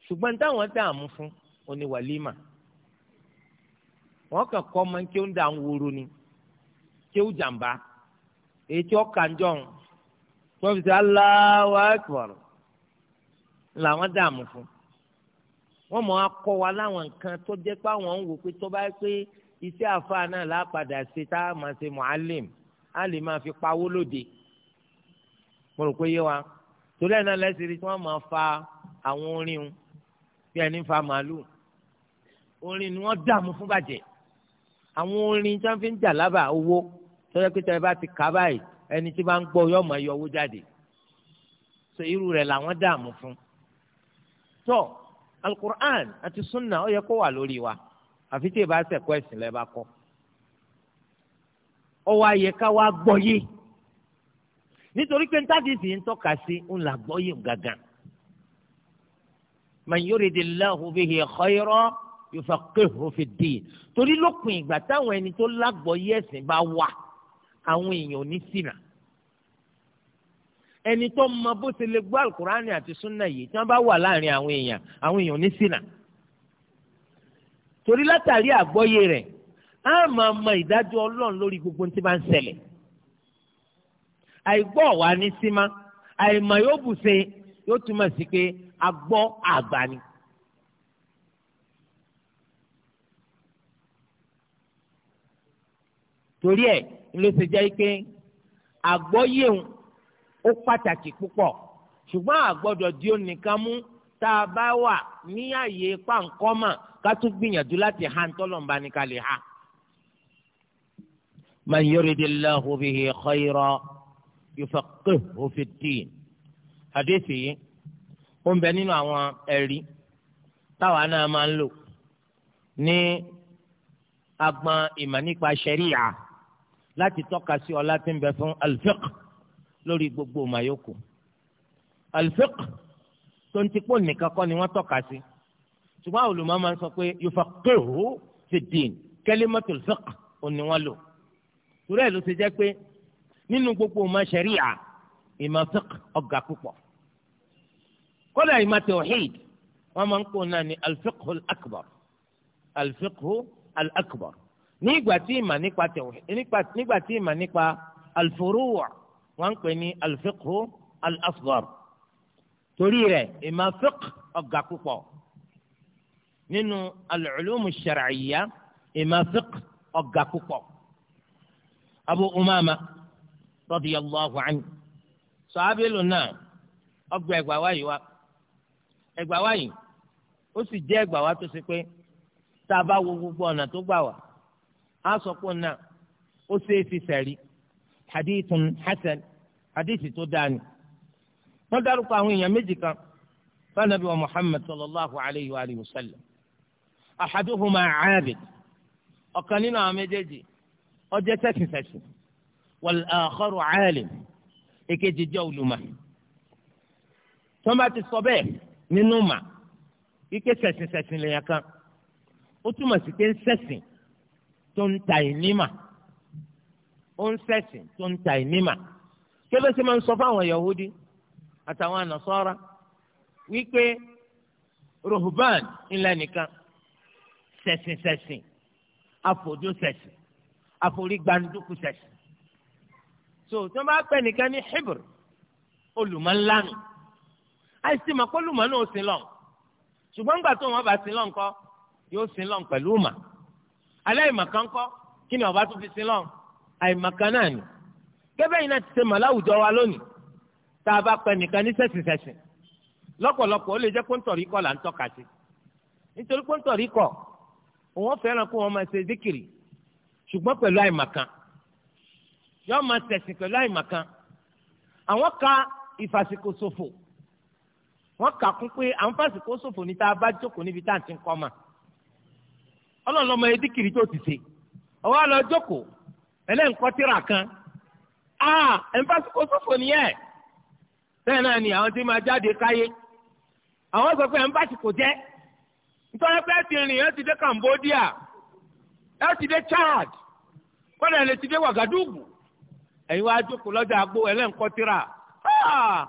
ṣùgbọ́n táwọn dààmú fún oní wọ́n kàn kọ́ ọmọ kí ó ń dà ń woro ni kí ó jàǹbá èyí tí ó kànjọ tí wọ́n fi ṣe Allahu Akbar làwọn dààmú fún wọ́n mọ̀ akọ wa láwọn nǹkan tó jẹ́ pé àwọn ń wò pé tó bá pé iṣẹ́ àfáà náà lápadà ṣe tá a máa ṣe mu'allim á lè máa fi pawó lóde mo rò pé yé wa torí ẹ̀ náà lẹ́sìn rí tí wọ́n máa fa àwọn orin un bí ẹni fa màálù orin ni wọ́n dààmú fún bàjẹ́ àwọn orin tí wọ́n fi ń jà lábà owó sọjọ pété ẹ bá ti kà báyìí ẹni tí bá ń gbọ́ yóò máa yọ jáde so irú rẹ̀ làwọn dààmú fún tó alukur'an àti sunna ó yẹ kó wà lórí wa àfi tí ìbá sẹ̀kọ́ ẹ̀sìn lẹ́ bá kọ́ ó wá yẹ ká wá gbọ́ yé nítorí pé ntàdí sì ń tọ́ka sí ń là gbọ́ yé gàgàn man yuridillahu bihi khayran yufaqqihhu fid-din torí lópin ìgbà táwọn ẹni tó lágbọ́ yé ẹ̀sìn bá wà àwọn èèyàn ò ní ṣìnà ẹni tó mọ bó ṣe lè gbọ́ alukurani àti sunna yìí tí wọ́n bá wà láàrin àwọn èèyàn àwọn èèyàn ò ní ṣìnà torí látàrí àgbọ́yé rẹ̀ á máa mọ ìdájọ́ ọlọ́run lórí gbogbo tí bá ń ṣẹlẹ̀ àìgbọ́ wa ní símá àìmọ̀ yóò bù ṣe yóò túmọ̀ sí pé agbọ́ àgbà ni. torí ẹ̀ ló ṣe jẹ́ pé àgbọ́yé ó pàtàkì púpọ̀ ṣùgbọ́n àgbọ́dọ̀ di onìkan mú tá a bá wà ní àyè pàǹkọ́mọ̀ ká tún gbìyànjú láti ha ntọ́lọ́mba ní ká lè ha. man yuridillahu bihi khayra yufaqqihhu fid-din. àdéhùn yìí ó ń bẹ nínú àwọn ẹ̀rí táwa náà máa ń lò láti tọ́ka sí ọlá tí ń bẹ fún alfiq lórí gbogbo mayoko alfiq tó ń ti pò nìkan kọ́ ni wọ́n tọ́ka sí ṣùgbọ́n àwọn olùmọ̀ máa ń sọ pé yufaqihu fi din kalimatul fiq òní wọ́n lò torí ẹ̀ ló ti jẹ́ pé nínú gbogbo ma ṣẹ̀ríà ìmọ̀ fiq ọ̀gá púpọ̀ kódà ìmọ̀ tawhid wọ́n máa ń pò náà ní alfiqhu al-akbar alfiqhu nígbà tí ìmà nípa tẹ̀wé nígbà tí ìmà nípa alfuruwa wọ́n ń pè ní alfiqhu alasghar torí rẹ̀ ìmà fiqh ọ̀gá púpọ̀ nínú alulumu shar'iyya ìmà fiqh ọ̀gá púpọ̀ abu umama radiyallahu anhu sọ́hábìlù náà ọgbà ẹgbà wáyé wa ẹgbà wáyé ó sì jẹ́ ẹgbà wá tó ṣe pé tá a bá wo gbogbo ọ̀nà tó gbà wá á sọ pé náà ó ṣeé fi sẹ̀rí hadithun hasan hadithi tó dáa ni wọ́n dárúkọ àwọn èèyàn méjì kan fanabi wa muhammad sallallahu alayhi wa sallam ahaduhuma caabid ọ̀kan nínú àwọn méjèèjì ó jẹ́ sẹ́sìnsẹ́sìn wal caalim èkejì jẹ́ olùmọ̀ tọ́ba ti sọ bẹ́ẹ̀ nínú mà ike sẹ̀sìnsẹ̀sìn lèèyàn kan ó túmọ̀ sí pé ń sẹ̀sìn tó ń ta ìnímà ó ń ṣẹ̀sìn tó ń ta ìnímà kébèsè máa ń sọ fáwọn Yahudi àtàwọn ànàsọ́ra wípé rohban ńlá nìkan ṣẹ̀sìn ṣẹ̀sìn àfòjó ṣẹ̀sìn àforígbandúkú ṣẹ̀sìn so tí wọ́n bá pè nìkan ní Hibr olùmọ̀ńlánu àìsí màkó olùmọ̀ náà ó sin lọ́n ṣùgbọ́n gbà tó wọn bá sin lọ́n kọ́ yóò sin lọ́n pẹ̀lú màá aláìmọ̀kan kọ́ kí ni ọba tún fi sin lọ́n àìmọ̀kan náà ni gẹ́gẹ́ yìí náà ti ṣe mọ̀ láwùjọ wa lónìí tá a bá pẹ nìkan ní sẹ̀sìnsẹ̀sìn lọ́pọ̀lọpọ̀ ó lè jẹ́ kóńtọ̀rí kọ́ là ń tọ́ka sí nítorí kóńtọ̀rí kọ́ òun fẹ́ràn kó wọn máa ṣe zikiri ṣùgbọ́n pẹ̀lú àìmọ̀kan yọ́ọ́ máa sẹ̀sìn pẹ̀lú àìmọ̀kan àwọn ka ìfàsìkò ṣòfò wọ́n kà kún pé àwọn fàsìkò ṣòfò ní tá a bá jókòó níbi tá à ń ti ń kọ́ máa ọlọ́run lọ́mọ etí kiri tó ti ṣe ọwọ́ àlọ́ jókòó ẹlẹ́nkọ́tìrà kan ah ẹ̀ńfàsíkò sófò ni ẹ̀ bẹ́ẹ̀ náà ni àwọn tí máa jáde káyé àwọn sọ pé ẹ̀ńfàsíkò jẹ́ nítorí pé ẹ ti rìn ẹ ti dé Cambodia ẹ ti dé Chad kọ́nà ẹ lè ti dé Wagadugu ẹ̀yin wá jókòó lọ́jà àgbo ẹlẹ́nkọ́tìrà ah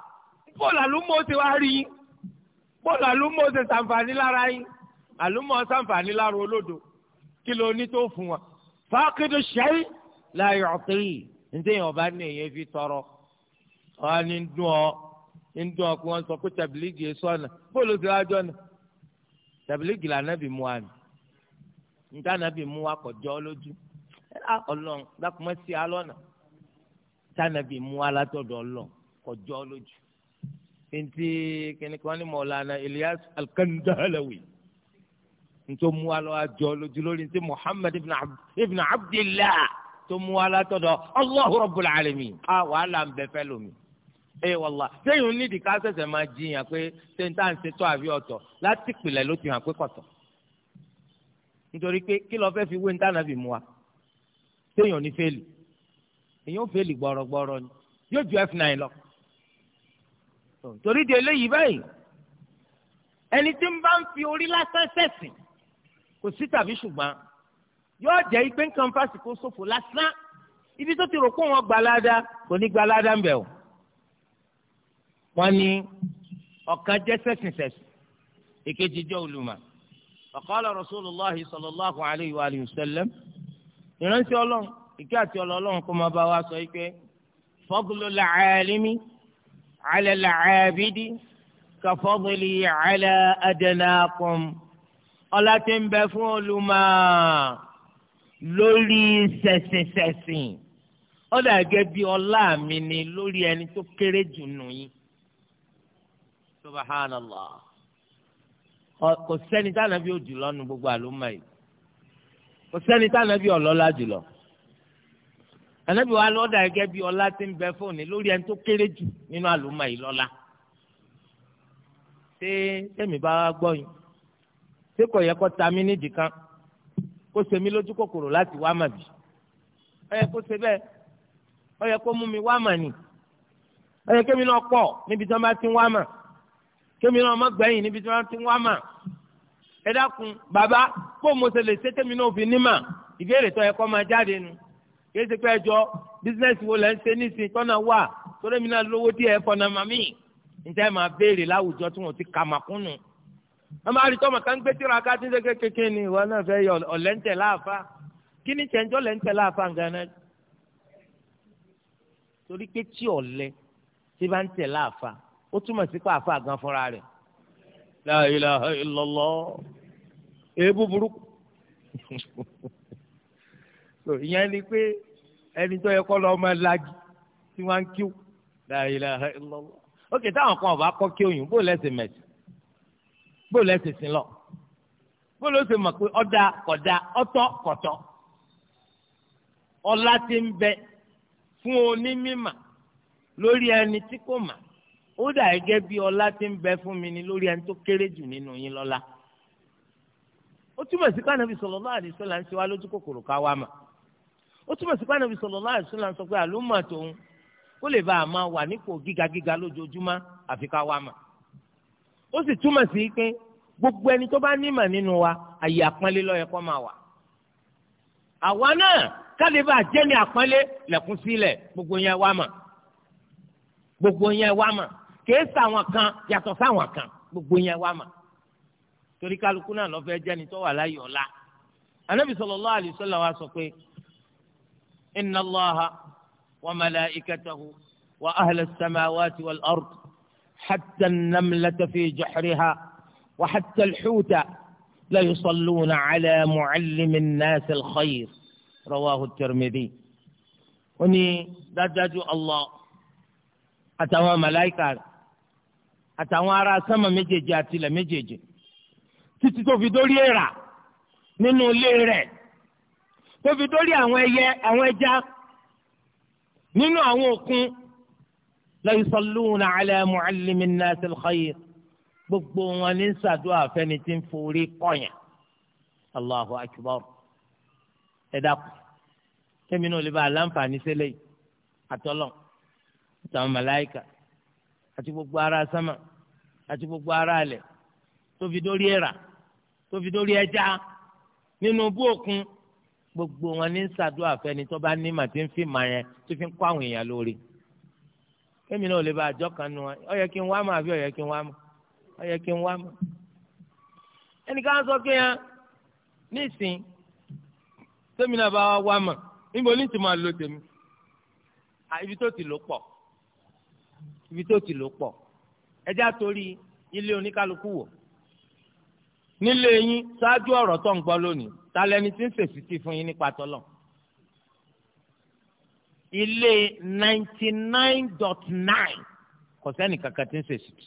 bọ́ọ̀lù àlùmọ́ọ́sẹ̀ wá rí bọ́ọ̀lù àlùmọ́ọ́sẹ̀ ṣàǹfààní lára yín àlùmọ̀ sàǹfààní lára olódo kí ló ní tó fún wa. fákìdù ṣẹ́yí láàyè ọ̀tẹ́ yìí ntẹ́yìn ọba ní èyẹ fi tọrọ ọ̀hà ni ń dún ọ ń dún ọ kí wọ́n sọ pé tàbílígì èso ọ̀nà bóòlù sí wájú ọ̀nà tàbílígì lànàbì mú wa ni ntànàbì mú wa kọjọ́ lójú ọlọ́run dákúmọ́ sí alọ́nà tànàbì mú wa látọ̀dọ̀ ọlọ́run kọjọ́ lójú. ntí kìnnìkan ni mọ̀ọ́lá Ilyas al-Kandahalawi nítorí mú wa lọ àjọ lójú lórí ní Muhammad ibn Abdillah tó mú wa látọ̀dọ̀ Allahu Rabbul Alamin a wàhálà ń bẹ fẹ́ lómi ee wàllá sẹ́yìn nídìí ká sẹ̀sẹ̀ máa jiyàn pé sẹ́ńtà ń ṣetọ́ àbí ọ̀tọ̀ láti ìpìlẹ̀ ló ti hàn pé kọ̀tọ̀ nítorí pé kí lọ́ọ́ fẹ́ fi wé níta náà fi mu wa sẹ́yìn òní fẹ́ẹ̀lì èyàn fẹ́ẹ̀lì gbọ́rọ̀gbọ́rọ̀ ni yóò ju f9 lọ. torí de eléyìí báyìí ẹni tí ń bá ń fi orí lásán sẹ̀sìn kò sí tàbí ṣùgbọ́n yóò jẹ́ ipé nǹkan fásitì kó ṣòfò lásán ibi tó ti rò kó wọn gbalada kò ní gbalada ń bẹ̀ o. wọ́n ní ọ̀kan jẹ́ sẹ́sìnsẹ̀sì èkejì jẹ́ olùmọ̀ ọ̀kọ́lá rasulillah sallallahu alayhi wa sallam ìránṣẹ́ ọlọ́run ìkẹ́ àti ọlọ́run kó máa bá wa sọ pé fọ́gùlù làálímì alẹ́ làábídì kàfọ́gùlì alẹ́ adẹ́nàkùn ọlá tí ń bẹ fún olùmọ̀ lórí sẹ̀sìnsẹ̀sìn ó dà gẹ́gẹ́ bí ọlá mi ni lórí ẹni tó kéré jù nù yín subahánàlá kò sẹ́ni táwọn ẹbí ò jùlọ nu gbogbo àlùmọ̀ yìí kò sẹ́ni táwọn ẹbí ọlọ́lá jùlọ ànábì wa lọ́dà gẹ́gẹ́ bí ọlá tí ń bẹ fóònù lórí ẹni tó kéré jù nínú àlùmọ̀ yìí lọ́lá ṣé tẹ̀mí bá gbọ́ yìí ṣé kò yẹ kó ta mí nídìí kan kó ṣe mí lójú kòkòrò láti wá mà bì ó yẹ kó ṣe bẹ́ẹ̀ ó yẹ kó mú mi wá mà nì ó yẹ kémi náà pọ̀ níbi tí wọ́n bá ti ń wá mà kémi náà má gbẹ̀yìn níbi tí wọ́n ti ń wá mà ẹ dákun bàbá kó mo ṣe lè ṣe kémi náà fi ní ìbéèrè tó yẹ kó máa jáde nu kí ẹ pé ẹjọ́ bísíǹnẹ̀sì wo lẹ́ ń ṣe nísìnyí tọ́nà wà torí mi lówó díẹ̀ fọ̀nà màmí ǹjẹ́ máa béèrè láwùjọ tí wọ́n ti kà máa kúnnù wọ́n máa rí tọ́mọ kan gbé tíra ká tí ń ṣe kékeré ni ìwọ náà fẹ́ yọ ọ̀lẹ́ńtẹ̀ láàfa kí ni tẹ̀ńjọ́ lẹ́ńtẹ̀ láàfa nǹkan náà torí pé tí ọ̀lẹ́ tí bá ń tẹ̀ láàfa ó túmọ̀ sí pé àfa gan fúnra rẹ̀ la ilaha illallah èébú burúkú so ìyẹn ni pé ẹni tó yẹ kọ́ lọ́ọ́ máa lagi tí wọ́n ń kíw la ilaha illallah ó táwọn kan ọba kọ́ kí oyún bó lẹ́sìn mẹ́sì bóòlù ẹsẹ̀ lọ bóòlù ó sì mọ̀ pé ọ̀dà kọ̀dà ọ̀tọ̀ ti ń bẹ fún onímímà lórí ẹni tí kò mà ó dà gẹ́gẹ́ bí ọlá ti ń bẹ fún mi ni lórí ẹni tó kéré jù nínú yín lọ́lá ó túmọ̀ sí ká nàbì sallallahu alaihi wasallam ń ṣe wá lójú kòkòrò ká wá mà ó túmọ̀ sí ń sọ pé àlùmọ̀ tòun wà nípò gíga gíga lójoojúmọ́ mà. ó sì túmọ̀ sí pé gbogbo ẹni tó bá nímọ̀ nínú wa àyè àpọ́nlé ló yẹ kó máa wà. àwa náà kálíbà jẹ́ ní àpọ́nlé lẹ̀kún sílẹ̀ gbogbo yẹn wá mà gbogbo yẹn wá mà kìí sàwọn kan yàtọ̀ sáwọn kan gbogbo yẹn wá mà torí kálukú náà ló fẹ́ jẹ́ni tó wà láyé ọ̀la. Ànábì sallallahu alaihi wasallam wa sọ pé inna Allaha wa malaikatahu wa ahla as-samawati wal-ard حتى النملة في جحرها وحتى الحوت لا يصلون على معلم الناس الخير رواه الترمذي وني دجاج الله أتوا ملائكة أتوا أرى سما مجيجي أتلا مجيجي تتتو في دوليرا إيرا nínú ilé rẹ̀ tó fi dórí àwọn ẹyẹ àwọn ẹja la yusalluna ala mu'allimi nnasi alkhayr gbogbo wọn ní ṣàdúrà fẹ́ni tí ń forí kọ̀yàn allahu akbar ẹ dákun kẹ́mi náà lè bá aláǹfààní sẹ́lẹ̀ yìí àtọ́lọ̀ àtàwọn màláìkà àti gbogbo ara sámà àti gbogbo ara alẹ̀ tó fi dórí ẹ̀rà tó fi dórí ẹja nínú bú òkun gbogbo wọn ní ṣàdúrà fẹ́ni tó bá ní màtí ń fi màá yẹn tó fi ń kọ́ àwọn èèyàn lórí kémi náà lè ba àjọ kan nu wa ó yẹ kí n wá mà àbí ó yẹ kí n wá mà ó yẹ kí n wá mà. ẹnìkan sọ pé hàn nísìn tèmi náà bá wá mà níbo ní ti máa lo tèmi ibi tó ti lò pọ̀ ibi tó ti lò pọ̀ ẹjá torí ilé oníkálukú wò nílé yín ṣáájú ọ̀rọ̀ tó ń gbọ́ lónìí ta lẹni tí ń fèsì tì fún yín nípa tọ́lọ̀ ilé ninety nine dot nine kò sẹ́ni kankan tí ń ṣe sùtì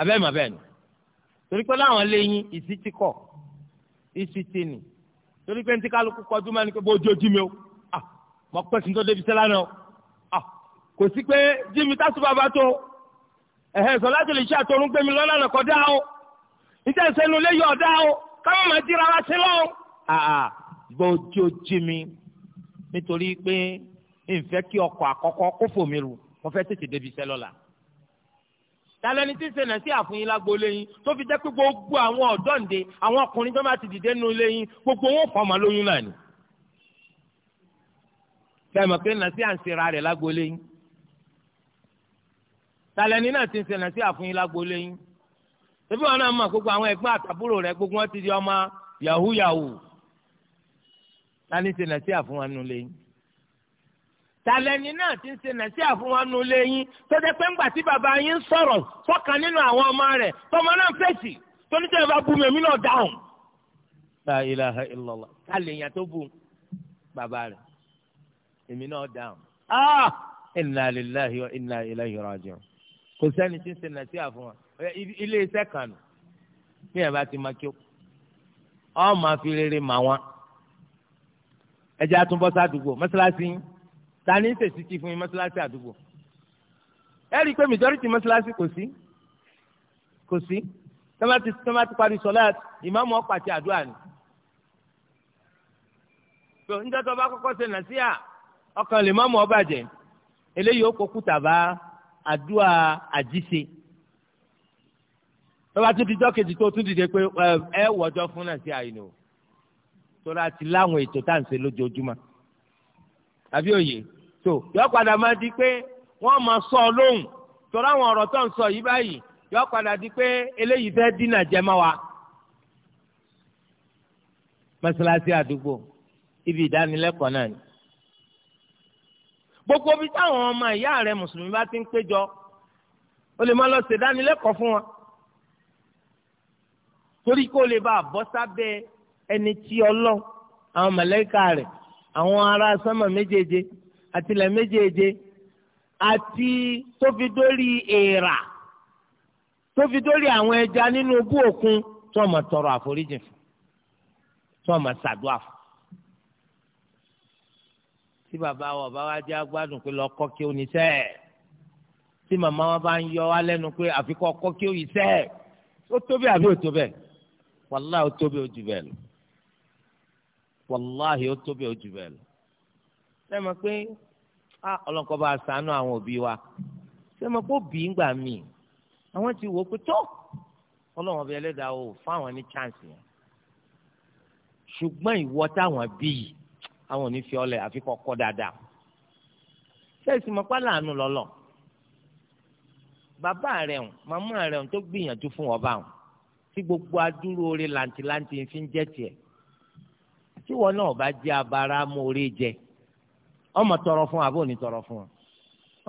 abẹ́ẹ̀mọ̀ abẹ́ẹ̀ni torí pé láwọn léyìn ìsítí kọ̀ ìsítí ni torí pé ní tí kálukú kọjú máa ní pé bó jó jí mi o mọ pẹ́ sí tó débi sẹ́lá náà kò sí pé jí mi tásùbà bá tó ẹ̀hẹ́ sọ láti lè ṣe àtọ̀run gbé mi lọ́nà kọ́ dá o níta ìṣẹ́nu lé yọ̀ dá o káwọn máa jíra ara sí lọ́wọ́ bó jó jí nítorí pé nfẹ́ kí ọkọ̀ àkọ́kọ́ kó fòmí rù mo fẹ́ tètè débi iṣẹ́ lọ́la. talẹ́ni tí ń ṣe nàìjíríà fún yín lágbo lẹ́yìn tó fi jẹ́ pé gbogbo àwọn ọ̀dọ́ ǹde àwọn ọkùnrin tó máa ti dìde nù lẹ́yìn gbogbo wọn fọmọ lóyún náà ni. sẹ́mi pé nàìjíríà ń ṣera rẹ̀ lágbo lẹ́yìn. talẹ́ni náà ti ń ṣe nàìjíríà fún yín lágbo lẹ́yìn. ṣébí wọn náà mọ̀ gbogbo àwọn ẹgbẹ́ àtàbúrò rẹ̀ gbogbo wọn ti di ọmọ yahoo yahoo tani ṣe nà sí àfúnwánú lẹ́yìn tàlẹ́ni náà ti ń ṣe nà sí àfúnwánú lẹ́yìn tó jẹ́ pé ńgbà tí bàbá yín sọ̀rọ̀ fọ́kàn nínú àwọn ọmọ rẹ̀ tọmọ náà fèsì tó bá bu mi èmi náà dáhùn. la ilaha illallah kálí ìyàn tó bu bàbá rẹ̀ èmi náà dáhùn. Ah! inna lillahi wa inna ilayhi raji'un kò sẹ́ni tí ń ṣe nà sí àfúnwá ilé iṣẹ́ kan nù ẹ̀ bá ti máa kí ọ máa fi rere mà wọn ẹjẹ àtúnbọ sádùúgbò mọ́sálásí ta ni ń tètè ti fún yín mọ́sálásí àdúgbò ẹ rí i pé majority mọ́sálásí kò sí kò sí tọ́mátì tọ́mátì parí sọlá ìmáàmù ọ̀pàtì àdúrà ni tó ń jọ́tọ̀ bá kọ́kọ́ ṣe nàṣíà ọkàn lè mọ́mù ọba jẹ eléyìí ó kó kùtà bá àdúrà àjíṣe tọ́mátì tó dijọ́ kejì tó tún dìde pé ẹ wọ́jọ́ fún nàṣíà yìí ni o torí a ti láwọn ètò tá à ń ṣe lójoojúmọ́ àbí òye tó yọ padà máa di pé wọ́n máa sọ ọ lóhùn torí àwọn ọ̀rọ̀ tó ń sọ yìí báyìí yọ padà di pé eléyìí fẹ́ dínà jẹmọ́ wa mọ́sálásí àdúgbò ibi ìdánilẹ́kọ̀ọ́ náà ni gbogbo bí táwọn ọmọ ìyá rẹ mùsùlùmí bá ti ń péjọ o lè má lọ ṣèdánilẹ́kọ̀ọ́ fún wọn torí kó lè bá a bọ́ sábẹ́ ẹni tí ọlọ́ àwọn màláíkà rẹ̀ àwọn ará sánmà méjèèje àtìlẹ̀ méjèèje àti tó fi dórí èèrà tó fi dórí àwọn ẹja nínú ogún òkun tó ọmọ tọrọ àforíjì fún tó ọmọ ṣàdúà fún. tí bàbá wa bá wá jẹ́ agbádùn pé lọ kọ́ kí ó ní sẹ́ẹ̀ tí màmá wa bá ń yọ wá lẹ́nu pé àfikọ́ kọ́ kí ó yìí sẹ́ẹ̀ ó tó àbí ó tó bẹ́ẹ̀ ó tó ó jù bẹ́ẹ̀ lọ wàláhì ó tóbi ó jù bẹ́ẹ̀ lọ. ṣé mo pé ọlọ́nkọ́ bá ṣàánú àwọn òbí wa ṣé mo pé òbí ń gbà mí àwọn ti wò ó pé tó ọlọ́wọ́n bẹ ẹlẹ́dàá o fáwọn ní chance yẹn ṣùgbọ́n ìwọ táwọn bí yìí àwọn ò ní fi ọlẹ̀ àfi kọ́kọ́ dáadáa ṣé ìsìnkú pálánù lọ́lọ́ bàbá rẹ̀ ń màmú rẹ̀ ń tó gbìyànjú fún ọba ń tí gbogbo adúrú orí làǹtìlàǹtì fi ń jẹ́ tiẹ̀ tí wọn náà bá jẹ abara mórí jẹ ọmọ tọrọ fún ọ òní tọrọ fún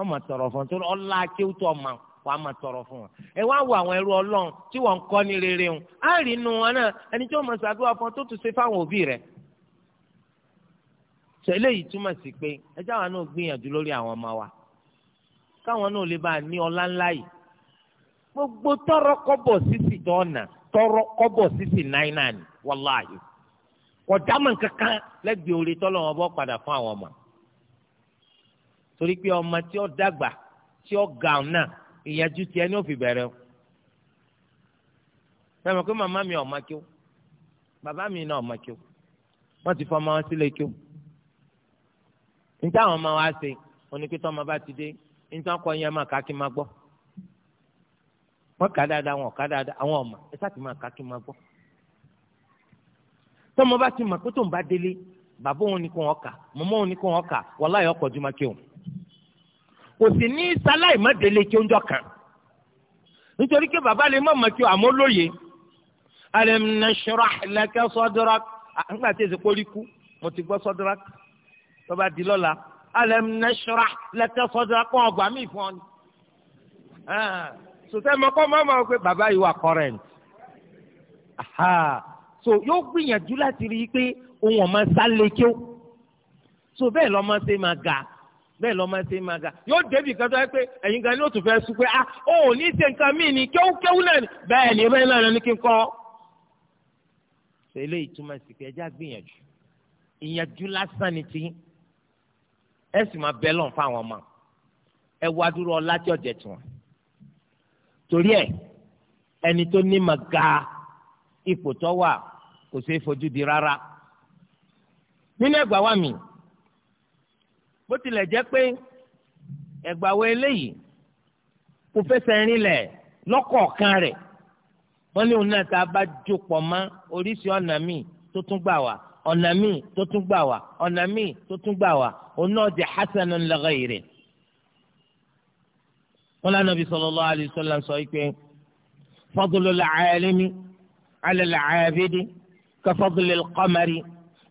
ọmọ tọrọ fún torí ọlá akéwútọ ọmọ wàá tọrọ fún wọn ẹ wá wo àwọn ẹrú Ọlọ́run tí wọn ń kọ ní rere ń á rí inú wọn náà ẹni tí wọn mọ fún tó tún ṣe fáwọn òbí rẹ tẹ́lẹ̀ yìí túmọ̀ sí pé ẹjọ́ àwọn náà gbìyànjú lórí àwọn ọmọ wa káwọn náà lè bá a ní ọlá ńlá yìí gbogbo tọrọ kọbọ sísì tọ́ọ̀nà tọrọ kọbọ sísì náínà ni wàláhì kò dámọ̀ kankan lẹ́gbẹ̀ẹ́ orí tọ́lọ̀ wọn bọ́ padà fún àwọn ọmọ torí pé ọmọ tí ó dàgbà tí ó ga ọ̀nà ìyànjú tiẹ̀ ní òfin bẹ̀rẹ̀ o fẹ́mi pé màmá mi ò kí o bàbá mi náà ò kí o wọ́n ti fọ ọmọ wọn sílé kí o níta àwọn ọmọ wa ṣe oníkítọ́ ọmọ bá ti dé níta ọkọ yẹn máa ká kí n máa gbọ́ wọ́n kà dáadáa wọn ò ká dáadáa àwọn ọmọ tọmọ bá ti mọ̀ pé tó ń bá délé bàbá òun ni kò wọ́n kà mọ̀mọ́ òun ni kò wọ́n kà wàláhì ọkọ̀ jùmọ̀ kí òun. kò sì ní sáláì má délé kí oúnjọ kan nítorí pé bàbá lè má mọ̀ kí àmọ́ lóye. alam nashrah laka sadrak nígbà tí èsì kórí kú mo ti gbọ́ sadrak tó di lọ́la alam nashrah laka sadrak kọ́ ọgbà mí fún ọ ni. Ah, sòtẹ́ mọ́kọ́ mọ́ mọ́ pé bàbá yìí wà current so yóò gbìyànjú láti rí i pé òun ọ̀ máa kí ó so bẹ́ẹ̀ lọ́mọ ṣe máa ga bẹ́ẹ̀ lọ́mọ ṣe máa ga yóò débi kan tó yẹ pé ẹ̀yin gan ni ó tún fẹ́ sùn pé ah ó ò ní ṣe nǹkan míì ni kéwú kéwú náà ni bẹ́ẹ̀ ni bẹ́ẹ̀ náà ni kí n kọ́ ṣe eléyìí sí pé ẹjá gbìyànjú ìyànjú lásán ni ti ẹ sì máa bẹ lọ́n fáwọn ọmọ ẹ wá dúró ọlá tí ọ̀jẹ̀ tiwọn torí ẹ ẹni tó ní máa ga ipò tó wà kò ṣeé fojú di rárá. nínú ẹgbà wa mi bó tilẹ̀ jẹ́ pé ẹgbà wa eléyìí kò fẹsẹ̀ rinlẹ̀ lọ́kọ̀ọ̀kan rẹ̀ wọ́n ní òun náà tá a bá jòpọ̀ mọ́ oríṣi ọ̀nà míì tó tún gbà wá ọ̀nà míì tó tún gbà wá ọ̀nà míì tó tún gbà wá òun náà jẹ́ hasanun li ghayri. wọ́n lánàá bí sallallahu alayhi wasallam sọ pé fadlul alimi ala al abidi. كفضل القمر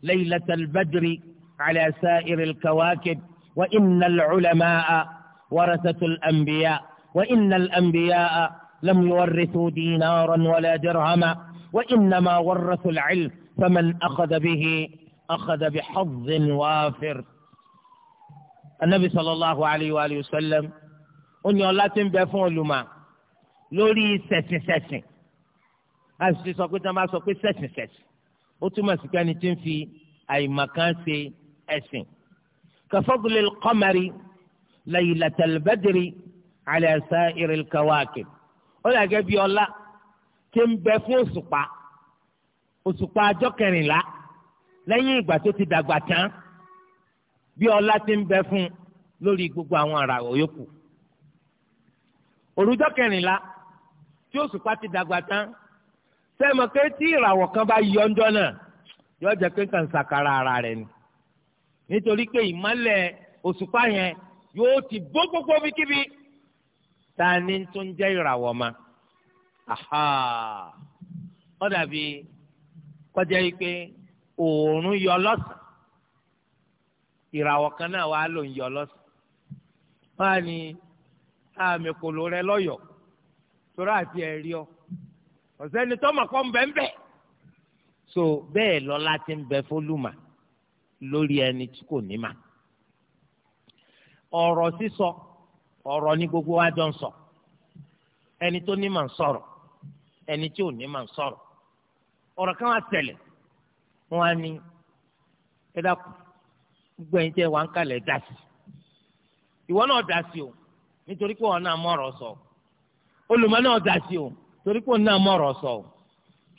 ليلة البدر على سائر الكواكب وإن العلماء ورثة الأنبياء وإن الأنبياء لم يورثوا دينارا ولا درهما وإنما ورثوا العلم فمن أخذ به أخذ بحظ وافر النبي صلى الله عليه وآله وسلم أن ní ọlá tí ń bẹ fún olùmọ̀ lórí ما a sì ó túmọ̀ sí pé ẹni tí ń fi àìmọ̀kan ṣe ẹ̀sìn. kafadli al-qamari laylatal badri ala sa'iril kawakib ó dàgẹ́ bí ọlá tí ń bẹ fún òṣùpá òṣùpá ọjọ́ kẹrìnlá lẹ́yìn ìgbà tó ti dàgbà tán bí ọlá ti ń bẹ fún lórí gbogbo àwọn ará òyòkù òrùjọ́ kẹrìnlá tí òṣùpá ti dàgbà tán sẹ́mi pé tí ìràwọ̀ kan bá yọ ọjọ́ náà yóò jẹ́ pé kàn sàkàrà ara rẹ̀ ni nítorí pé ìmọ̀lẹ̀ òṣùpá yẹn yóò ti bó gbogbo bíkíbi ta ni tó ń jẹ́ ìràwọ̀ ma aha ó dàbí kọjá yìí pé òòrùn yọ lọ́sàn ìràwọ̀ kan náà wàá lò ń yọ lọ́sàn wọ́n á ní àmì kòló rẹ lọ́yọ̀ọ́ torí àti ẹ̀rí ọ ọ̀sẹ́ni tọ́mọ̀ kọ́ ń bẹ́ so bẹ́ẹ̀ lọ́lá ti ń bẹ fólùmà lórí ẹni tí kò ní mà ọ̀rọ̀ sísọ ọ̀rọ̀ ni gbogbo wa jọ ń sọ ẹni tó ní mà ń ẹni tí ò ní mà ń sọ̀rọ̀ ọ̀rọ̀ kan wá tẹ̀lẹ̀ wọn á ẹ dákun gbogbo o nítorí pé wọn náà mọ̀ ọ̀rọ̀ sọ olùmọ̀ o torí pé òun náà mọ̀rọ̀ sọ o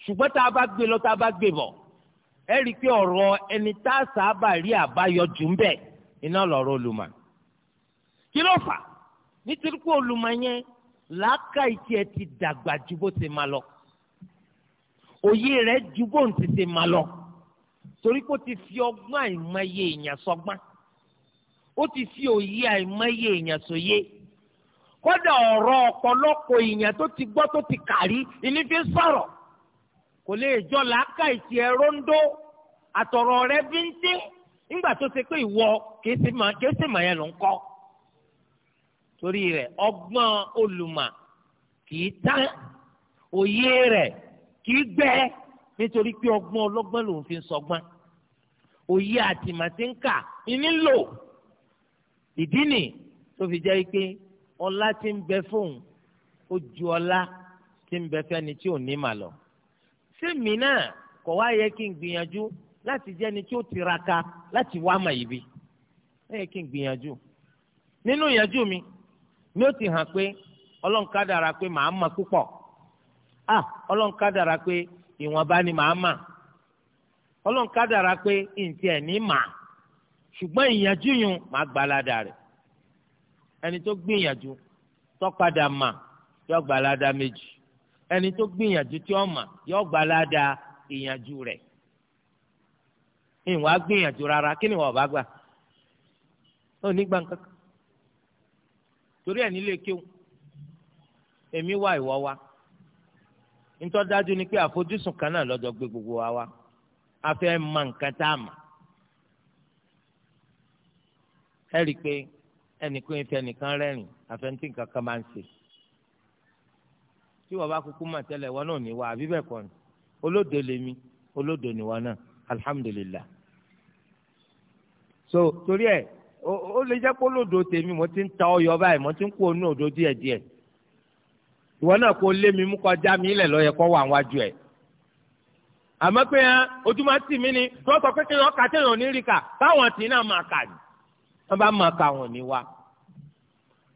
ṣùgbọ́n tá a bá gbé lọ tá a bá gbé bọ̀ ẹ rí i pé ọ̀rọ̀ ẹni tá a sábà rí àbáyọ jù ń bẹ̀ iná lọ̀rọ̀ olùmọ̀ kí ló fà nítorí pé olùmọ̀ yẹn làákàyè tiẹ̀ ti dàgbà ju bó ti máa lọ òye rẹ̀ ju bó ti ti máa lọ torí pé ó ti fi ọgbọ́n àìmọye èèyàn sọgbọ́n ó ti fi òye àìmọye èèyàn sòye. So kódà ọ̀rọ̀ ọ̀pọ̀lọpọ̀ èèyàn tó ti gbọ́ tó ti kàrí ìní fi sọ̀rọ̀ kò lè jọ làákà ìtì ẹ̀rọ ń dó àtọ̀rọ̀ rẹ bí ń dín nígbà tó ṣe pé ìwọ kìí mọ̀ yẹn ló ń kọ́ torí rẹ̀ ọgbọ́n olùmọ̀ kìí tán òye rẹ̀ kìí gbẹ nítorí pé ọgbọ́n ọlọ́gbọ́n lòun fi ń sọgbọ́n òye àtìmọ̀tí ń kà ìní lò ìdí nì tó fi jẹ́ pé ọlá tí ń bẹ fóun ó ju ọlá tí ń bẹ fẹ́ni tí ò ní mà lọ. sẹ́mi náà kọ̀ wá yẹ kí n gbìyànjú láti jẹ́ ẹni tí ó tiraka láti wá mà yìí bí ẹ yẹ kí n gbìyànjú. nínú ìyànjú mi ni ó ti hàn pé ọlọ́run ká dára pé màá mà púpọ̀ ah ọlọ́run ká dára pé ìwọ̀nba ni màá mà ọlọ́run ká dára pé ǹtí ẹ̀ ní mà ṣùgbọ́n ìyànjú yun màá gbalada rẹ̀ ẹni tó gbìyànjú tó mà yọ gbà ládà méjì ẹni tó gbìyànjú tí ó mà yọ gbà ládà ìyànjú rẹ ìwà gbìyànjú rárá kí ni wọn bá gbà ó ní gbàǹkan torí ẹ̀ nílé kéwù èmi wá ìwọ wá ntọ́ dájú ni pé àfojúsùn kan náà lọ́jọ́ gbé gbogbo wa a fẹ́ mọ nǹkan tá a mọ̀ ẹ rí i pé ẹnìkan ìfẹ́ nìkan rẹ́rìn àfẹntì nǹkan kan máa ń ṣe tí wọ́n bá kúkú mà tẹ́lẹ̀ wọn náà ní wa àbí bẹ́ẹ̀ kọ́ ni olódo lèmi olódo ni wọn náà alihamudulilayi so torí ẹ ó lè jẹ́ kó lòdò tèmi mo ti ń ta ọyọ báyìí mo ti ń kó onú òdo díẹ̀díẹ̀ ìwọ náà kó lé mi mú kọjá mi ilẹ̀ lọ́yẹ kó wà wájú ẹ̀ àmọ́ pé ojúmọ́ tì mí ni tó sọ pé kí ni ọkà téèyàn ní rí kà báwọn tì náà máa kà ní wọ́n bá máa ka wọn ní wa.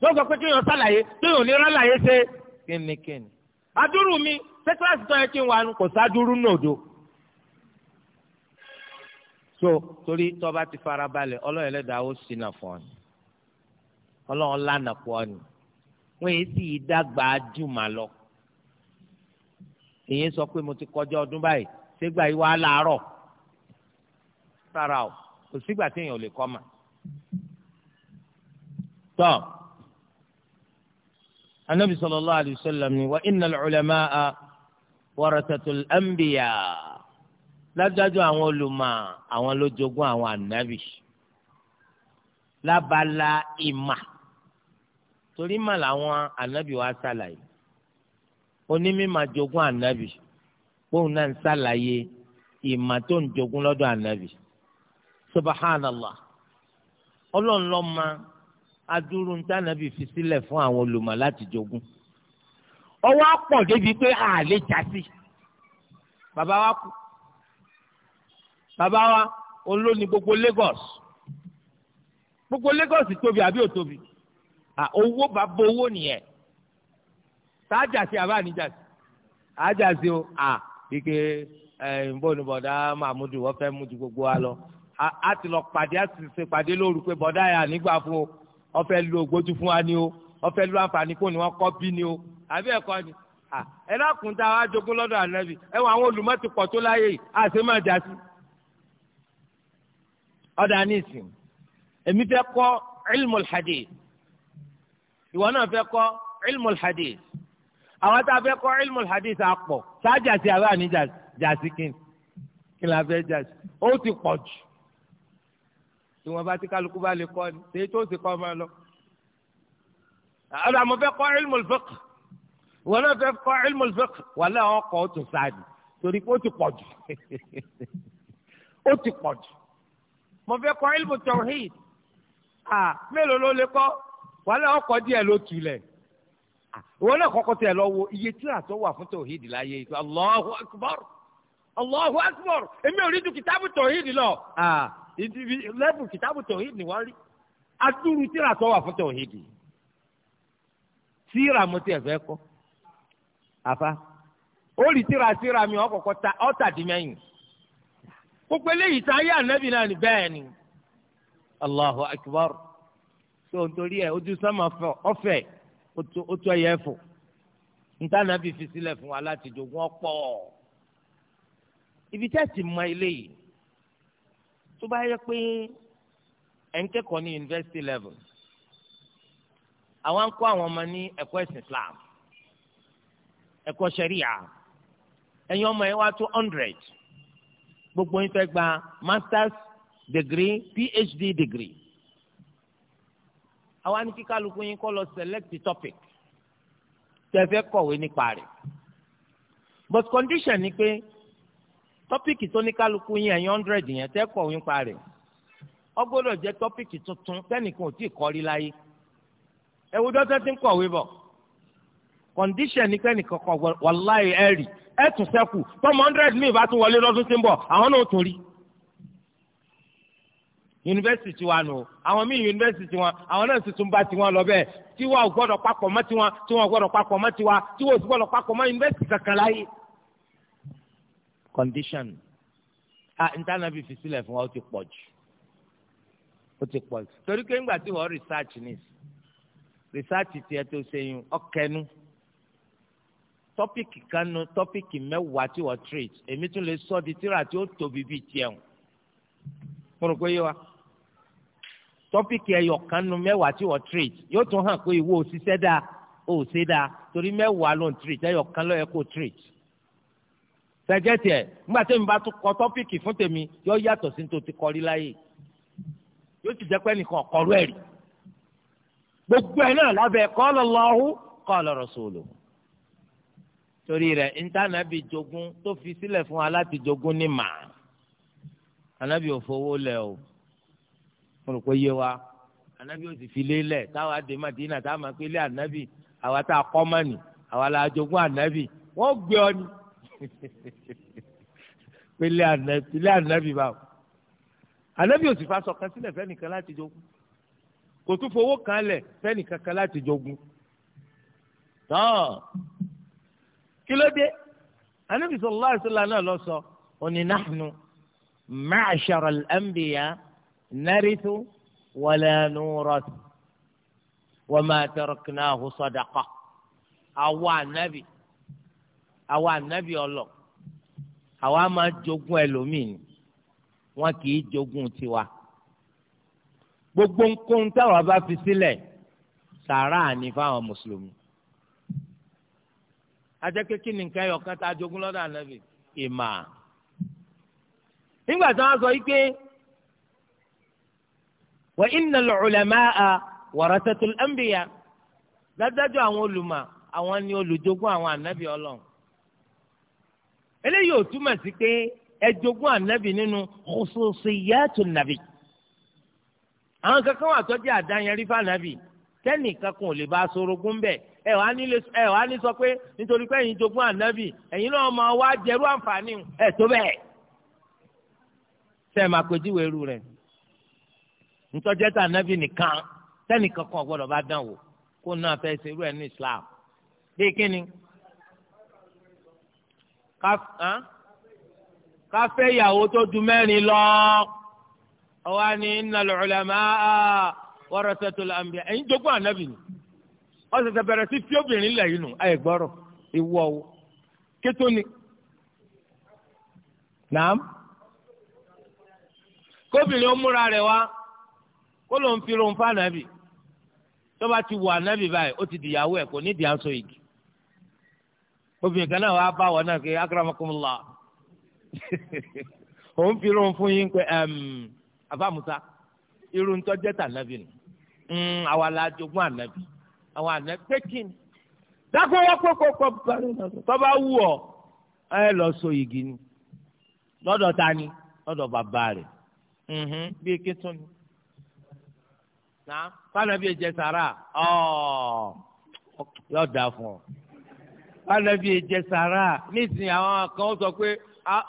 wọ́n sọ pé kí èèyàn sàlàyé kí èèyàn nira láyé ṣe kínníkínní. adúrú mi ṣé kíláàsì tó yẹ kí n wà nù kò sádúrú nòdo. so torí tọ́ba ti fara balẹ̀ ọlọ́run ẹlẹ́dàá ó sì nà fún ọ ni ọlọ́run lánà pọ̀ ọ ni wọ́n yìí sì dàgbà jùmọ̀ lọ. èyí sọ pé mo ti kọjá ọdún báyìí ṣégbà yìí wàá làárọ̀ sára o kò sígbà tí èèyàn ò lè kọ́ mà. tọ́ anabi sallallahu alayhi wa sallam ni wa innal ulama'a warathatul anbiya ládájọ́ àwọn awon àwọn awon jogún àwọn ànábì lábala ìmà torí mà làwọn anabi wa ṣàlàyé onimi jogún anabi, bóun náà ń ṣàlàyé ìmà tó ń jogún lọ́dọ̀ subhanallah ọlọ́run ló adúrú ń tànàbì fi sílẹ̀ fún àwọn olùmọ̀ láti jogún ọwọ́ pọ̀ débi pé a lè jásí bàbá wa kú bàbá wa olóni gbogbo Lagos gbogbo Lagos tóbi àbí ò tóbi owó bàbá owó nìyẹn tá a jásí àbá àníjàsí àjàsí o à kíkẹ́ ẹ̀ ń bọ̀ ní bọ̀dá Mahmudu wọ́n fẹ́ mú ju gbogbo wa lọ a ti lọ pàdé a sì ṣe pàdé lóru pé bọ̀dá yà nígbà fún o wọ́n fẹ́ lu ògbójú fún wa ni o wọ́n fẹ́ lu àǹfààní kó ni wọ́n kọ́ bí ni o àbí ẹ̀kọ́ ni ẹ lákùn tá a wá jogún lọ́dọ̀ ànábì ẹ wọ àwọn olùmọ̀ ti pọ̀ tó láyé yìí a sì máa jásí. ọ̀dà ní ìsìn èmi fẹ́ kọ́ ilmul hadith ìwọ náà fẹ́ kọ́ ilmul hadith àwọn tá a fẹ́ kọ́ ilmul hadith àpọ̀ sáà jásí àbí àníjàsí kí ni kí ni a fẹ́ jásí ó ti pọ̀ jù tí wọn bá ti kálukú bá lè kọ́ ni tèyí tó sì kọ́ ọmọ lọ. ọ̀dà mo fẹ́ kọ́ ilmul fiqh wọn náà fẹ́ kọ́ ilmul fiqh wọn náà wọn kọ́ ó tún sáàdì torí pé ó ti pọ̀ jù ó ti pọ̀ jù mo fẹ́ kọ́ ilmu tawhid ah mélòó ló lè kọ́ wọn náà ọkọ̀ díẹ̀ ló tu wọn náà kọ́kọ́ tẹ̀ lọ wo iye tí a tó wà fún tawhid láyé ìfẹ́ Allahu akbar Allahu akbar èmi ò rí ju lẹ́bù kìtàbù tọ̀hídì ni wọ́n rí adúrú tíra tó wà fún tọ̀hídì tíra mo tiẹ̀ fẹ́ kọ́ àfa ó rí tíra tíra mi ọkọ̀ọ̀kọ̀ ta ọ̀tàdínmẹ́yìn gbogbo eléyìí tá a yé ànábì náà ní bẹ́ẹ̀ ni allahu akbar tó ń torí ẹ ojú sọmọ ọfẹ ó tó ẹyẹ fò níta ànábì fi sílẹ̀ fún wa láti jogún ibi tẹ́sí mọ eléyìí tó bá yẹ pé ẹ̀ ń kẹ́kọ̀ọ́ ní university level àwọn ń kọ́ àwọn ọmọ ní ẹ̀kọ́ ẹ̀sìn Islam ẹ̀kọ́ ṣẹ̀ríà ẹ̀yin ọmọ yẹn wá tó hundred gbogbo yín fẹ́ gba masters degree PhD degree àwa ní kí kálukú yín kọ́ lọ select the topic tẹ́ fẹ́ kọ̀wé nípa rẹ̀ but condition ni pé tọ́pìkì tó ní kálukú yín ẹ̀yìn hundred yẹn tẹ́ kọ̀ yín pa rẹ̀ ó gbọ́dọ̀ jẹ́ tọ́pìkì tuntun tẹ́nìkan ò tí ì kọ́rí láyé ẹ̀wù dọ́tẹ́ ti ń kọ̀wé bọ̀ kọ̀ǹdíṣẹ̀ ní kẹ́nìkan kọ̀ wàláyé ẹ̀ rí ẹ̀ tún sẹ́kù tọ́mọ hundred mi ìbá tún wọlé lọ́dún tí ń bọ̀ àwọn náà tún rí yunifásitì tiwa nù àwọn míì yunifásitì tiwọn àwọn náà sì tún bá tiwọn lọ bẹ́ẹ̀ tiwa gbọ́dọ̀ papọ̀ mọ́ tiwọn tiwọn gbọ́dọ̀ papọ̀ mọ́ tiwa tiwa ò sì gbọ́dọ̀ papọ̀ mọ́ yunifásitì kankan láyé condition ah internal fi sílẹ̀ fún wa ó ti pọ̀ jù ó ti pọ̀ jù torí pé ńgbà tí wọ́n research ní research tiẹ̀ tó ṣe yun kanu tọ́pìkì mẹ́wàá tí wọ́n treat èmi tún lè sọ di tíra tí ó tóbi bíi tiẹ̀ mo rò pé yé wa tọ́pìkì ẹ̀yọ̀ kanu tí wọ́n treat yóò tún hàn pé ìwọ òṣìṣẹ́ dáa òṣìṣẹ́ dáa torí ló ń treat kó treat. sẹgẹtì ẹ nígbà tí mi bá tún kọ tọpíkì fún tèmi yóò yàtọ̀ sí tó ti kọrí láyé yóò ti jẹ́ pé nìkan kọrú rí. gbogbo ẹ̀ náà lábẹ́ qala Allahu lọrọ rasuluhu torí rẹ ntànàbí jogún tó fi sílẹ̀ fún wa láti jogún ní mà ànábì ò fowó o mo rò pé yé wa ànábì ò sì fi lé lẹ̀ táwa dé Madina táwa máa pé lé ànábì àwa tá a kọ́ mọ́ni àwa la jogún wọ́n gbé ọ ni. pélé ànábì pélé ànábì báwo ànábì ò sì fa sọ̀kan sílẹ̀ fẹ́nìkan láti jogún kò tún fowó kan lẹ̀ fẹ́nìkan kan láti jogún tán kí ló dé ànábì sallallahu alaihi wasallam náà lọ sọ òní nahnu ma'shara al-anbiya narithu wala nurath wa ma taraknahu àwa ànábì ọlọ àwa máa jogún ẹlòmíì wọn kì í jogún tiwa gbogbo nkóhun táwa bá fi sílẹ̀ sàrà ní fáwọn mùsùlùmí ajẹ́kẹ́ kí ni nǹkan ẹ̀yọ̀ kan tá a jogún lọ́dọ̀ ànábì ìmà nígbà tí wọ́n sọ yìí pé wa innal ulama'a warasatul anbiya dájúdájú àwọn olùmọ̀ àwọn ni olùjogún àwọn ànábì ọlọ́run eléyìí ò túmọ̀ sí pé ẹ jogún ànábì nínú khususiyatu nàbì àwọn kankan wà tọ́jú àdáyẹnrí fànàbì kẹ́nìkan kan ò lè bá sorogún bẹ́ẹ̀ ẹ wàá nílé ẹ wàá ní sọ pé nítorí pé ẹ̀yin jogún ànábì ẹ̀yin náà máa wá jẹrú àǹfààní ẹ̀ tó bẹ́ẹ̀ sẹ́ẹ̀ máa pèjúwe irú rẹ̀ ntọ́jẹ́ tà ànábì nìkan sẹ́nìkan kan ò bá dán wò kó náà fẹ́ ká fẹ́ ìyàwó tó mẹ́rin lọ ọwọ́ ni innal ulamaa anbiya ẹ̀yin jogún ànábì ni wọ́n ṣẹ̀ṣẹ̀ bẹ̀rẹ̀ sí fi obìnrin lẹ̀ nụ nù ẹ̀ gbọ́rọ̀ ìwọ o kétó ni nàám kóbìnrin ó múra rẹ̀ wá kó ló ń fi ànábì tó bá ti wọ ànábì báyìí ó ti dìyàwó ẹ̀ obìnrin kan náà wàá bá wọn náà pé akramakumullah òun fi irun fún yín pé abamusa irun tó jẹ́ tànàbì nù mm, àwa la jogún ànàbì àwọn ànàbì pé kí ni dákun wù ẹ lọ so igi ni ta ni lọdọ bàbá rẹ̀ mm-hmm. bí ike tún ni na ẹ jẹ sàrà ọ yọ ọ. wọ́n lọ fi ìjẹsàrà nísìnyí àwọn kan sọ pé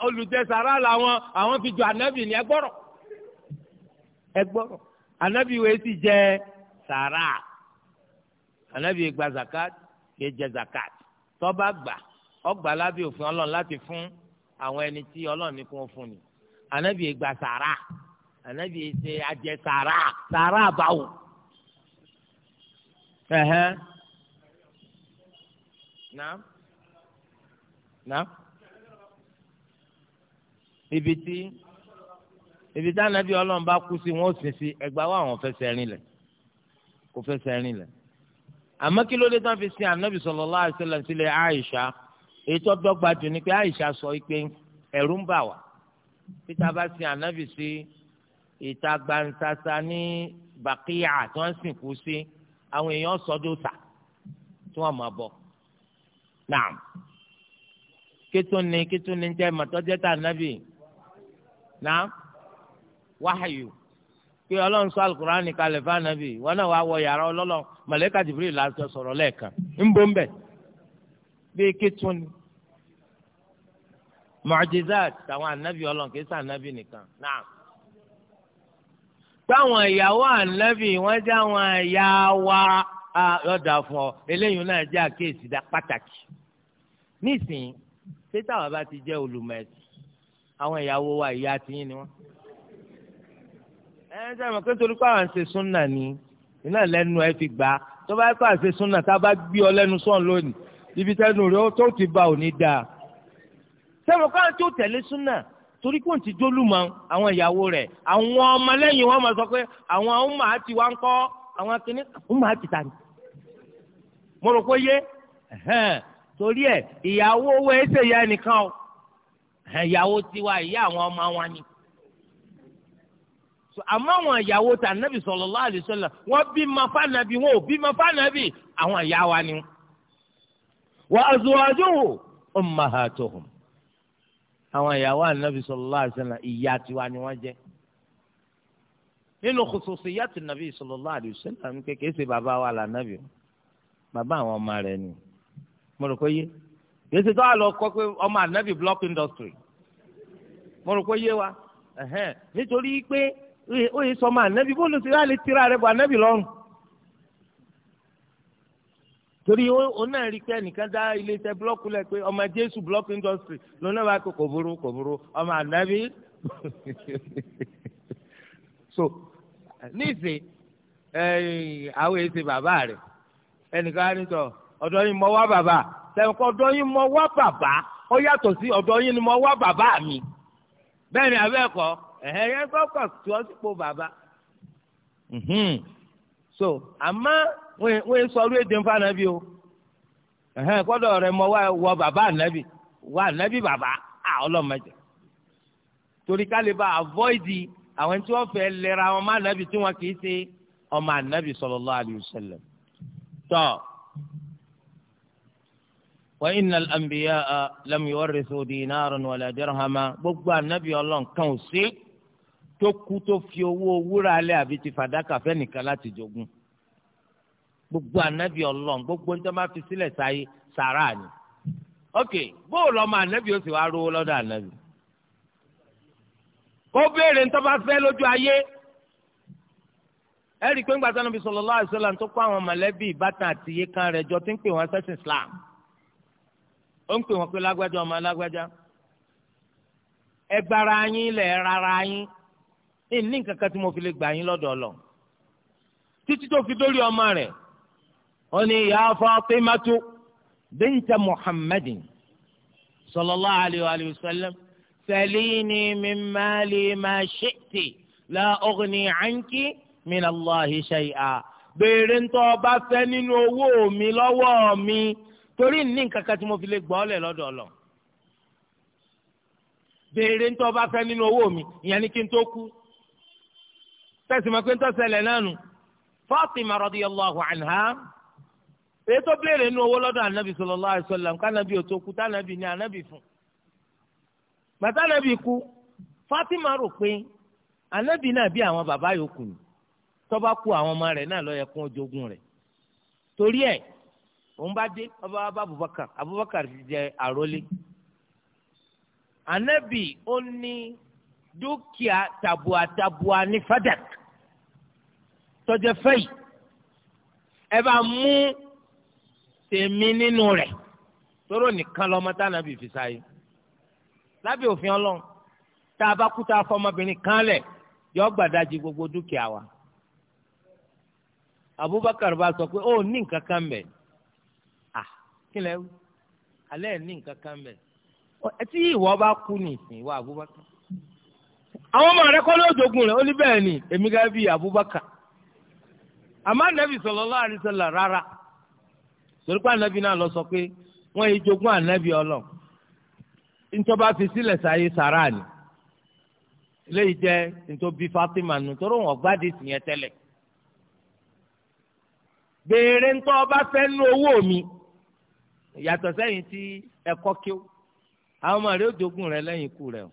olùjẹsàrà làwọn àwọn fi jọ ànábì ní ẹgbọ́rọ̀ ẹgbọ́rọ̀ ànábì wo sì jẹ sàrà ànábì gba zakat kì jẹ zakat tó bá gbà ọgbà lábẹ́ òfin ọlọ́run láti fún àwọn ẹni tí ọlọ́run ní kó fún ni ànábì gba sàrà ànábì ṣe ajẹ sàrà sàrà báwo ẹ̀hẹ́n. Naam náà ibi tí ibi tí anabi ọlọ́run bá kú sí wọn ó sin sí ẹgbàá wa àwọn fẹsẹ̀ rin lẹ̀ kò fẹsẹ̀ rin lẹ̀ àmọ́ kí ló dé tán fi sin anabi sallallahu alaihi wasallam sílẹ̀ Aisha èyí tó dọ́gba jù ni pé Aisha sọ pé ẹ̀rù ń bà wá peter bá sin anabi sí ìta gbansasa ní bàkíyà tí wọ́n sìnkú sí àwọn èèyàn sọdọ̀ sà tí wọ́n máa bọ̀ náà. kítúni ni ń ni mọ̀tọ́jẹ́ tà nábì na wáhàyù pé ọlọ́run sọ alukur'an ní kalẹ̀ fún anabi wọn náà wàá wọ yàrá ọlọ́lọ́ mọ̀lẹ́ka jibril la sọ sọ̀rọ̀ lẹ́ẹ̀kan ń bọ́ ń bẹ̀ bí kítúni mu'jizat tàwọn anabi ọlọ́run kìí sọ anabi nìkan náà táwọn ìyàwó ànábì wọn jẹ́ àwọn ìyá wa yọ̀dà fún ọ eléyìí náà jẹ́ àkéèsí pàtàkì nísìnyí ṣé táwa bá ti jẹ́ olùmọ̀ẹ̀sì àwọn ìyàwó wa ìyá tiyín ni wọ́n. ẹ ẹ sẹ́wọ̀n pé torí pé àwọn ṣe súnà ni iná lẹ́nu ẹ fi gbà á tó bá pàà ṣe súnà tá a bá gbé ọ lẹ́nu sọ̀n lónìí ibi tẹ́nu rẹ tó ti ba ò ní dáa. sẹ́wọ̀n káwọn tó tẹ̀lé súnà torí kò ti jólúmọ̀ àwọn ìyàwó rẹ̀ àwọn ọmọlẹ́yìn wọn máa sọ pé àwọn ọmọ àti wa ń kọ́ àwọn akíní ọmọ àti ta mo rò pé yé torí ẹ ìyàwó owó ẹsẹ ìyá nìkan o ìyàwó tiwa ìyá àwọn ọmọ wọn ni àmọ́ àwọn ìyàwó tà nàbì sallallahu alaihi wasallam wọ́n bímọ fànàbì wọn ò bímọ fànàbì àwọn ìyá wa ni. wa azwajuhu ummahatuhum. àwọn ìyàwó ànàbì sallallahu alaihi wasallam ìyá tiwa ni wọ́n jẹ́. nínú khususiyyati nàbì sallallahu alaihi wasallam kékeré sí bàbá wa là nàbì bàbá àwọn ọmọ rẹ̀ ni. mo rò pé yé yìí ṣe tó àlọ́ kọ́ pé ọmọ ànábì block industry mo rò pé yé wa nítorí pé ó yẹ sọmọ ànábì bó ló ti rà lè tira rẹ bọ ànábì lọ́rùn torí ó náà rí pé ẹnìkan dá iléeṣẹ́ pé ọmọ jésù industry ló náà kó kò so àwọn èsì bàbá rẹ ẹnìkan á ọ̀dọ̀ yín mo wá bàbá sẹ́wọ̀n ọ̀dọ̀ yín mo wá bàbá ó yàtọ̀ sí ọ̀dọ̀ yín ni mo wá bàbá mi bẹ́ẹ̀ ni abẹ́ẹ̀kọ́ ẹ̀hẹ́ yẹn kọ́kọ́ tí wọ́n sì po bàbá. Mm-hmm. so àmọ́ wọ́n ń sọ orí èdè ń fa ànábì o ẹ̀hẹ́ kọ́dọ̀ rẹ mo wá wọ bàbá ànábì wọ ànábì bàbá ọlọ́mọdé torí ká avoid àwọn tí wọ́n fẹ́ lera wọn má ànábì tí wọ́n kì í ṣe ọmọ ànábì sallallahu alaihi wasallam So wa innal anbiya lam yuwarrithu dinaran wala dirhama gbogbo anabi Ọlọ́run kan ò sí tó kú tó fi owó wúrà alẹ́ àbí ti fàdákà fẹ́nìkan láti jogún gbogbo anabi Ọlọ́run gbogbo ní tó máa fi sílẹ̀ sáyé sàrà ni ok bóòlù ọmọ anabi ó sì wá rówó lọ́dọ̀ anabi kó béèrè ní tó bá fẹ́ lójú ayé ẹ̀rí pé ńgbà sanabi sallallahu alaihi wasallam tó kó àwọn mọ̀lẹ́bí ìbátan àti iye kan rẹ̀ jọ tí ń pè wọ́n sẹ́sìn Islam ó ń pè wọn pé lágbájá ọmọ lágbájá ẹ gbára yín lẹ rárá yín ní ní nǹkan kan tí mo fi lè gbà yín lọ́dọ̀ ọlọ títí tó fi dórí ọmọ rẹ̀ ó ní ya Fatimatu binta Muhammadin sallallahu alayhi wa sallam salini min mali ma shi'ti la ughni anki min Allahi shay'a béèrè ń tó bá fẹ́ nínú owó mi lọ́wọ́ mi torí ní nǹkan kan tí mo fi lè gbọ́ ọ́ lẹ̀ lọ́dọ̀ ọ̀lọ́ béèrè ń tọ́ bá fẹ́ nínú owó mi ìyẹn ni kí n tó kú tẹ̀sí ma pé ń tọ́ ṣẹlẹ̀ náà nù Fatima radiyallahu anha èyí tó béèrè nínú owó lọ́dọ̀ anabi sallallahu alaihi wasallam kánabi ò tó kú tánabi ní anabi fún bàtà anabi kú Fatima rò pé anabi náà bí àwọn bàbá yòókù ni tó bá kú àwọn ọmọ rẹ̀ náà ló òun bá dé ọba bá abubakar abubakar ti jẹ àrólé anabi ó ní dúkìá tabua tabua ní fadak tọjẹ fẹyì ẹ bá mú tèmi nínú rẹ̀ tóró nìkan lọmọ tá anabi fi sáyé lábẹ́ òfin Ọlọ́run tá a bá kú fọmọbìnrin kan lẹ yọ gbàdájì gbogbo dúkìá wa abubakar bá sọ pé ó ní nǹkan kan bẹ́ẹ̀ kí lẹ alẹ́ ní nǹkan kan bẹ̀ tí ìwọ bá kú ní ìsìn ìwọ Abubakar àwọn ọmọ rẹ kọ́ ló jogun rẹ ó ní bẹ́ẹ̀ ni èmi gẹ́gẹ́ bíi Abubakar àmọ́ anabi rárá torí pé anabi náà lọ sọ pé wọ́n yìí anabi ntọ́ba fi sílẹ̀ sáyé sàrà ni eléyìí jẹ́ ntọ́bi Fatima nù fẹ́ nu yàtọ̀ sẹ́yìn tí ẹ̀kọ́ kí ó àwọn ọmọ rẹ̀ ó jogún rẹ̀ lẹ́yìn ikú rẹ̀ o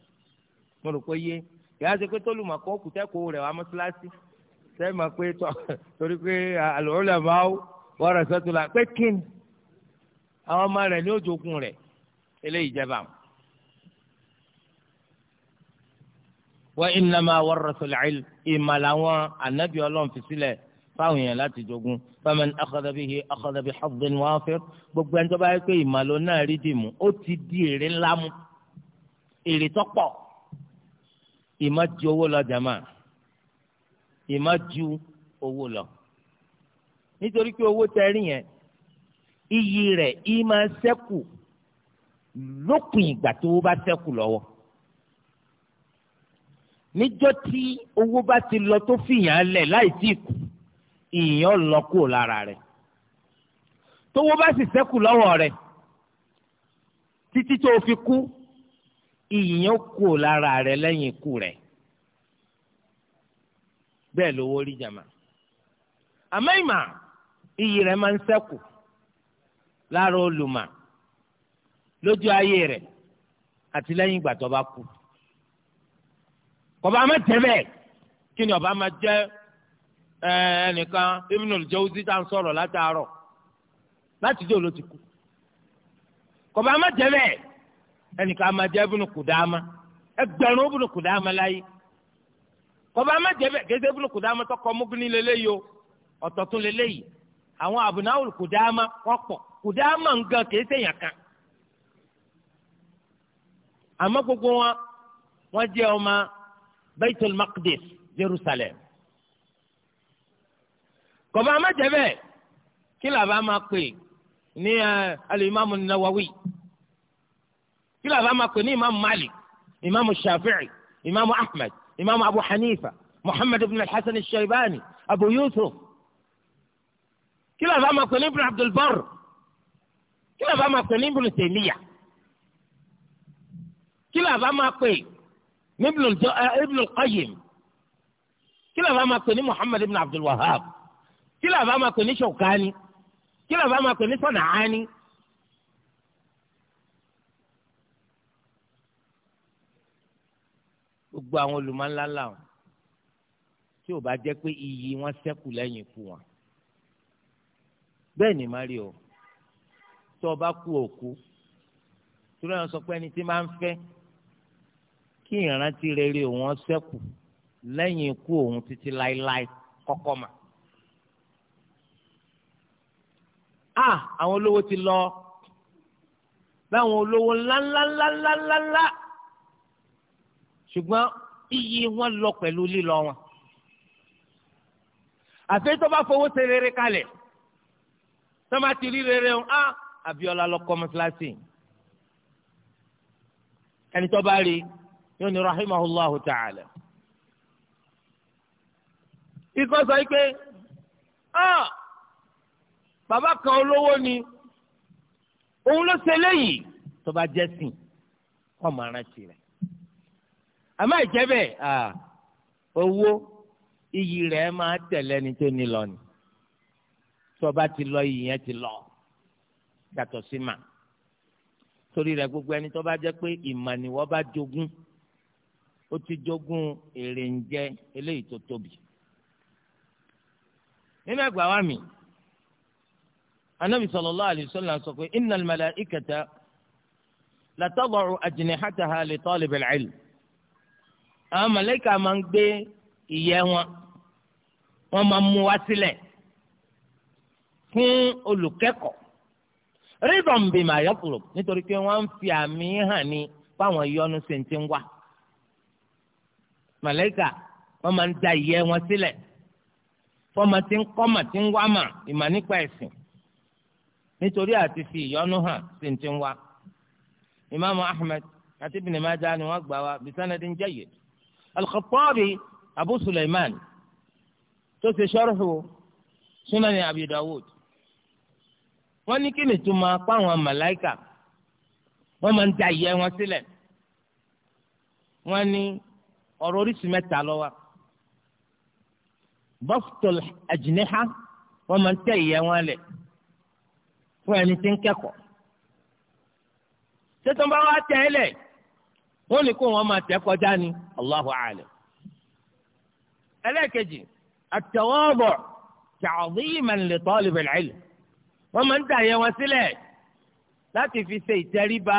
mo rò pé yé ìyá ṣe pé tólùmọ̀ kọ́ kùtẹ́kọ̀ọ́ rẹ̀ wà mọ́sálásí sẹ́yìn máa pé tọ́ torí pé àlùhùlẹ̀ máa wọ́n rẹ̀ sọ́tò la pé kí ni àwọn ọmọ rẹ̀ ní ó jogún rẹ̀ eléyìí jẹba o. wọ́n ìnáma wọ́n rẹ̀ sọ̀lẹ̀ ìmàlà wọn ànábì ọlọ́run fi sílẹ̀ fáwọn èèyàn láti jogún faman akhadha bihi akhadha bi hadhin wafir gbogbo ẹni tó bá yẹ pé ìmàló náà rí dìmú ó ti di èrè ńlá mu èrè tó pọ̀ ìmọ̀ ju owó lọ jàmá ìmọ̀ ju owó lọ nítorí pé owó tẹ rí yẹn iyì rẹ̀ ìmọ̀ ṣẹ́kù lópin ìgbà tó bá ṣẹ́kù lọ́wọ́ níjọ́ tí owó bá ti lọ tó fìyàn lẹ̀ láì tí ì kù ìyàn lọ kúrò lára rẹ̀ tówó bá sì ṣẹ́kù lọ́wọ́ rẹ̀ títí tó fi kú ìyàn kúrò lára rẹ̀ lẹ́yìn ikú rẹ̀ bẹ́ẹ̀ lówó rí jàmá àmọ́ ìmà iyì rẹ̀ máa ń ṣẹ́kù lára olùmọ̀ lójú ayé rẹ̀ àti lẹ́yìn ìgbà tó bá kú kọba má bẹ́ẹ̀ kí ni ọba má jẹ́ ẹnìkan Ibnul Jawzi tá à ń sọ̀rọ̀ látàárọ̀ láti dé olóòtú kù kọba ama jẹ bẹ́ẹ̀ ẹnìkan ama jẹ Ibnu Kudama ẹgbẹ̀rún Ibnu Kudama láyé kọba ama jẹ bẹ́ẹ̀ gẹ́gẹ́ Kudama tọkọ mugni lélẹyìí o ọtọtún lélẹyìí àwọn Kudama wọ́pọ̀ Kudama nǹkan kìí sèyàn kan àmọ́ gbogbo wọn wọ́n jẹ́ ọmọ Baitul kọba amájẹ bẹ́ẹ̀ kí làbá máa pè ní alimami nawawi kí làbá máa pè ní imaamu malik imaamu shafi'i imaamu ahmed imaamu abu hanifa muhammad ibn hasan shaibani abu yusuf kí làbá máa pè ní ibn abdulbar kí làbá máa pè ní ibn taymiya kí làbá máa pè ní ibn qayyim kí làbá máa pè ní muhammad ibn abdulwahab kí làbá máa pè ní ṣọ̀kání kí làbá máa pè ní sọ̀nàání. gbogbo àwọn olùmọ̀ńláńlá wọn tí ò bá jẹ́ pé iyì wọn ṣẹ́kù lẹ́yìn ikú wọn. bẹ́ẹ̀ ni mario tó o bá kú òkú tí wọ́n sọ pé ẹni tí máa ń fẹ́ kí ìrántí rere òun ṣẹ́kù lẹ́yìn ikú òun títí láéláé kọ́kọ́ mà. à ah, àwọn olówó ti lọ báwọn olówó ńláńláńláńláńlá ṣùgbọ́n iyì wọn lọ pẹ̀lú lílọ wọn àti tó bá fowó ṣe rere kalẹ̀ tó bá ti rí rere ń ah, á Abíọ́lá lọ kọ́ mọ́sálásì ẹni tó bá rí yóò ní Rahimahullah ta'ala ikọ́ sọ pé Ah bàbá kan olówó ni òun ló ṣe léyìí tó bá jẹ́ sìn kọ́ máa rántí rẹ̀ àmọ́ ìjẹ́ bẹ́ẹ̀ owó iyì rẹ̀ máa tẹ̀lé ẹni tó ní lọ ni tó bá ti lọ iyì yẹn ti lọ yàtọ̀ sí mà torí rẹ̀ gbogbo ẹni tó bá jẹ́ pé ìmọ̀ ni wọ́n bá jogún ó ti jogún èrè ń jẹ eléyìí tó tóbi nínú ẹgbàá wa mi. anabi sallallahu alayhi wa sallam sọ pé innal malaikata la tada'u ajnihataha li talibil ilm àwọn màláíkà máa ń ma n wọn iye máa mú ma muwa sile. nítorí pé wọ́n ń fi àmì hàn ní fáwọn ìyọnu ṣe ti ń wá màláíkà wọ́n máa ń da ìyẹ́ wọn sílẹ̀ fọ́ọ̀mà tí ń kọ́ mà ń wá mà ìmà nítorí àti fi ìyọnu hàn sí ti ń wá. imaamu ahmed àti ibn majah ni wọ́n gbà wá bisanadin jayyid. al-khattabi abu suleiman tó ṣe sharhu sunani abi dawud. wọ́n ní kí ni túmọ̀ páwọn màláìkà wọ́n máa ń da ìyẹ́ wọn sílẹ̀. wọ́n ní ọ̀rọ̀ oríṣi mẹ́ta ló wà. baftul ajniha wọ́n máa ń tẹ ìyẹ́ wọn lẹ̀. fún ẹni tí ń kẹ́kọ̀ọ́ tẹ́tàn bá wá tẹ́ ẹ lẹ̀ wọ́n ní kó máa kọjá ni Allahu a'lam ẹlẹ́ẹ̀kejì àtẹwọ́bọ̀ ta'ziman li talib al wọ́n máa ń wọn sílẹ̀ láti fi ṣe ìtẹríba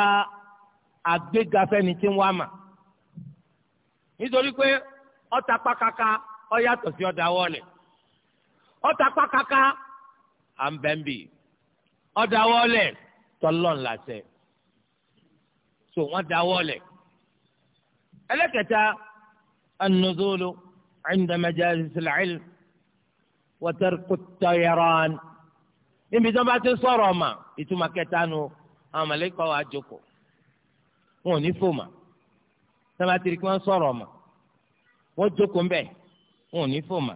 àgbéga fẹ́ni tí ń wá mà nítorí pé ọ̀tá pàkàkà ó sí ọ̀dàwọ́lẹ̀ tọ́lọ́n làṣẹ so wọ́n dáwọ́lẹ̀ ẹlẹ́kẹta an-nuzulu 'inda majalis al-'ilm wa tarku at-tayran níbi tí wọ́n bá ti sọ̀rọ̀ ọ̀ma ìtumọ̀ kẹta nu àwọn mọ̀lẹ́kọ̀ wa jókòó wọn ò ní fòmà tí kí wọ́n sọ̀rọ̀ ọ̀ma wọ́n jókòó ńbẹ̀ wọn ò ní fòmà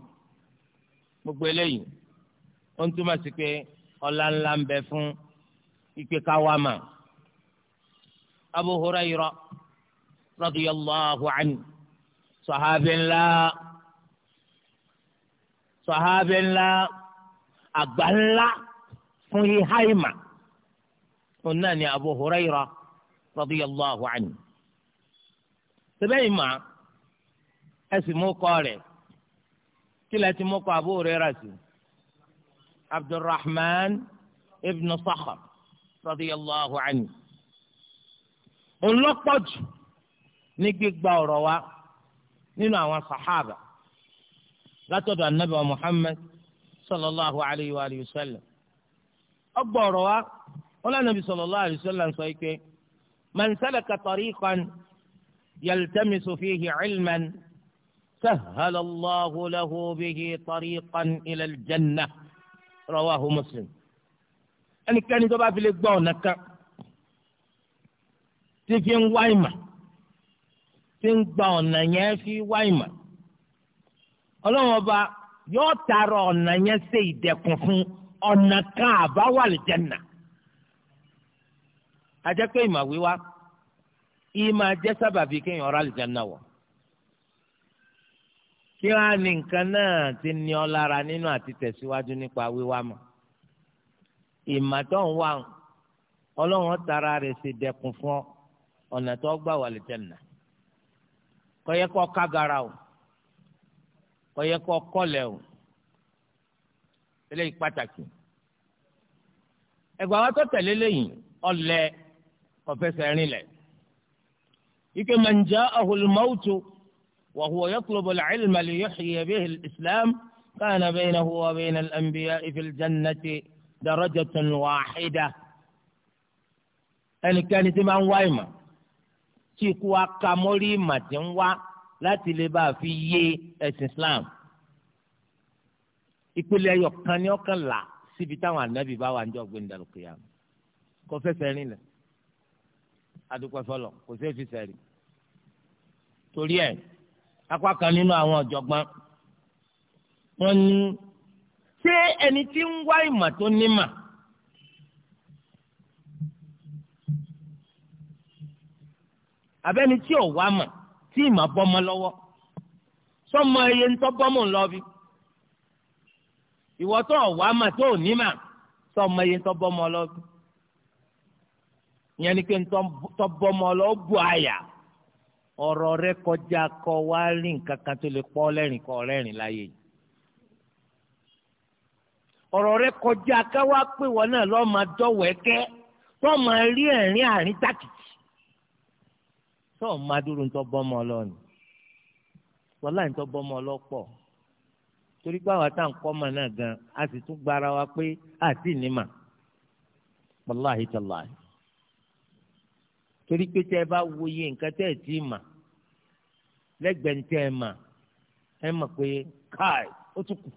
gbogbo eléyìí wọ́n túmọ̀ sí pé ọlá ńlá ń bẹ fún ìpè káwá mà Abu Hurayra radiyallahu anhu sahabi ńlá sahabi ńlá àgbà ńlá fún ihá ìmà òun náà ni Abu Hurayra radiyallahu anhu sẹbẹ́ ìmà ẹ sì mú kọ́ rẹ̀ kí lẹ́ẹ̀ ti mú kọ́ Abu Hurayra sí i. عبد الرحمن ابن صخر رضي الله عنه ولقد نجيك باوروا نينا والصحابة لا تدع النبي محمد صلى الله عليه وآله وسلم أباوروا ولا النبي صلى الله عليه وسلم صيكي من سلك طريقا يلتمس فيه علما سهل الله له به طريقا إلى الجنة rawahu Muslim ẹnikẹ́ni tó bá fi lè gbọ́ ọ̀nà kan tí fi ń wá ìmọ̀ tí ń gba ọ̀nà yẹn fi wá ìmọ̀ ọlọ́wọ́n ọba yóò tara ọ̀nà yẹn ṣe fún ọ̀nà kan àbáwálì jẹ́nà ajẹ́ pé wíwá ìmọ̀ ajẹ́ sábàbí kéèyàn ọ̀rọ̀ àlìjẹ́nà wọ̀ kí á ní nǹkan náà ti ní ọ lára nínú àti tẹ̀síwájú nípa wíwá mọ̀ ìmọ̀tọ́ ń wà ọlọ́run tara rẹ̀ ṣe dẹkùn fún ọ ọ̀nà tó gbà wà lìjẹ̀nà kọ́yẹ́ kọ́ kágara o kọ́yẹ́ kọ́ kọ́lẹ̀ o eléyìí pàtàkì ẹgbẹ́ tó tẹ̀lé lẹ́yìn ọ̀lẹ́ ọ̀fẹsẹ̀ rinlẹ̀ ike mànjá ahùlùmọ́wùtò. وهو يطلب العلم ليحيي به الإسلام كان بينه وبين الأنبياء في الجنة درجة واحدة ẹnikẹ́ni tí máa ń wá ìmọ̀ tí ikú wa ka mórí ìmọ̀ tí ń wá láti lè bá a fi yé ẹ̀sìn Islam ìpele ẹyọ kan ní ọkàn là síbi táwọn ànábì bá wà ní ọgbẹ́ ìdàlùkìyà kò fẹsẹ̀ rìn lẹ̀ adúpẹ́ fọlọ̀ kò sí èfi sẹ́rì torí ẹ̀ apá kan nínú àwọn ọ̀jọ̀gbọ́n wọ́n ní ṣé ẹni tí ń wá ìmọ̀ tó nímọ̀ abẹ́ni tí ò wá mọ̀ tí ìmọ̀ bọ́mọ lọ́wọ́ sọmọ iye ń tọ́ bọ́mọ ńlọ bí ìwọ tó ọ̀wá mọ̀ tó ní mà sọmọ iye ń tọ́ bọ́mọ ìyẹn ni pé ń tọ́ bọ́mọ bu àyà ọ̀rọ̀ rẹ kọjá kọ wá rí nǹkan kan tó lè pọ́ lẹ́rìn kọ rẹ́rìn láyé yìí ọ̀rọ̀ rẹ kọjá ká wá pé wọn náà lọ́ọ́ máa dọ́wọ́ ẹ̀kẹ́ tọ́ọ̀ máa rí ẹ̀rín àárín tákìtì tọ́ọ̀ máa dúró nítorí bọ́mọ ọlọ́ọ̀nì wọ́n láì nítorí bọ́mọ ọlọ́pọ̀ torí pé àwọn àtàn kọ́mọ náà gan a sì tún gbára wa pé àti ìnímà wàláhìí tàláhìí torí pé tẹ́ ẹ bá wòye nǹkan tẹ́ ẹ ti mà lẹ́gbẹ̀ẹ́ nke tẹ́ ẹ mà ẹ mọ̀ pé káì ó tún kù.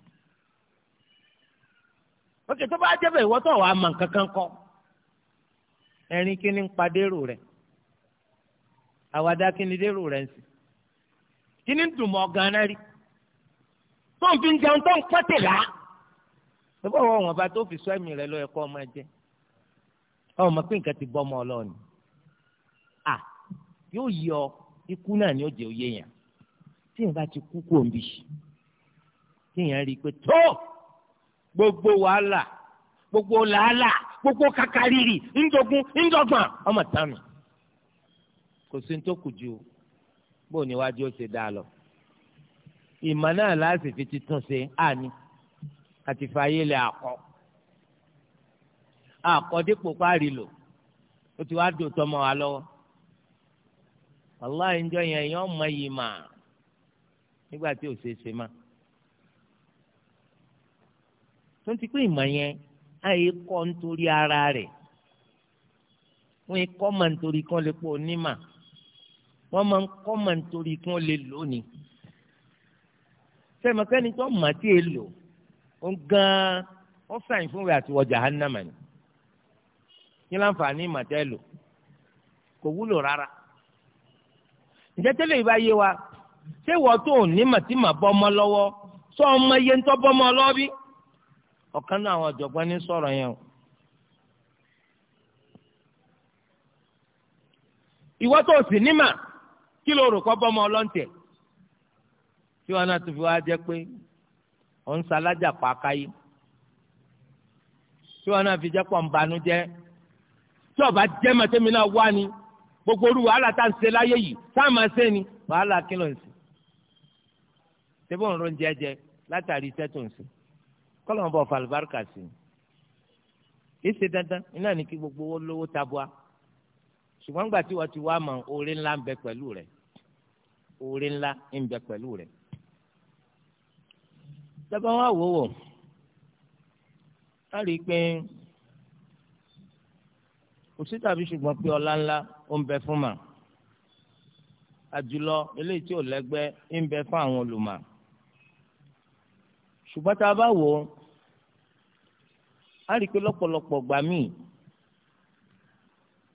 ókè tó bá jẹ́ ìwọ́ tó wàá kọ́ ẹ̀rín kí ni ń pa dérò rẹ̀ àwàdà kí ni dérò rẹ̀ ń sìn kí ni ń dùn mọ́ gan rí tó ń fi ń jẹun tó ń bá sọ ẹ̀mí rẹ̀ nǹkan ti bọ́ ọmọ yọ ikú náà ni ó òye yẹn tí èèyàn bá ti kú kú òǹbí tí èèyàn rí i pé tó gbogbo wàhálà gbogbo làálà gbogbo kàkàrírì ńdógún ńdọ́gbọ̀n ọmọ tánu kò sí ní tó kù ju bó níwájú ó ṣe dáa lọ ìmọ̀ náà láti fi titun ṣe àní àti fàyè lẹ̀ àkọ́ àkọ́ dípò párí lò ó ti wá dùn tọmọ wa lọ́wọ́ wàláhì ń jọ yẹn yẹn ọmọ yìí mà. nígbà tí ò ṣe é ṣe má. tó ń ti pé ìmọ̀ yẹn àyè kọ́ nítorí ara rẹ̀ wọ́n yẹn kọ́ mà nítorí kí wọ́n lè pọ̀ onímà wọ́n máa ń kọ́ mà nítorí kí wọ́n lè lò ní. sẹ́mi tó mà tí e lò ó gan-an ó sàn fún rẹ̀ àti wọ jahannama ni kí láǹfààní mà tẹ́ lò kò wúlò rárá. ǹjẹ́ ìbá yé wa ṣé wọ́n tó ní màtímà bọ́mọ lọ́wọ́ sọ ọmọ iye ń tọ́ bọ́mọ lọ́bí ọ̀kan náà àwọn ọ̀jọ̀gbọ́n ní sọ̀rọ̀ yẹn o. ìwọ tó sì kí ló rò kọ́ bọ́mọ ọlọ́ǹtẹ̀ tí wọn náà tún fi wá jẹ pé ó ń salájà pa káyé tí wọn náà fi pọ̀ ń tí ọba jẹ́ màtẹ́mi náà wá ni gbogbo olú wàhálà tá à ń láyé yìí tá ni wàhálà kí ló ń síbò ń ronjẹ jẹ látàrí iṣẹ́ tó ń sìn kọ́lọ́n bọ̀ falùbáríkà sí i kì í ṣe dandan iná ní kí gbogbo owó lówó tabua ṣùgbọ́n gbà tí wọ́n ti wá mọ̀ oore ńlá ń bẹ pẹ̀lú rẹ̀ oore ńlá ń bẹ pẹ̀lú rẹ̀ tọ́ba wa wò wò a rí i pé òsì tàbí ṣùgbọ́n pé ọlá ńlá ó ń bẹ fún mà àjùlọ eléyìí tí ò lẹ́gbẹ́ ń bẹ fún àwọn olùmọ̀ ṣùgbọ́n tá a bá wò ó a rí i pé lọ́pọ̀lọpọ̀ gbà míì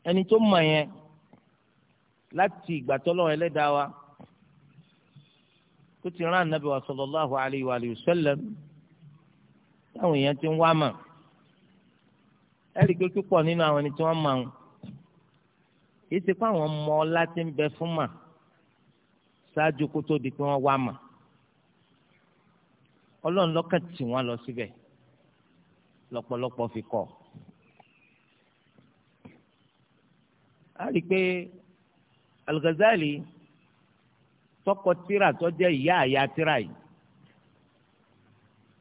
ẹni tó mọ̀ yẹn láti ìgbà tọ́lọ́run ẹlẹ́dàá wa tó ti rán ànábì wa sallallahu alayhi wa sallam táwọn èèyàn ti ń wá mà ẹ rí i pé púpọ̀ nínú àwọn ẹni tí wọ́n mọ̀ ọ́n kì í ṣe pé àwọn ọmọ ọlá ti ń bẹ fún mà ṣáájú kó tó di pé wọ́n wá mà ọlọ́run lọ́kàn tì wọ́n lọ síbẹ̀ lọ́pọ̀lọpọ̀ fi kọ̀. a rí i pé Al-Ghazali tọkọ tíra tó jẹ́ ìyá àyà tíra yìí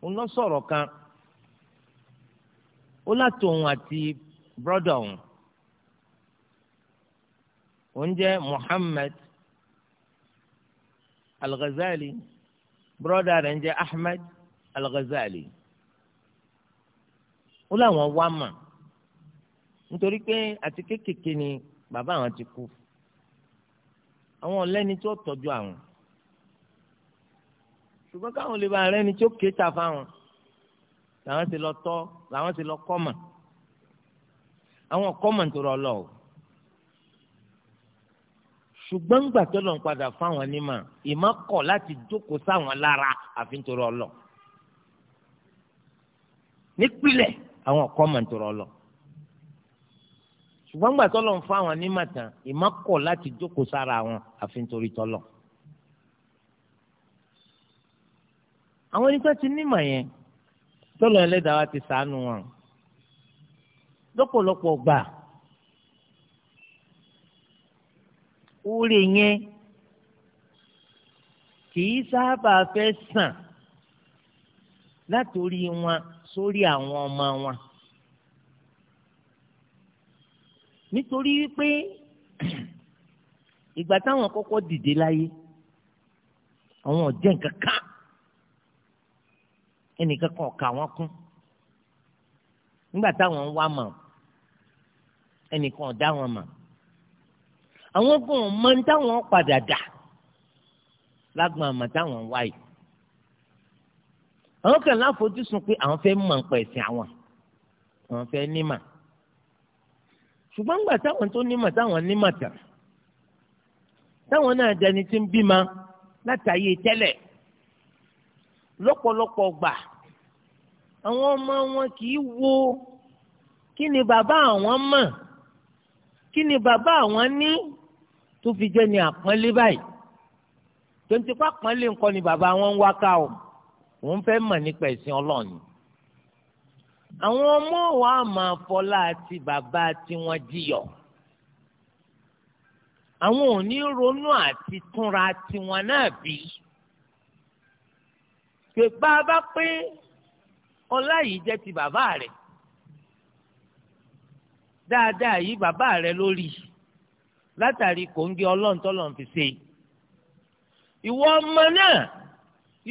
ń lọ sọ̀rọ̀ kan ó látòun àti brọ́dà òun òun jẹ́ Muhammad Al-Ghazali. al ghazali bùrọ̀dá rẹ̀ ń Ahmed Al-Ghazali ó láwọn wá mà nítorí pé àti kékèké ni bàbá àwọn ti kú àwọn ọ̀lẹ́ni tó tọ́jú àwọn ṣùgbọ́n káwọn lè bá arẹ́ni tó kéta fáwọn làwọn ti lọ tọ́ làwọn ti lọ kọ́ àwọn kọ́ mà ń torọ lọ́wọ́ ṣùgbọ́n gbà tó lọ́n padà fáwọn onímọ̀ ìmọ̀ kọ̀ láti jókòó sáwọn lára àfi nítorí ọlọ́ nípìlẹ̀ àwọn ọ̀kọ́ mọ̀ nítorí ọlọ́ ṣùgbọ́n gbà tó lọ́n fáwọn onímọ̀ tán ìmọ̀ kọ̀ láti jókòó sára wọn àfi nítorí tọ́lọ̀ àwọn oníkọ́ ti nímọ̀ yẹn tọ́lọ̀ ẹlẹ́dàá wa ti sàánú wọn lọ́pọ̀lọpọ̀ gbà. oore yẹn kìí sábà fẹ́ sàn látòrí wọn sórí àwọn ọmọ wọn nítorí pé ìgbà táwọn kọ́kọ́ dìde láyé àwọn ọ̀jẹ̀ nǹkan ká ẹnìkan kan ọ̀ka wọn kún nígbà táwọn ń wá mọ̀ ẹnìkan ọ̀dá wọn mọ̀ àwọn gan ọmọ ní táwọn padà dà lágbọn àmọ́ táwọn wá yìí àwọn kan láfojúsùn pé àwọn fẹ́ mọ̀ nípa ẹ̀sìn àwọn àwọn fẹ́ nímà ṣùgbọ́n gbà táwọn tó nímà táwọn nímà tà táwọn náà dẹni tí ń bímọ látàyè tẹ́lẹ̀ lọ́pọ̀lọpọ̀ gbà àwọn ọmọ wọn kì í wo kí ni bàbá àwọn mọ̀ kí ni bàbá àwọn ní tó fi jẹ́ ni àpọ́nlé báyìí tontipa àpọ́nlé nǹkan ni bàbá wọn ń wá ká o wọ́n fẹ́ mọ̀ nípa ẹ̀sìn ọlọ́ọ̀ni àwọn ọmọ wa máa fọlá àti bàbá tiwọn jiyọ̀ àwọn ò ní ronú àti túnra tiwọn náà bí pèpá bá pé ọlá yìí jẹ́ ti bàbá rẹ̀ dáadáa yìí bàbá rẹ̀ lórí yìí látàrí kòńgé ọlọ́run tọ́lọ́run fi ṣe ìwọ ọmọ náà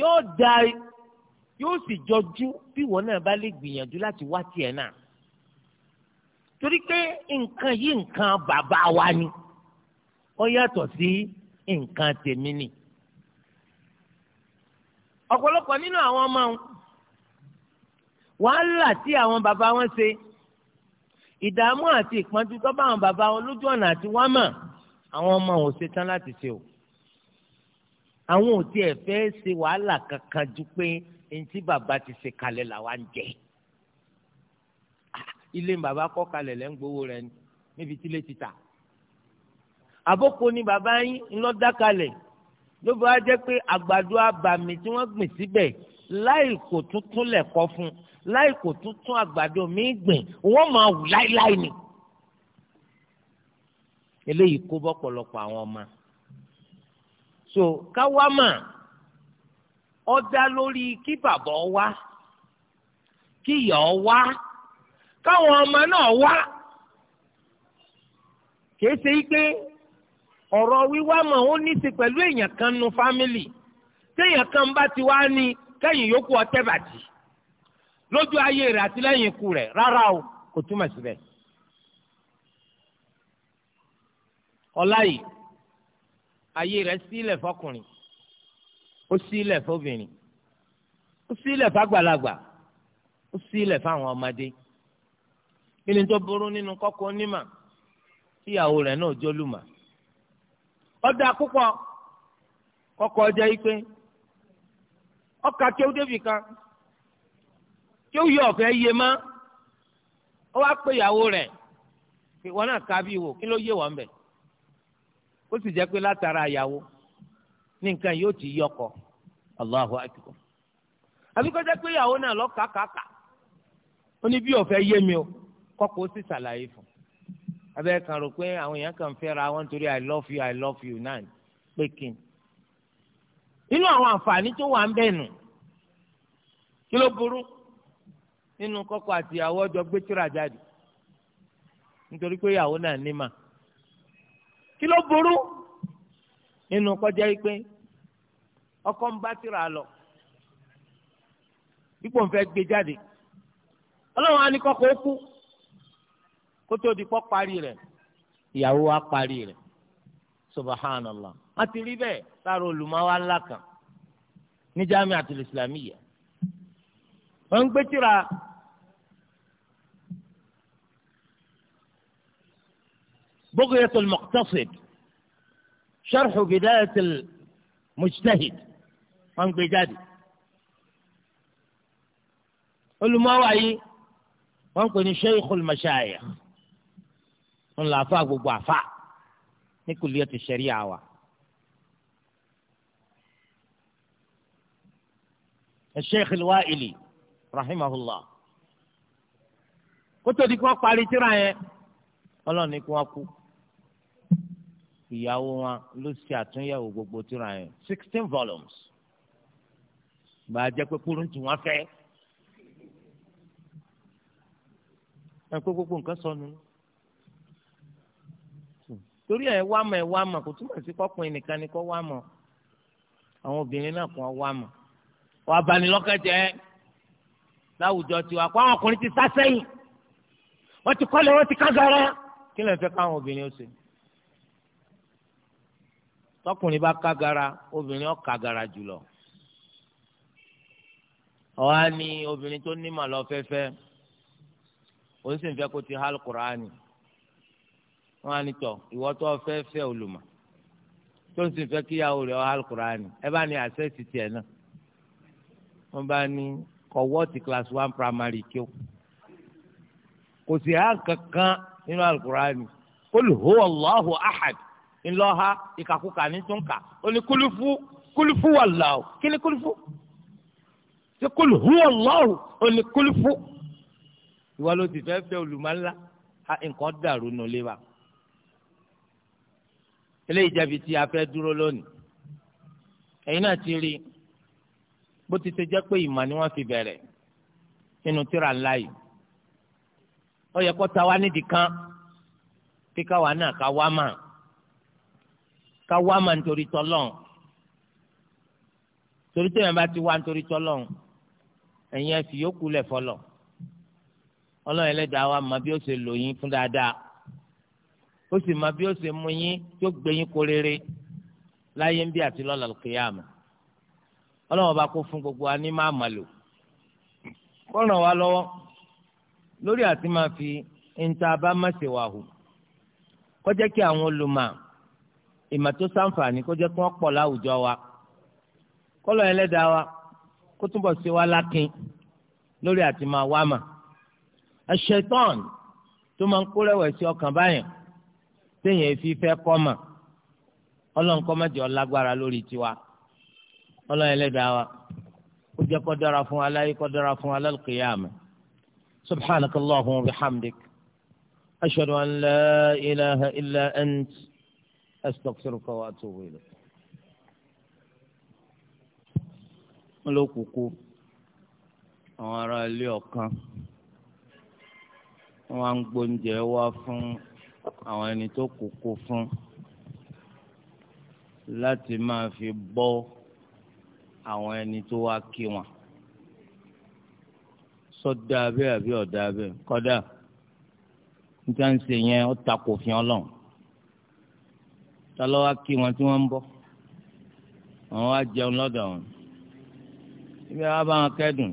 yóò da yóò sì jọjú bí ìwọ náà bá lè gbìyànjú láti wá tiẹ̀ náà torí pé nǹkan yìí nǹkan bàbá wa ni ó yàtọ̀ sí nǹkan tèmi ni ọ̀pọ̀lọpọ̀ nínú àwọn ọmọ wọn wàhálà tí àwọn bàbá wọn ṣe ìdààmú àti ìpọ́njú tó bá àwọn bàbá wọn lójú ọ̀nà àti wá mà àwọn ọmọ wọn ò ṣetán láti ṣe o àwọn ò tiẹ̀ fẹ́ ṣe wàhálà kankan ju pé ẹni tí bàbá ti ṣe kalẹ̀ làwa ń jẹ ilé bàbá kọ́ kalẹ̀ lẹ́ ń gbowó rẹ níbi tí ilé ti tà àbókò ni bàbá yín ńlọ dákalẹ̀ ló bá jẹ́ pé àgbàdo abàmì tí wọ́n gbìn síbẹ̀ láì kò tuntun lẹ̀kọ́ fún un láì kò tuntun àgbàdo míì gbìn wọ́n máa wù láíláí ni. eléyìí kó bọ́pọ̀lọpọ̀ àwọn ọmọ. so káwámà ó dá lórí kí bàbá ọ wá kí ìyá ọ wá káwọn ọmọ náà wá. kìí ṣe pé ọ̀rọ̀ wíwá mọ̀ ó ní í ṣe pẹ̀lú èèyàn kan nu fámìlì téèyàn kan bá ti wá ní kẹ́yìn yòókù ọtẹ́ bàjẹ́ lójú ayé rẹ̀ àti lẹ́yìn ikú rẹ̀ rárá o kò túmọ̀ síbẹ̀. ọlá yìí ayé rẹ̀ sílẹ̀ fọkùnrin ó sílẹ̀ fọbìnrin ó sílẹ̀ fàgbàlagbà ó sílẹ̀ fáwọn ọmọdé ilé tó nínú kọ́kọ́ rẹ̀ náà Kọkọ ọkà kan. ki ó yọ ọ̀fẹ́ yé má ó wá pé ìyàwó rẹ̀ wọn náà ká bí wò kí ló yé wọn bẹ̀ ó sì jẹ́ pé látara ìyàwó ní nǹkan yóò ti yọkọ Allahu akbar àbí kọjá pé ìyàwó náà lo kàkàkà ó ní bí ọ̀fẹ́ yé mi o kọ́kọ́ ó sì ṣàlàyé fún abẹ́ kan rò pé àwọn èèyàn kan fẹ́ra wọn torí i love you i love you náà pé kí ni inú àwọn àǹfààní tó wà ń bẹ̀ nù kí ló burú nínú kọ́kọ́ àti ìyàwó ọjọ́ gbé tíra jáde nítorí pé ìyàwó náà ní kí ló burú nínú kọjá yìí pé ọkọ ń bá tíra lọ dípò ń fẹ́ gbé jáde ọlọ́run á ní kọ́kọ́ ó kú kó tó di pọ́ parí rẹ̀ ìyàwó wa parí rẹ̀ a kan ban gbẹ́kira بغية المقتصد شرح بداية المجتهد فان بجادي قل ما وعي وانقني شيخ المشايخ من لا فاق بوافع كلية الشريعة وا. الشيخ الوائلي rahimahullah kó tó di kí wọ́n parí tírà yẹn ọlọ́run ní kí wọ́n kú ìyàwó wọn ló ṣe àtúnyẹ̀wò gbogbo tírà yẹn sixteen volumes bàjẹ́ pé kúrú ń tù wọ́n fẹ́ ẹ kó gbogbo nǹkan sọnù torí ẹ wá mọ̀ ẹ wá mọ̀ kò túmọ̀ sí kọkùnrin nìkan ni kó wá mọ̀ àwọn obìnrin náà kàn wá mọ̀ wàá bani lọ́kàn jẹ́ láwùjọ tiwa kó àwọn ọkùnrin ti sá sẹ́yìn wọ́n ti kọ́lé wọ́n ti kágara kí lè fẹ́ káwọn obìnrin ó ṣe. tọkùnrin bá kágara obìnrin ó kágara jùlọ. ọ̀há ni obìnrin tó ní màlọ́ fẹ́fẹ́ ó sì ń fẹ́ kó ti hal kuraani wọ́n á ní tọ̀ ìwọ tó fẹ́ fẹ́ olùmọ̀ tó sì ń fẹ́ kíyàwó rẹ̀ hal kuraani ẹ bá ní àṣẹ ti tiẹ̀ náà wọ́n bá ní kọ̀wọ́ ti class one primary kí o kò sí hàn kankan nínú alukurani kul huwa Allahu ahad ńlọ́ha ìkàkùkà ní túnkà ó ní kúlùfù kúlùfù wà láwù kí ni kúlùfù ṣé kul huwa Allahu ó ní kúlùfù ìwà ló ti fẹ́ fẹ́ olùmọ̀lá nǹkan dàrú nulẹ̀ wa eléyìí jẹ́bi tí a fẹ́ dúró lónìí ẹ̀yin náà ti rí i bó ti ṣe jẹ́ pé ìmọ̀ ni wọ́n fi bẹ̀rẹ̀ nínú tíra ńlá yìí ó yẹ kó ta wá nídìí kan kí káwa náà ká wá mà ká wá mà nítorí tọ́lọ́n torí tẹ́yàn bá ti wá nítorí tọ́lọ́n ẹ̀yin ẹ̀ fi yókù lẹ̀ fọlọ̀ ọlọ́run ẹlẹ́dàá wa mọ bí ó ṣe lò yín fún dáadáa ó sì mọ bí ó ṣe mú yín tó gbé yín kó láyé ń bí àti lọ́la kìyàmù ọlọ́run ọba kó fún gbogbo wa ní máa mà lò kó ràn wá lọ́wọ́ lórí àti máa fi níta bá má ṣe wà hù kó jẹ́ kí àwọn olùmọ̀ ìmọ̀ tó ṣàǹfààní kó jẹ́ kí wọ́n pọ̀ láwùjọ wa kọ́lọ̀ ẹlẹ́dàá wa kó túbọ̀ ṣe wá lákin lórí àti máa wá mà àṣetán tó máa ń kó rẹ̀wẹ̀sì ọkàn báyẹn téèyàn fi fẹ́ kọ́ mà ọlọ́run kó lágbára lórí tiwa ọlọ́run ẹlẹ́dàá wa ó jẹ́ kó dára fún aláyé kó dára fún alálùkìyàmù subhanak allahumma wa bihamdik ashhadu an la ilaha illa ant astaghfiruka wa atubu ilayk. wọ́n ló kúkú àwọn ará ilé ọ̀kan wọ́n ń gbóúnjẹ wá fún àwọn ẹni tó kúkú fún láti máa fi bọ́ àwọn ẹni tó wá kí wọn sọdá abẹ́ àbí ọ̀dá abẹ́ kọ́dà níta ń ṣe yẹn ó takò fi ọlọ́run ta ló wá kí wọn tí wọ́n ń bọ̀ àwọn wá jẹun lọ́dọ̀ wọn ibi àwọn bá wọn kẹ́dùn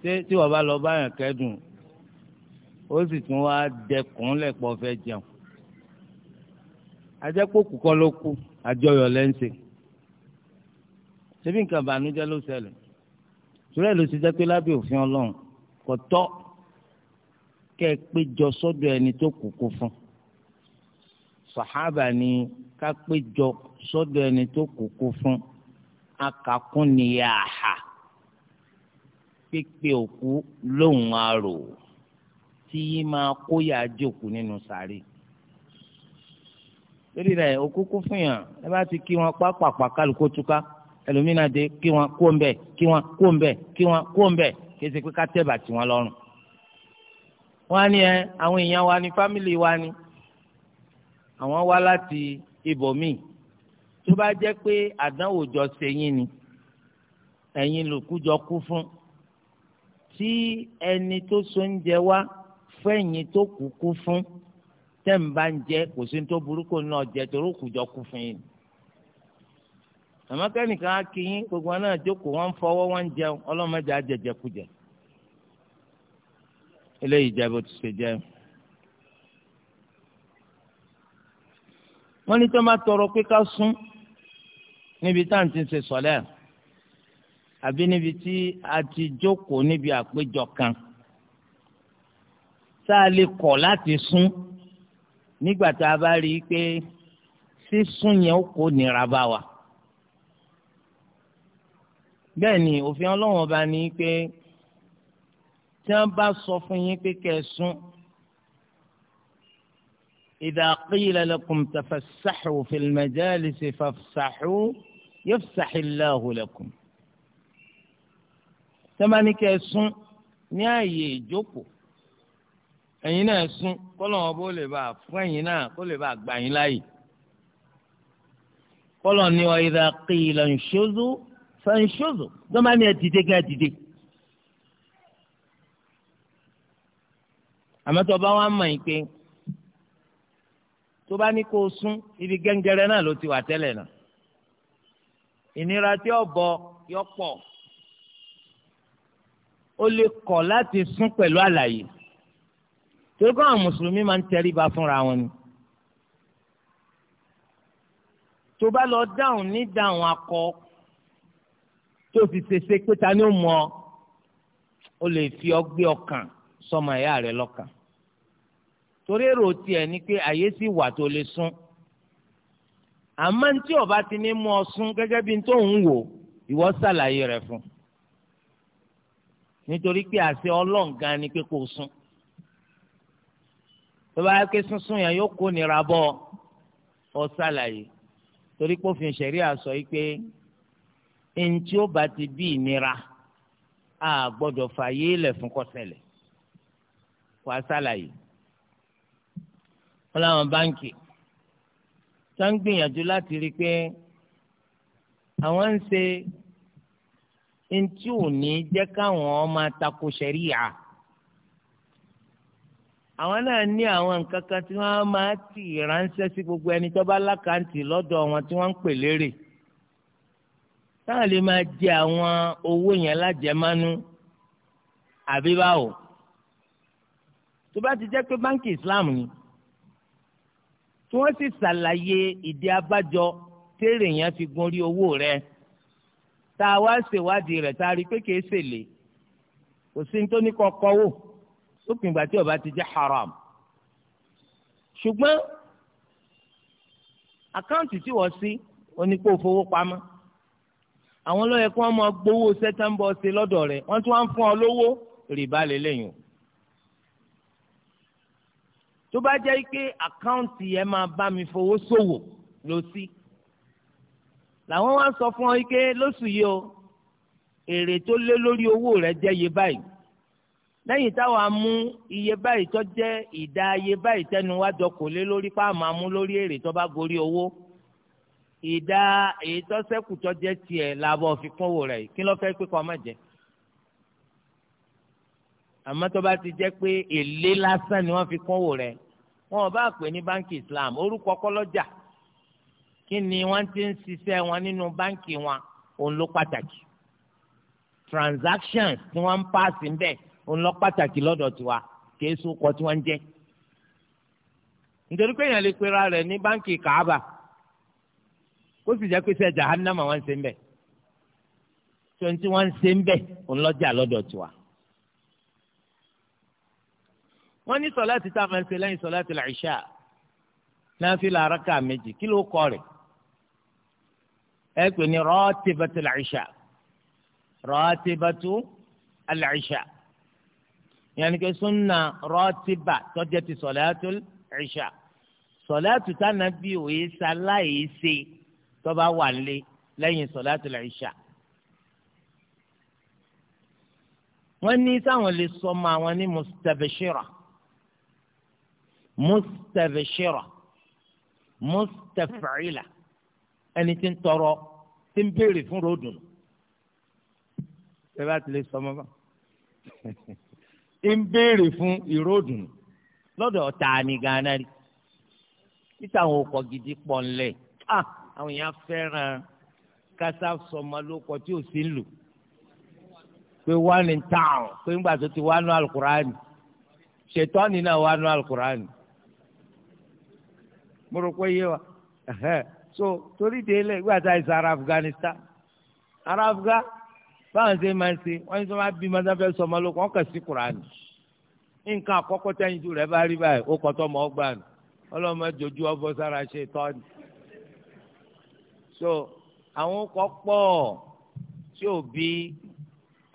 ṣé tí wọ́n bá lọ bá yàn kẹ́dùn ó sì tún wá dẹkùn lẹ́pọ̀ fẹ́ jẹun ajẹ́pọ̀ kúkọ́ ló kú àjọyọ̀ lẹ́ńsẹ̀ ṣebí nǹkan ìbànújẹ́ ló ṣẹlẹ̀ sórí ẹ̀ ló ti jẹ́ pé lábẹ́ òfin ọlọ́run kò tọ́ kẹ́ ẹ péjọ tó kúkú fún sàhábà ni ká péjọ sọ́dọ̀ ẹni tó kúkú fún akakún ni yàhà pípé òkú lóhùn arò tí yí máa kóyà jòkó nínú sàárè lórí rẹ̀ òkú kún fún yàn ẹ bá ti kí wọn pápá pàkálù túká ẹlòmínà dé kí wọn kó ń bẹ kí wọn kó ń bẹ kí wọn kó ń bẹ kí ẹsẹ pé ká tẹ̀bà tí wọn lọ́rùn. wọ́n á ní ẹ àwọn èèyàn wa ní fámìlì wa ní àwọn wá láti ibòmíì tó bá jẹ́ pé àdánwò jọ sẹ́yìn ni ẹ̀yin lòkújọ kú fún tí ẹni tó so wá fẹ́yìn tó kú kú fún tẹ̀ ń bá ń jẹ kò sí ní tó burúkú náà jẹ torí kú fún yìí àmọ́ kẹ́nìkan á kí yín gbogbo wọn náà jókòó wọn ń fọwọ́ wọn ń jẹun ọlọ́mọdé á jẹjẹ kú jẹ eléyìí jẹ bó ti ṣe jẹ. wọ́n ní tó máa tọrọ pé ká sún níbi tá à ń ti ṣe sọ̀lẹ́ àbí níbi tí a ti jókòó níbi àpéjọ kan tá a lè kọ̀ láti sún nígbà tá a bá rí i pé sísún yẹn ó kó nira bá wa bẹ́ẹ̀ ni òfin ọlọ́run ọba ní pé tí wọ́n bá sọ fún yín pé kẹsùn idha qila lakum tafassahu fil majalisi fafsahu yafsahillahu lakum. tí wọ́n bá ní kẹsùn ní ààyè ìjókòó ẹ̀yin náà sún kọ́lọ́wọ́n bó lè bá fún ẹ̀yin náà kó lè bá gbà yín láàyè. kọ́lọ́ ni wa idha qila fanṣozo lọ́mọ́ni ẹ̀ dìde gan dìde. àmọ́ tó bá wá mọ̀ yín pé tó bá ní kó o sún ibi gẹ́ngẹ́rẹ́ náà ló ti wà tẹ́lẹ̀ náà ìnira tí ó bọ yọ pọ̀ ó lè kọ̀ láti sún pẹ̀lú àlàyé torí kọ́ àwọn mùsùlùmí máa ń tẹríba fúnra wọn ni tó bá lọ dáhùn ní dáhùn akọ tó fi ṣeṣe pé ta ni ó mọ ó lè fi ọgbẹ́ ọkàn sọmọ ẹ̀yà rẹ lọ́kàn torí èrò tiẹ̀ ni pé àyè sì wà tó lè sún àmọ́ tí ọba ti ní mú ọ sún gẹ́gẹ́ bí tó ń wò ìwọ ṣàlàyé rẹ̀ fún nítorí pé àṣẹ ọlọ́ǹgan ni pé kò sún tó bá yẹ pé sísun yẹn yóò kó nira bọ́ ọ ṣàlàyé torí pé òfin ṣẹ̀rí àṣọ yìí pé ntí ó bá ti bí ìnira a gbọ́dọ̀ fààyè lẹ̀ fún kọ́sẹ̀lẹ̀ wàá sàlàyé wọn làwọn báńkì tó ń gbìyànjú láti rí i pé àwọn ń ṣe ntí ò ní jẹ́ káwọn ọmọ àtakò ṣẹ̀ríyà àwọn náà ní àwọn nǹkan kan tí wọ́n máa tì ránṣẹ́ sí gbogbo ẹni tó bá lákàntì lọ́dọ̀ wọn tí wọ́n ń pè lérè táà lè máa jẹ àwọn owó yẹn lájẹmánú àbí báwo tó bá ti jẹ́ pé báńkì Islam ni tí wọ́n sì ṣàlàyé ìdí abájọ tèrè yẹn fi gun orí owó rẹ tá a wá ṣèwádìí rẹ̀ tá a rí pé kìí ṣèlè kò sí ní tó ní kọ́ kọ́wó sópin ìgbà tí ó ti jẹ́ haram ṣùgbọ́n àkáǹtì tí wọ́n sí onípò fowó àwọn ló yẹ kí wọ́n máa gbowó sẹ́tẹ́ńbọ̀ ṣe lọ́dọ̀ rẹ̀ wọ́n tún wá ń fún ọ lówó rìbá lélẹ́yìn o. tó bá jẹ́ pé àkáǹtì yẹn máa bá mi fowó ṣòwò lọ sí làwọn wá sọ fún ọ pé lóṣù yìí o èrè tó lé lórí owó rẹ jẹ́ iye báyìí lẹ́yìn táwa mú iye báyìí tó jẹ́ ìdá iye báyìí tẹnu wá jọ kò lé lórí pa àmọ́ amú lórí èrè tó bá gorí owó ìdá èyí tó ṣẹ́kù tó jẹ́ tiẹ̀ làbọ̀ fi kún owó rẹ̀ kí ló fẹ́ pé kọ́ ọmọ jẹ àmọ́ tó bá ti jẹ́ pé èlé lásán ni wọ́n fi kún owó rẹ̀ wọn ò bá pè ní báńkì Islam orúkọ kọ́lọ́jà kí ni wọ́n ti ń ṣiṣẹ́ wọn nínú báńkì wọn òun ló pàtàkì transactions tí wọ́n ń paasi ń bẹ̀ òun lọ pàtàkì lọ́dọ̀ tiwa kì í sókọ tí wọ́n ń jẹ́ nítorí pé èèyàn lè pera rẹ̀ ní báńkì Kaaba kó sì jẹ́ pé sẹ́ jahannama wọn ṣe ń bẹ̀ tó ń tí wọ́n ṣe ń bẹ̀ ń lọ́jà lọ́dọ̀ tiwa. wọ́n ní sọ̀lá ti tá a máa ń ṣe lẹ́yìn sọ̀lá ti làṣà náà fi làárọ̀ ká méjì kí ló kọ́ rẹ̀ ẹ pè ní rọ́ọ̀tìbàtì làṣà rọ́ọ̀tìbàtì làṣà yàní kí sunna rọ́ọ̀tìbà tọ́jú ti sọ̀lá ti làṣà sọ̀lá ti tá òye sá ṣe tọ́ba wà lé lẹ́yìn sọ̀láàtì ìṣà. wọ́n ní sáwọn lè sọ ọmọ àwọn ní mustabashira mustabashira mustaf'ila ẹni tí ń tọrọ tí ń béèrè fún ròdùn. bẹ́ẹ̀ bá ti lè sọ ọmọ bá ń béèrè fún ìròdùn lọ́dọ̀ ọ̀tá ni gánà rí títà àwọn ọkọ̀ gidi pọ̀ ńlẹ̀ ah àwọn èèyàn fẹ́ràn kásá sọmọlókọ tí ò sí ń lò pé one in town pé ńgbà tó ti wá nú alukurani ṣètọ́ni náà wá nú alukurani mo rò pé yé wa so torí délé ìgbà tá a sọ ara Afghanistan ara Afghan báwọn ṣe máa ń ṣe wọ́n ní sọ ma bí mọ́tò fẹ́ sọmọlókọ wọ́n kàn sí kurani nǹkan àkọ́kọ́ tẹ́yìn ju rẹ̀ bá rí báyìí ó kọ́ tọ́ mọ́ ọgbà nù ọlọ́mọ jòjú ọbọ̀ sára ṣètọ́ni so àwọn kọ́ pọ̀ tí ò bí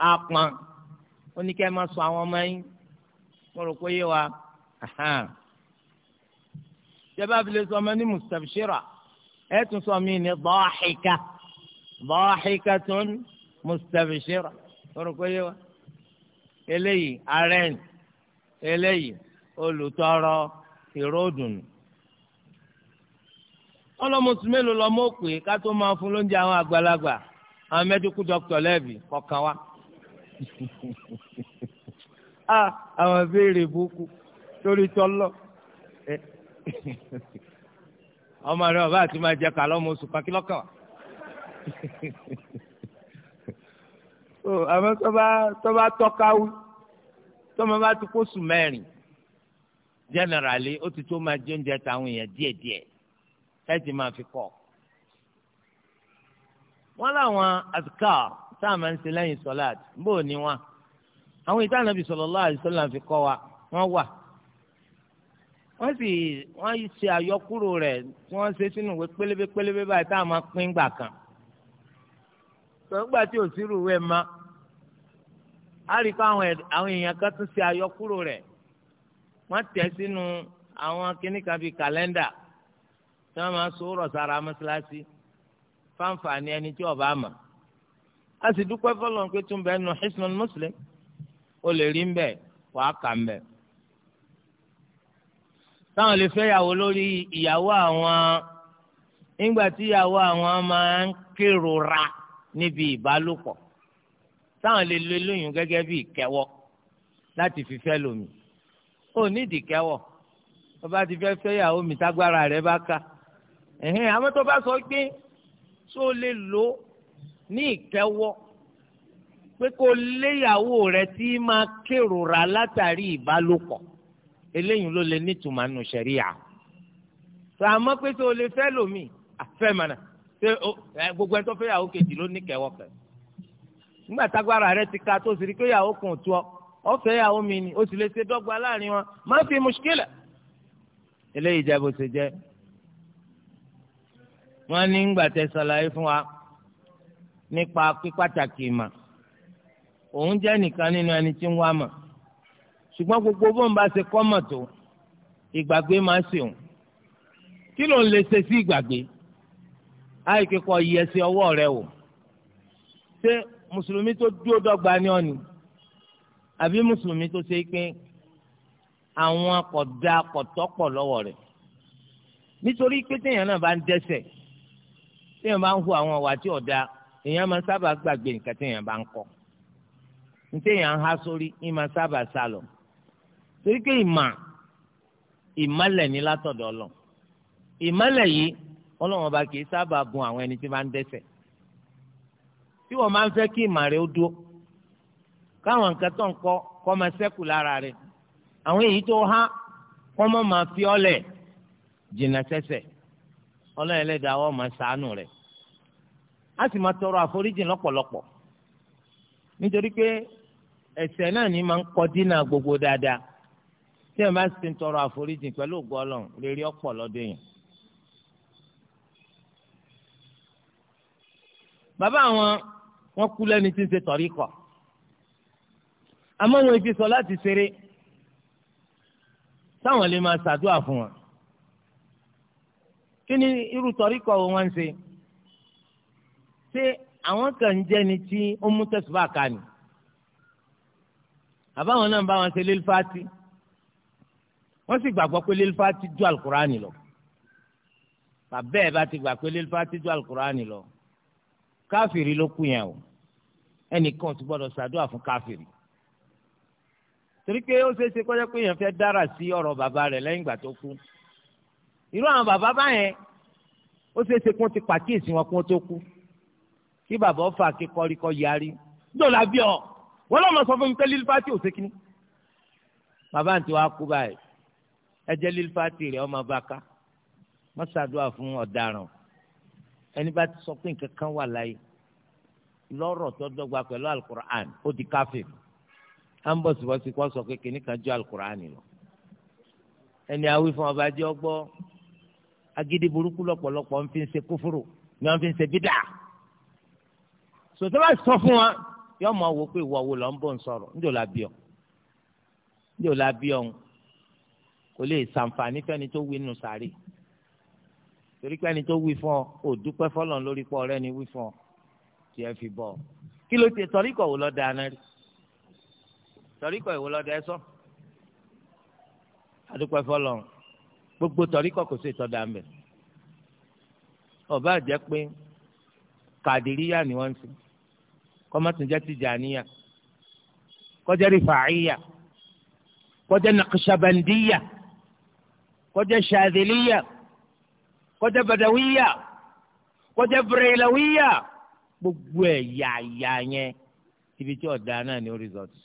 apọn ó ní kí ẹ máa sọ àwọn ọmọ yín mo rò pé yé wa jẹba abilé sọ ọmọ ní mustabshira ẹ tún sọ mí ní dọ́ọ̀xìkà dọ́ọ̀xìkà tún mustabshira mo rò pé yé wa eléyìí arẹ́ǹ eléyìí olùtọ́rọ ìròdùnú ọlọ́mọsù mélòó lọ́mọ òpè ká tó máa fún lóúnjẹ àwọn àgbàlagbà àwọn mẹ́díkù dọ́kítọ̀ lẹ́ẹ̀bì kọ̀ọ̀kan wa. Ah, àwọn ìbéèrè burúkú torí tọ́lọ́ eh. ọmọ rẹ ọba àti máa jẹ kàlọ́ ọmọ oṣù pàkí lọ́kàn wa. àmọ́ tọ́ba tọ́ba tọ́káwí tọ́mọ bá ti kó sùn mẹ́rin jẹ́nẹ̀rálì ó ti tó máa jẹ oúnjẹ táwọn èèyàn díẹ̀díẹ̀ ẹ ti máa fi kọ́ wọn láwọn azkar tá a máa ń ṣe lẹ́yìn sọ́láàtì bó o ní wọn àwọn ìta Ànábì sallallahu alaihi wasallam fi kọ́ wa wọ́n wà wọ́n sì wọ́n ṣe àyọkúrò rẹ̀ tí wọ́n ṣe sínú ìwé pélébé pélébé báyìí tá a máa pín gbà kan sọgbà tí ò sí rúwé ma a rí pé àwọn àwọn èèyàn kan tún ṣe àyọkúrò rẹ̀ wọ́n tẹ̀ sínú àwọn kìnnìkan bíi kàlẹ́ndà tí wọ́n máa sòrò sára mọ́sálásí fáǹfààní ẹni tí ọba àmà a sì dúpẹ́ fọlọ́n pé tún bẹ́ẹ̀ nù Hisnul Muslim o lè rí mbẹ́ wàá kà mbẹ́. táwọn lè fẹ́ yàwó lórí ìyàwó àwọn nígbà tí ìyàwó àwọn máa ń kérora níbi ìbálòpọ̀ táwọn lè lo lóyún gẹ́gẹ́ bí ìkẹwọ́ láti fi fẹ́ lomi ó nídìí kẹwọ́ ọba ti fẹ́ fẹ́ yàwó mi tágbára rẹ̀ bá ká ẹ̀hìn àwọn tó bá sọ pé tó lè lò ní ìkẹwọ́ pé kó léyàwó rẹ̀ tí máa kérora látàrí ìbálòpọ̀ eléyìí ló lè nítumọ̀ nù sẹ̀ríà tó àmọ́ pé tó lè fẹ́ lómi àfẹ́ mọ̀nà ṣé gbogbo ẹni tó fẹ́ yàwó kejì ló ní kẹwọ́ kẹ nígbà tágbára rẹ ti ka tó sì rí pé yàwó kan tó ọ ọfẹ yàwó mi ni o sì lè ṣe dọ́gba láàrin wọn má fi mùṣkílà eléyìí jẹ bó ṣe jẹ wọ́n ní ń gbàtẹ ṣàlàyé fún wa nípa pípàtàkì ìmọ̀ òun jẹ́ nìkan nínú ẹni tí ń wá mọ̀ ṣùgbọ́n gbogbo bóun bá ṣe kọ́ mọ̀ tó ìgbàgbé máa ń ṣeun kí ló ń lè ṣe sí ìgbàgbé àìkè kọ iyẹsẹ ọwọ́ rẹ wò ṣé mùsùlùmí tó dúró dọ́gba ni ọ́ àbí mùsùlùmí tó ṣe pé àwọn akọ̀dá akọ̀tọ́pọ̀ lọ́wọ́ rẹ̀ nítorí pé téèyàn náà bá ń dẹ́ṣẹ̀ téèyàn bá ń hu àwọn ọ̀wà tí ọ̀dà èèyàn máa sábà gbàgbé nǹkan téèyàn bá ń kọ́ téèyàn ń há sórí ń máa sábà sá lọ torí pé ìmà ìmálẹ̀ ní látọ̀dọ̀ lọ ìmálẹ̀ yìí ọlọ́run ọba kìí sábà bun àwọn ẹni tí máa ń dẹ́sẹ̀ tí wọ́n máa ń fẹ́ kí ìmà rẹ̀ ó dúró káwọn nǹkan tó ń kọ́ kọ́ máa sẹ́kù lára rẹ̀ àwọn èyí tó há kọ́ mọ́ máa fi ọ́lẹ̀ jìnnà sẹ́sẹ̀ ọlọ́run ẹlẹ́dàá wọ́n máa ṣàánú rẹ̀ a sì máa tọrọ àforíjì lọ́pọ̀lọpọ̀ nítorí pé ẹ̀ṣẹ̀ náà ni máa ń kọ dínà gbogbo dáadáa tí ẹ bá sì ń tọrọ àforíjì pẹ̀lú ògo ọlọ́run rere ọ̀pọ̀ lọ́dọ̀ yẹn. bàbá àwọn wọn kú lẹ́ni tí ń ṣe tọ̀rí kọ̀ àmọ́ wọn fi sọ láti ṣeré táwọn lè máa ṣàdúrà fún wọn kí ni irú tọ́ríkọ̀ wọn ń ṣe ṣé àwọn kan ń jẹ́ni tí ó mú tẹ̀síbà ká ni àbáwọn náà ń bá wọn ṣe lélfàtì wọ́n sì gbàgbọ́ pé lélfàtì ju alukurani lọ bàbá ẹ̀ bá ti gbà pé lélfàtì ju alukurani lọ káfìrí ló kú yẹn o ẹnìkan ti gbọ́dọ̀ ṣàdúrà fún káfìrí torí pé ó ṣeé ṣe kọ́jọ́ pé èèyàn fẹ́ dára sí ọ̀rọ̀ bàbá rẹ̀ lẹ́yìn ìgbà tó kú irú àwọn bàbá báyẹn ó ṣeé ṣe kí wọ́n ti pàkíyèsí wọn kí wọ́n tó kú kí bàbá ọ̀fà kíkọ́ríkọ́ yarí dọ̀là bí ọ wọ́n lọ́mọ sọ fún mi pé lílifátì ò ṣe kíní bàbá àǹtí wa kú báyìí ẹ jẹ́ lílifátì rẹ̀ ọmọ bá ká wọ́n ṣàdúrà fún ọ̀daràn ẹni bá ti sọ pé nǹkan kan wà láyé lọ́rọ̀ tó dọ́gba pẹ̀lú alukur'an ó di káfíìn à ń bọ̀ síbọ̀sí kó sọ pé kìnnìkan jọ alukur'an lọ ẹni awí fún ọba jẹ́ ọgbọ́n agídí burúkú lọ́pọ̀lọpọ̀ ń fi ń ṣe kúfúrú ni wọ́n fi ṣe bídà sòtẹ́ sọ fún wa yọ mọ wo pé ìwọ wo lọ ń bọ̀ ń sọ̀rọ̀ níjọ́ la bí ọ níjọ́ la bí ọ kò lè ṣàǹfààní fẹ́ni tó wí nù sàárè torí pé tó wí fún ọ ò dúpẹ́ fọlọ́n lórí pọ̀ ọ̀rẹ́ ni wí fún ọ tí ẹ fi bọ̀ ọ kí ló ti tọ́ríkọ̀ wò lọ́dà aná rí tọ́ríkọ̀ ìwò lọ́dà ẹ sọ adúpẹ́ fọlọ́n gbogbo tọ̀ríkọ̀ kò sí ìtọ́da ń bẹ̀. ọ̀bá jẹ́ pé kàdíríyà ni wọ́n ń sìn kọ́mọ́tìjẹ́ tìjàníyà kọjá rìfàáyà kọjá nàkṣàbàndíyà kọjá ṣàdìlíyà kọjá badàwíyà kọjá bìrìlàwíyà gbogbo ẹ̀ yàyà yẹn ibi tí ọ̀dà náà ni ó rìsọ̀tì.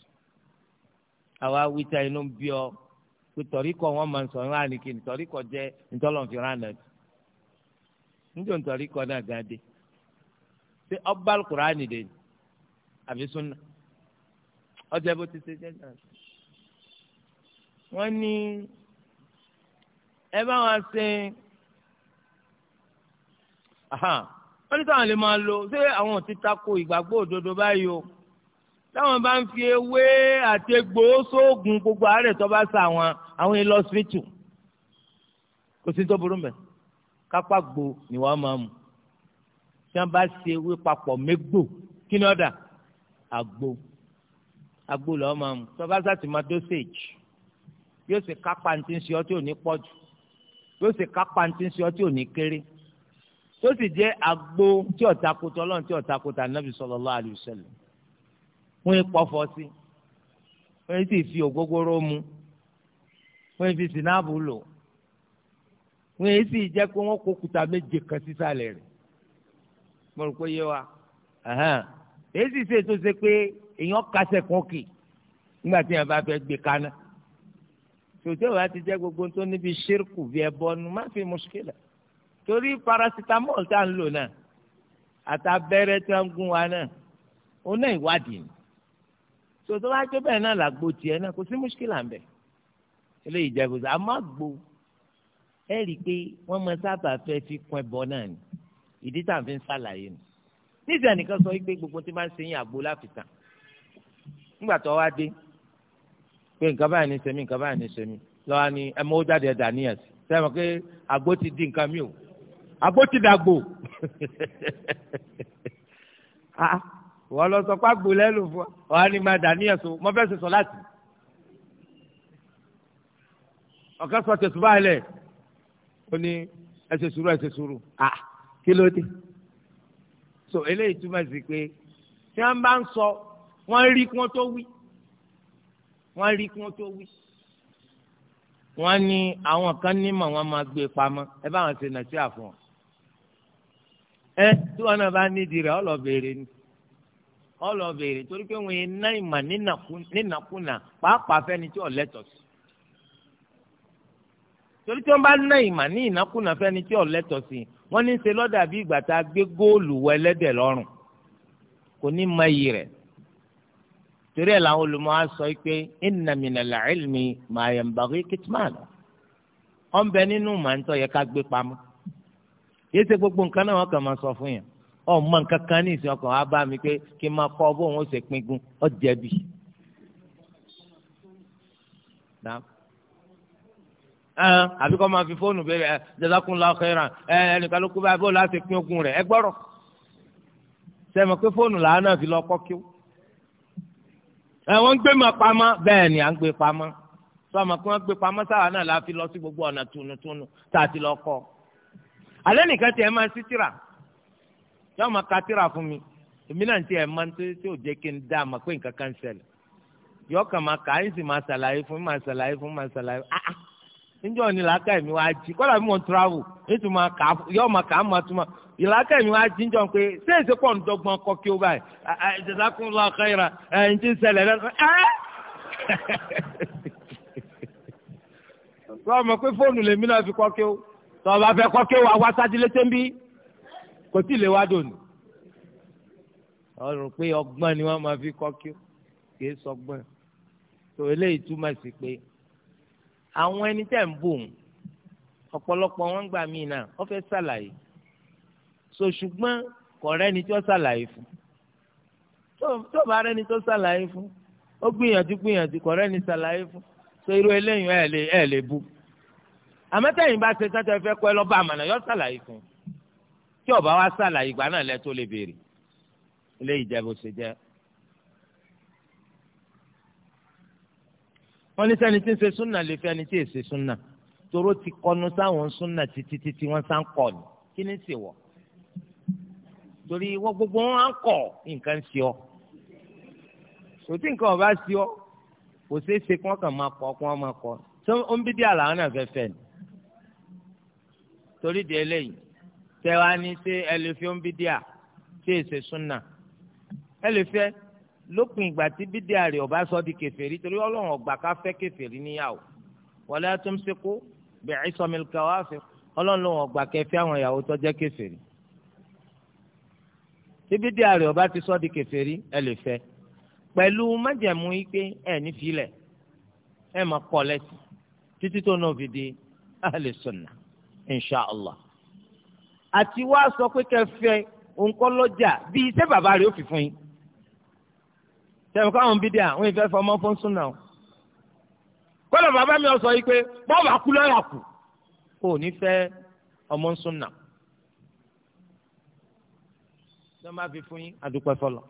àwa wíta inú bí ọ pé tọ̀ríkọ̀ wọn máa ń sọ ìran àníkè tọ̀ríkọ̀ jẹ́ ntọ́lọ́nfìran náà níjọ́ ntọ̀ríkọ̀ náà gan dé ṣé ọba alukurani dé àbí sunna ọjọ́ bó ti ṣe jẹ́ náà wọ́n ní ẹ bá wọn ṣe wọ́n ní káwọn lè máa lo ṣé àwọn ò ti tako ìgbàgbọ́ òdodo báyìí o táwọn bá ń fi ewé àti egbò sóògùn gbogbo àárẹ̀ tó bá sa àwọn àwọn ilé ọsibítù kò sí tó burú mẹ́ kápá gbo ni wọ́n máa mú tí wọ́n bá ṣe ewé papọ̀ mégbò kí ni ọ̀dà àgbo àgbo lọ́wọ́ máa mú tó bá sàtì máa dosage yóò sì kápá ní ti ń ṣe ọtí ò ní pọ̀ yóò sì kápá ní ti ń ṣe ọtí ò ní kéré tó sì jẹ́ àgbo tí ó Ọlọ́run tí ó tako Ànábì sallallahu alaihi wọ́n èèpọ̀ fọ́ sí wọ́n èèpọ̀ fi ògógóró mu wọ́n èèpọ̀ sinabu lò wọ́n èèpọ̀ jẹ́ pé wọ́n kó kuta méje kan sísàlẹ̀ rẹ̀ mo rò pé yé wa èèpọ̀ ṣe tó ṣe pé èèyàn kásẹ̀ kan kì nígbà tí yẹn bá fẹ́ gbé kaná tòtí òwò àti jẹ́ gbogbo tó níbi ṣírkù bí ẹbọ nu má fi mùṣkílà torí paracetamol tá à ń lò náà àtàbẹ́rẹ́ tí wọ́n ń gún wa náà ó náà ìwádìí ni so tó bá ké bẹ́ẹ̀ náà làgbo tiẹ̀ náà kò sí mùṣkílà ń bẹ̀ eléyìí jẹ́ gbèsè àmọ́ àgbo ẹ rí i pé wọ́n máa sábà fẹ́ fi kún ẹbọ náà ni ìdí tá à ń fi ń ṣàlàyé ni níbi ànìkan sọ pé gbogbo tí máa ń sẹ́yìn àgbo láfìtàn nígbà tó wá dé pé nǹkan báyìí ní sẹ́mi nǹkan báyìí ní sẹ́mi lọ́wọ́ ni ẹ mọ́ ó jáde ẹ̀dà níyàn sí sẹ́mi pé àgbo ti di nǹkan mi ò àgbo ti dàgbò ah, wọ́n lọ sọ pàgbó lẹ́nu fún ọ wọ́n á ní máa dàníyàn so mo fẹ́ ṣe sọ láti. ọ̀kẹ́ sọ tẹ̀sùn báyìí lẹ̀ ó ní ẹ sùúrù ẹ sùúrù à kí ló dé. so eléyìí túmọ̀ sí pé tí wọ́n bá ń sọ wọ́n rí kí wọ́n tó wí wọ́n rí kí wọ́n tó wí. wọ́n ní àwọn kan nímọ̀ wọ́n máa gbé pamọ́ ẹ bá wọn ṣe nàìjíríà fún ọ. ẹ tí wọn náà bá nídìí rẹ ọ lọ béèrè ni wọn lọ béèrè torí pé wọn iná ìmọ̀ nínàkúnà pàápàá fẹ́ni tí ò lẹ́tọ̀ sí torí tí wọn bá ná ìmọ̀ ní ìnákúnà fẹ́ni tí ò lẹ́tọ̀ sí wọn ní í ṣe lọ́dà bí ìgbà tá a gbé góòlù wọ ẹlẹ́dẹ̀ lọ́rùn kò ní mọ iyì rẹ̀ torí ẹ̀ làwọn olùmọ̀ á sọ pé inna minal ilmi ma yanbaghi kitman ọ̀nbẹ nínú màá ń tọ́ yẹ ká gbé pamọ́ yé ṣe gbogbo nǹkan náà wọn kàn máa sọ fún yẹn ọmọ nǹkan kan ní ìsìn ọkàn wa bá mi pé kí n máa kọ́ bóun ó ṣe pingun ọ jẹ̀bi. àbí kọ́ máa fi fóònù bẹ̀rẹ̀ ẹ jazakumullahu khairan ẹ ẹnìkan ló kú báyìí bó láti pín ogun rẹ̀ ẹ gbọ́rọ̀ sẹ́mi pé fóònù làá náà fi lọ kọ́ kí ó. ẹ wọ́n ń gbé ma pamọ́ bẹ́ẹ̀ ni à ń gbé pamọ́ sọ́mọ kí wọ́n gbé pamọ́ sáwà náà la fi lọ sí gbogbo ọ̀nà túnútúnú tá a ti lọ kọ́. alẹ́ nìkan tiẹ̀ máa ń sítìrà yóò máa ka tíra fún mi èmi náà ti ẹ̀ máa ń tó tí ò jẹ́ kí n dá àmọ́ pé nǹkan kan ṣẹlẹ̀ yóò kàn máa kà á sì máa ṣàlàyé fún máa ṣàlàyé fún máa ṣàlàyé ah ah níjọ́ ni làákà ẹ̀mí wa jí kọ́lá mi wọ́n travel nítorí máa kà á yóò máa kà á máa túmọ̀ ìlàákà ẹ̀mí wa jí níjọ́ pé ṣé èsì pọ̀ ń dọ́gbọ́n kọ́ kí ó báyìí ah, ah, jazakumullahu khaira ẹ̀ ń ti ṣẹlẹ̀ lẹ́sọ̀ ẹ́ sọ ma pé fóònù lèmi náà fi kọ́ kí ó sọ ma fẹ́ kọ́ kí ó wá wá sájú létí kò tí ì lè wá dòní. ọrùn pé ọgbọ́n ni wọ́n máa fi kọ́ kí ó kì í sọgbọ́n tó eléyìí túmọ̀ sí pé àwọn ẹni tẹ̀ ń bò ń ọ̀pọ̀lọpọ̀ wọn gbà mí náà wọ́n fẹ́ ṣàlàyé so ṣùgbọ́n kọ̀ọ̀rẹ́ ni tí wọ́n ṣàlàyé fún tó bá rẹ́ni tó ṣàlàyé fún ó gbìyànjú gbìyànjú kọ̀ọ̀rẹ́ ni ṣàlàyé fún so irú eléyìí ẹ̀ lè ẹ̀ bu àmọ́tẹ́yìn bá ṣe sẹ́tẹ̀ fẹ́ kọ́ ẹ lọ́ba àmàlà yọ ṣàlàyé fún un tí ọba wa ṣàlàyé ìgbà náà lẹ tó lè béèrè eléyìí jẹ bó ṣe jẹ. wọ́n ní sẹ́ni tí ń ṣe súnà lè fẹ́ ẹni tí èsè súnà toró ti kọnu sáwọn súnà títí títí wọ́n sá ń kọ̀ ni kí ni sì wọ̀ torí wọ́n gbogbo wọn á ń kọ̀ nǹkan sí ọ sòtí nǹkan ọba sí ọ kò ṣeé ṣe kí wọ́n kàn máa kọ́ kí wọ́n máa kọ́ tó ń bí díà làwọn náà fẹ́ fẹ́ ni torí di eléyìí tẹ́wá ní ṣé ẹ lè fi ń bídíà ṣé èsè súnà ẹ lè fẹ́ lópin ìgbà tí bídíà rẹ̀ ọba sọ di kèfèrí torí ọlọ́run ọgbà ká fẹ́ kèfèrí níyàwó wọlé tó ń sekú bẹ̀rẹ̀ sọmílùkà wá fi ọlọ́run ọgbà kẹfẹ́ àwọn ìyàwó tó jẹ́ kèfèrí tí bídíà rẹ̀ ọba ti sọ di kèfèrí ẹ lè fẹ́ pẹ̀lú májẹ̀mú yìí pé ẹ ní filẹ̀ ẹ máa kọ́ lẹ́sìn títí tó náà fi di ahli sunna inshàlá àti wá sọ pé kẹfẹ́ nǹkan lọ́jà bíi iṣẹ́ bàbá rẹ̀ ó fi fún yín tẹ̀wọ́n káwọn bídẹ́ à wọ́n ìfẹ́ fọmọ́ fún súnà o kọ́lọ̀ bàbá mi sọ yìí pé bọ́ọ̀bù àkú lọ́yà kù kò ní fẹ́ ọmọ súnà tí wọ́n bá fi fún yín adúpẹ́ fọlọ́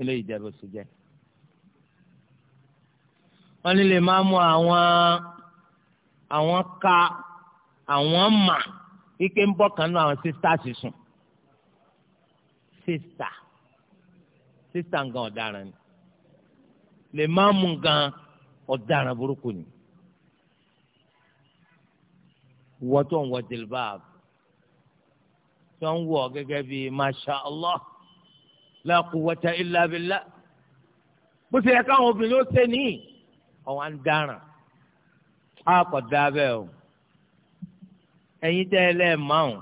eléyìí jẹ́ bó ṣe jẹ́ wọ́n ní lè máa mú àwọn àwọn ka àwọn mà ike ń bọ́ kan nú àwọn sisters sùn sista sista nǹkan ọ̀daràn ni lè má mú nǹkan ọ̀daràn burúkú ni wọ́n tó ń wọ jilbab tó ń wọ gẹ́gẹ́ bí masha allah la quwwata illa billah bó ti yẹ káwọn obìnrin ó ṣe nìyí ọ̀wọ́n á ń dáràn á kọ̀ dá o ẹ̀yin tẹ́ ẹ lẹ́ẹ̀mọ́ ọ̀hún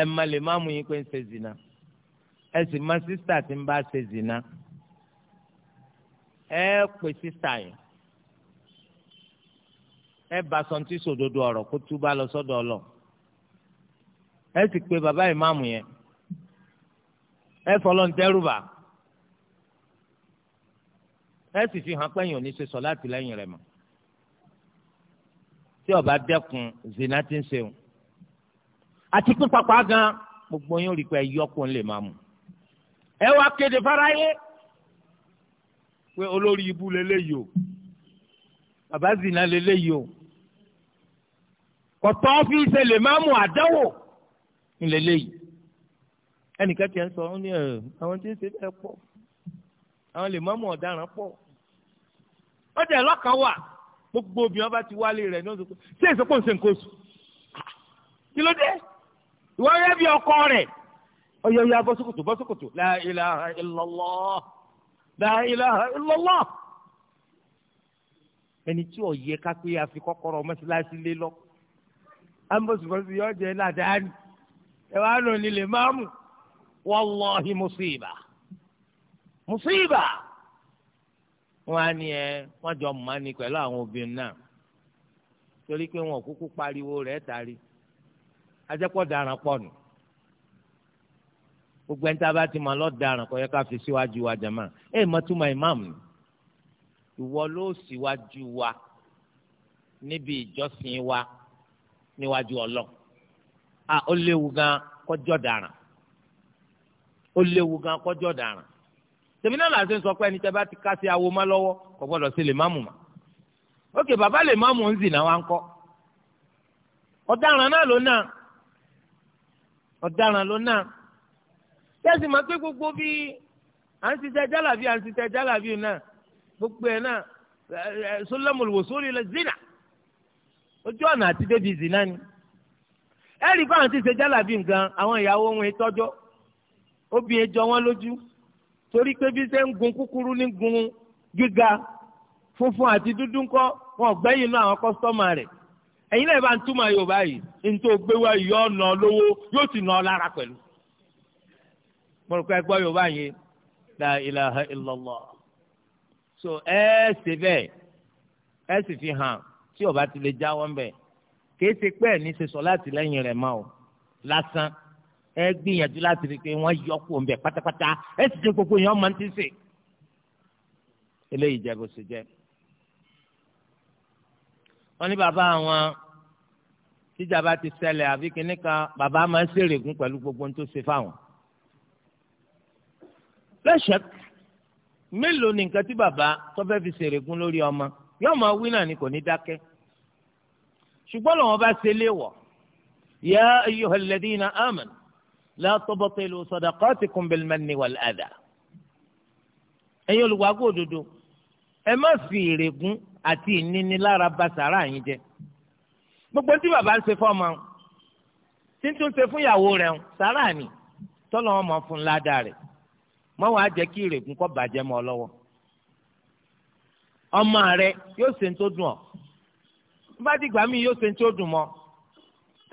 ẹ má lè má mú yín pé ń ṣe zina ẹ sì má sísítà tí ń bá ṣe zina ẹ pè sísítà yẹn ẹ bá sọ̀ǹtì sòdodo ọ̀rọ̀ kó túbà lọ sọ́dọ̀ ọlọ ẹ sì pé bàbá ìmáàmù yẹn ẹ fọlọ́ ń ẹ sì fi hàn pẹ́yìn òní ṣe sọ láti lẹ́yìn rẹ̀ mọ́ tí ó bá dẹ́kun zina ti ń ṣeun àti pípapá gan gbogbo yín rí pé yọkùn lè máa mú ẹ wá kéde fáráyé pé olórí ibú lélẹ́yìí o bàbá zina lélẹ́yìí o kọtọ ọfíìsì lè máa mú àdánwò ńlẹlẹyìí ẹnìkan tiẹ̀ ń sọ ọ ní ẹ àwọn tí ń ṣe bẹ́ẹ̀ pọ̀ àwọn lè máa mú ọ̀daràn pọ̀ ó dẹ̀ wà gbogbo obìnrin bá ti wálé rẹ̀ ní oṣù ṣé ìsopọ̀ ń ṣe nǹkan oṣù kí ló dé ìwọ yẹ bí ọkọ rẹ̀ ọyọyọ abọ́sókòtò bọ́sókòtò la ilaha illallah la ilaha illallah ẹni tí ò yẹ àfi kọ́kọ́rọ́ mọ́sálásí lé lọ ambosibosi yọ jẹ ládàáni ẹ wàá nù nílé máàmù wallahi musiba musiba wọ́n á ní ẹ wọ́n jọ mọ̀ ní pẹ̀lú àwọn obìnrin náà torí pé wọn ò kúkú pariwo rẹ̀ tari ajẹ́pọ̀ daràn pọ̀ nù gbogbo ẹni tá a bá ti mọ̀ lọ́daràn kọ́ yẹ ká fi síwájú wa jàmá ẹ̀ mọ́túmọ̀ ìmáàmù ìwọ ló síwájú wa níbi ìjọsìn wa níwájú ọlọ́ a ó léwu gan kọjọ́ daràn ó léwu gan kọjọ́ daràn tèmi náà làásì ń sọ pé ẹni tẹ bá ti ká sí awo má lọ́wọ́ kò gbọ́dọ̀ sí lè má mú ma ókè bàbá lè má mú ń zì náà wá ń kọ́ ọ̀daràn náà ló náà ọ̀daràn ló náà tẹ́sí ma pé gbogbo bí à ń ṣiṣẹ́ jálàbí à ń ṣiṣẹ́ jálàbí náà gbogbo ẹ̀ náà sọlọ́mọlùwòsórí lọ zina ojú ọ̀nà àti débi zina ni ẹ̀rí báwọn ti ṣe jálàbí nǹkan àwọn ìyàwó wọn ìtọ́jọ́ obìnrin jọ wọn lójú torí pé bí ṣe ń gun kúkúrú ní gun gíga funfun àti dúdú ńkọ́ wọn gbẹ́yìn inú àwọn kọ́sítọ́mà rẹ̀ ẹ̀yin náà bá ń túmọ̀ yorùbá yìí ní tó gbé wá yọ ọ̀nà lówó yóò sì nà ọ́ lára pẹ̀lú. mo rò pé ẹ gbọ́ yorùbá la ilaha illallah so ẹ ṣe bẹ́ẹ̀ ẹ sì fi hàn tí ọba ti lè jáwọ́ ń bẹ̀ kìí ṣe pé ẹ̀ ní ṣe sọ láti lẹ́yìn rẹ̀ mọ́ o lásán ẹ gbìyànjú láti rí i pé wọ́n yọ kó ń bẹ̀ pátápátá ẹ sì jẹ́ gbogbo yẹn ọmọ ti sè. eléyìí jẹ́ bó ṣe jẹ́. wọ́n ní bàbá àwọn tíjà bá ti ṣẹlẹ̀ àbí kínní kan bàbá máa ń ṣèrègùn pẹ̀lú gbogbo tó ṣe fáwọn. lẹ́sẹ̀ mélòó ni nǹkan tí bàbá tó fẹ́ fi ṣèrègùn lórí ọmọ yóò máa wí náà ni kò ní dákẹ́ ṣùgbọ́n lọ́wọ́ bá ṣe léwọ̀ yá ayyuhalladhina amanu la tubtilu sadaqatikum bil manni wal adha. ẹ̀yin olùwàgbọ́ òdodo ẹ má fi ìrègùn àti ìnínilára bà sàrà yín jẹ́ gbogbo tí bàbá ń ṣe fọ́ọ̀mù àwọn tí ń tún ṣe fún ìyàwó rẹ̀ ń sàrà ni tọ́lọ́ wọn mọ̀ fún ládàá rẹ̀ mọ́ wàá jẹ́ kí ìrègùn kọ́ bàjẹ́ mọ́ ọ lọ́wọ́ ọmọ rẹ yóò ṣe ń tó dùn ọ́ bá dìgbà míì yóò ṣe ń tó dùn mọ́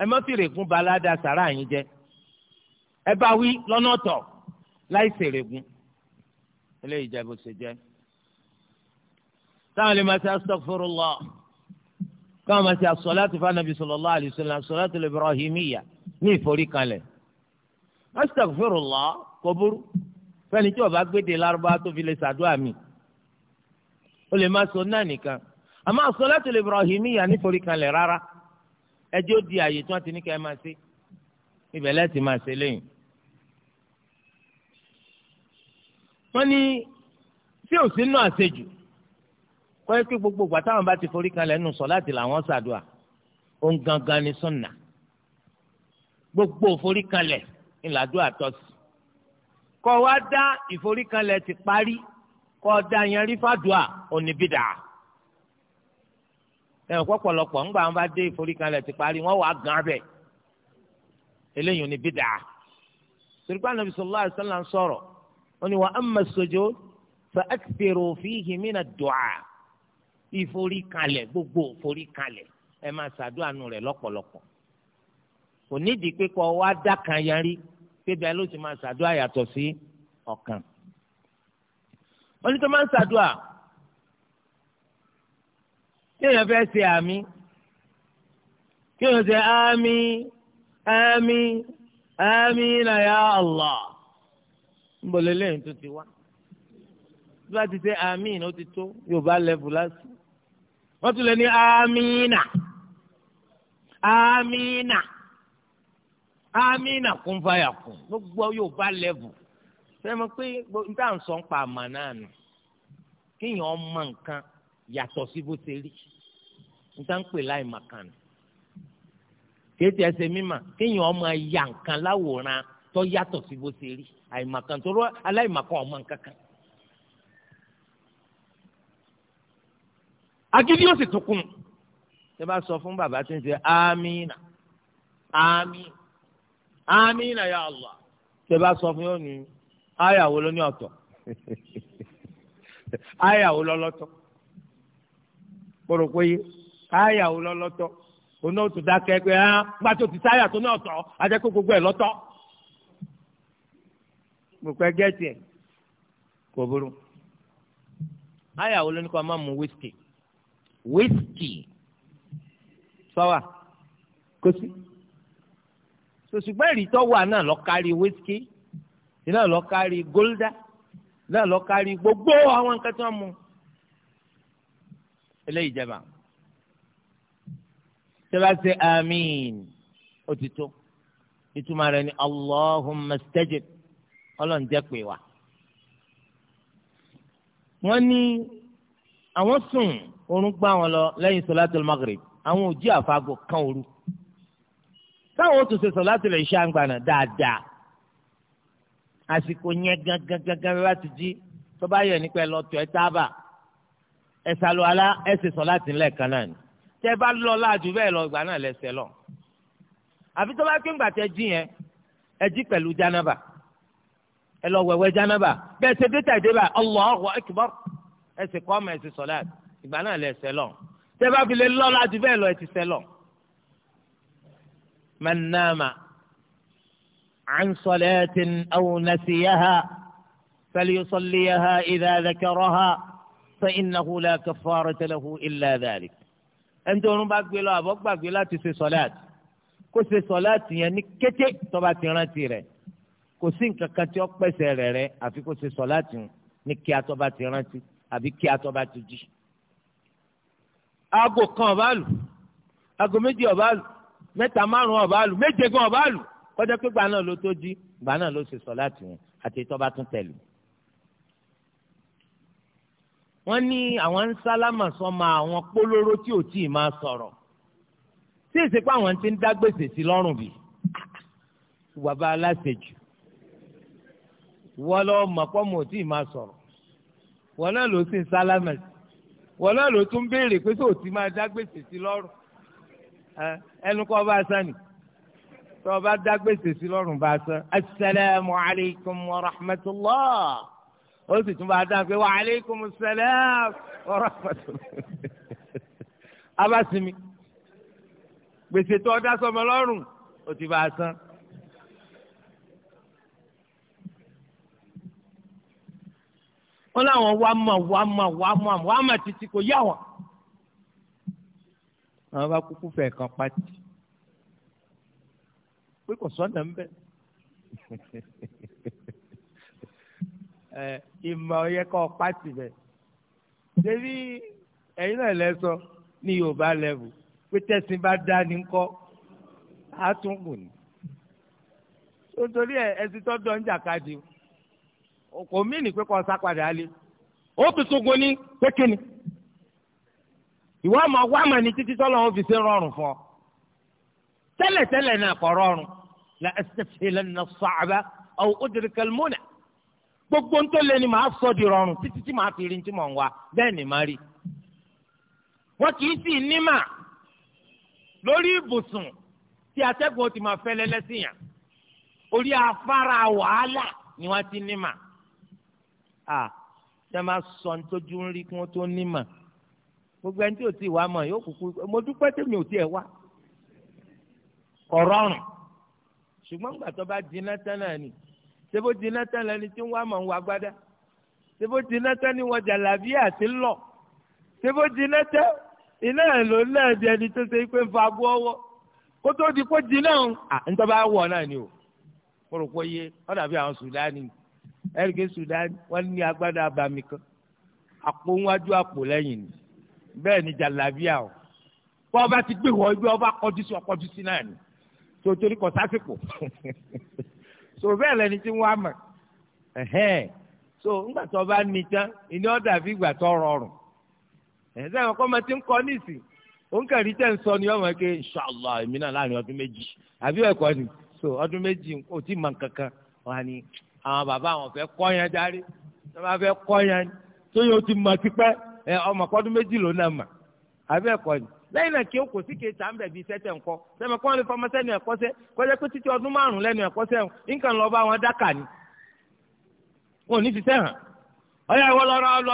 ẹ má fi ìrègùn bà ládàá sàrà yín jẹ́ ẹ bá wí lọ́nà ọ̀tọ̀ láì ṣèrègùn eléyìí jẹ́ bó ṣe jẹ́ táwọn lè máa ṣe astaghfirullah káwọn máa ṣe as-salatu fa nabi sallallahu alayhi wa sallam as-salatu al-ibrahimiyya ní ìforíkalẹ̀ astaghfirullah kò burú fẹ́ni tí ó bá gbéde lárúbá tó fi lè ṣàdúrà mi ó lè máa sọ náà nìkan àmọ́ as-salatu al-ibrahimiyya ní ìforíkalẹ̀ rárá ẹjọ́ di àyè tí wọ́n ti ní ká ẹ máa ṣe ibẹ̀ lẹ́tì máa ṣe lẹ́yìn. wọ́n ní tí ò sínú àṣejù kọ́ ẹ́ pé gbogbo ìgbà táwọn bá ti forí kan lẹ́nu sọ láti làwọn ṣàdúà òun gangan ni sùnnà gbogbo ìforíkanlẹ̀ ńláàdúrà tọ́sí kọ́ wa dá ìforíkanlẹ̀ ti parí kọ́ da yẹn rí fàdúà oníbìdà ẹ̀rọ pọ̀pọ̀lọpọ̀ ńgbà wọn bá dé ìforíkanlẹ̀ ti parí wọ́n wà gán bẹ́ẹ̀ eléyìí ni bídà tìrìkú anabi sallallahu alaihi wasallam sọ̀rọ̀ ó ní wa amma sujud fa akthiru fihi mina du'a ìforí kalẹ̀ gbogbo ìforí kalẹ̀ ẹ máa ṣàdúrà nù rẹ̀ lọ́pọ̀lọpọ̀ kò nídìí pé kọ́ wá dákan yarí pébi ẹ ló ti máa ṣàdúrà yàtọ̀ sí ọ̀kan wọ́n tó máa ń ṣàdúrà kí èèyàn fẹ́ ṣe àmì kí èèyàn ṣe àmì. Amin, àmín na ya Allah ń bọ̀ lélẹ́yìn tó ti wá bí wọ́n ti ṣe àmín ó ti tó yorùbá lẹ́bù lásì wọ́n tún lè ní àmínà àmínà àmínà kún fàyà kún gbogbo yorùbá lẹ́bù sẹ́mi pé níta ń sọ ń pa àmà náà nù kéèyàn ọmọ nǹkan yàtọ̀ sí bó ṣe rí níta ń pè láì màkànnì kéètì ẹsẹ mímà kéèyàn ọmọ ya nǹkan láwòrán tó yàtọ̀ sí bó ṣe rí ọmọ nǹkan kan. sọ fún bàbá tí ń ṣe amina amina ya allah ṣé bá sọ fún yóò ní ayàwó òun otu dákẹ́ pé á ah, gba tó ti táyà tó náà gbogbo ẹ̀ lọ́tọ́. mo pẹ́ gẹ́ẹ̀tì ẹ̀ kò burú. ayàwó a máa mu wíṣkì wíṣkì sọ́wà kò sí. sòṣùgbọ́n ìrìtọ́ wà náà lọ kárí wíṣkì náà lọ kárí gólúdà náà lọ gbogbo àwọn nǹkan mu. eléyìí jẹba. tẹ́lá ṣe àmín ó ti tó ìtumọ̀ rẹ̀ ni allahumma stajib ọlọ́run jẹ́ pé wá. wọ́n ní àwọn sùn oorun gbá wọn lọ lẹ́yìn sọlátul maghrib àwọn ò jí àfagbọ̀ kan òru táwọn tó ṣe sọlátul ìṣá ń gbà náà dáadáa àsìkò yẹn gangan bá ti jí tó bá yẹ nípa ẹ lọ tọ́ ẹ tábà ẹ sàlùwàlá ẹ sì sọlátul lẹ́ẹ̀kan náà ni tẹ bá lọ láàjù bẹ́ẹ̀ lọ ìgbà náà lẹ́sẹ̀ lọ àfi tó bá ké ńgbà tẹ jí yẹn ẹ jí pẹ̀lú jánábà ẹ lọ wẹ̀wẹ̀ jánábà bẹ́ẹ̀ ṣe dé tàdé bá Allahu akbar ẹ sì kọ́ ọmọ ẹ sì sọ̀lá ìgbà náà lẹ́sẹ̀ lọ tẹ bá fi lè lọ láàjù bẹ́ẹ̀ lọ ẹ ti sẹ́ lọ. man nama an salatin aw ẹni tó ń bá gbé lọ àbọ̀ gbàgbé láti ṣe sọláàtì kó ṣe sọláàtì yẹn ní kété tó bá ti rántí rẹ̀ kò sí nǹkan kan tí ó pẹ̀sẹ̀ rẹ̀ rẹ̀ àfi kó ṣe sọláàtì ní kí atọ́ bá ti rántí àbí kí atọ́ bá ti jí. aago kan ọ̀bá lù aago méjì ọ̀bá lù mẹ́ta márùn-ún lù méje gan ọ̀bá lù kọjá pé gbà náà ló tó jí gbà náà ló ṣe sọláàtì yẹn àti tó bá tún tẹ̀lé wọ́n ní àwọn ń sálámà sọ́mọ àwọn pólóró tí ò tíì máa sọ̀rọ̀ tí èsì pé àwọn ti ń dá gbèsè sí lọ́rùn bì bàbá aláṣejù wọ́n lọ́ọ́ mọ̀ pọ́ mọ̀ ò tíì máa sọ̀rọ̀ wọ́n náà ló sì ń sálámà sí wọ́n náà ló tún béèrè pé sóò tí máa dá gbèsè sí lọ́rùn ẹnu kọ́ bá a sani tó o bá dá gbèsè sí lọ́rùn bá a sọ asalaamualeykum wa rahmatulah ó sì tún bá dáhùn pé wa alaikum salam wa rahmatullahi abásimi gbèsè tó ọdá sọmọ lọ́rùn ó ti bá a san. wọ́n láwọn wá mọ̀ wá mọ̀ wá mọ̀ wá mọ̀ títí kò yá wọn. àwọn bá kúkú fẹ̀ kan pati pé kò sọ́nà ń bẹ̀. ìmọ̀ ọ̀yẹ́ kọ́ pàtì bẹ̀. Ṣébí ẹ̀yin náà lẹ sọ ní Yorùbá lẹ́wù pé tẹ̀sìn bá dá ní kọ́ á tún kù ní. Nítorí ẹ̀ ẹ̀sìn tó dán jàkadì kò mí ní pé kọ́ sá padà lé. Ó tuntun gun ní pékinni. Ìwọ ọmọ wa mà títí tọ́lọ́ wọn fi ṣe rọrùn fún ọ. Tẹ́lẹ̀tẹ́lẹ̀ náà kọ́ rọrùn. La ẹsẹ̀ fi lẹ́nu sọ̀ọ́bà, àwọn ó dèrè kẹlmọ́nà gbogbo ń tó lé ni màá sọ di rọrùn títí tí màá fi rí tí mò ń wá bẹ́ẹ̀ ni màá rí. wọ́n kì í sì nímà lórí ibùsùn tí atẹ́gùn ti máa fẹ́ lẹ́lẹ́sìyàn orí afárá wàhálà ni wọ́n ti nímà. à ṣe máa sọ nítorí ń rí kí wọ́n tó nímà gbogbo ẹni tí ò tí ì wá mọ̀ yóò kúkú mo dúpẹ́ tèmi ò tí ì wá kọ̀rọ̀rùn ṣùgbọ́n gbàtọ́ bá di náà tán náà ni sebo jiná tán lẹni tí ń wá mọ̀ ń sebo jiná tán ni wọ́n jàlábí àti lọ sebo jiná tán iná èlò náà di ẹni tó ṣe pé ń fa abú ọwọ́ kó tó di kó jiná ń ntọ́ bá wọ̀ náà ni o mo rò pé yé wọ́n dàbí àwọn sudani ẹ̀ríkẹ́ sudani wọ́n ní agbádá abami kan àpò ńwájú àpò lẹ́yìn ni bẹ́ẹ̀ ni jàlábí àwọn bọ́ ọba ti gbé wọ ibi ọba kọjú sí ọkọjú sí náà ni tòótórí kọ sásìkò so bẹ́ẹ̀ lẹni tí wọ́n á so ńgbà tó bá ní tán ìní ọ̀dà fi gbà tó rọrùn ẹ̀sẹ̀ àwọn kọ́mọ tí ń kọ́ níìsì òǹkàrí tẹ̀ ń sọ ni ọmọ eke inshallah èmi náà láàrin ọdún méjì àbí ni so ọdún méjì ò tí ma kankan wà ní àwọn bàbá àwọn fẹ́ kọ́ yẹn darí wọ́n bá fẹ́ kọ́ yẹn ti mọ̀ tipẹ́ ọmọ méjì lẹ́yìn náà kí o kò sí kejì à ń bẹ̀bí iṣẹ́ tẹ̀ ń kọ́ sẹ́mi kọ́ ní fọmọsẹ́ ní ẹ̀kọ́ kọjá pé títí ọdún márùn-ún lẹ́nu nǹkan lọ bá wọn dákà ni wọn ò ní fi sẹ́hàn ọ̀yà ìwọ lọ lọ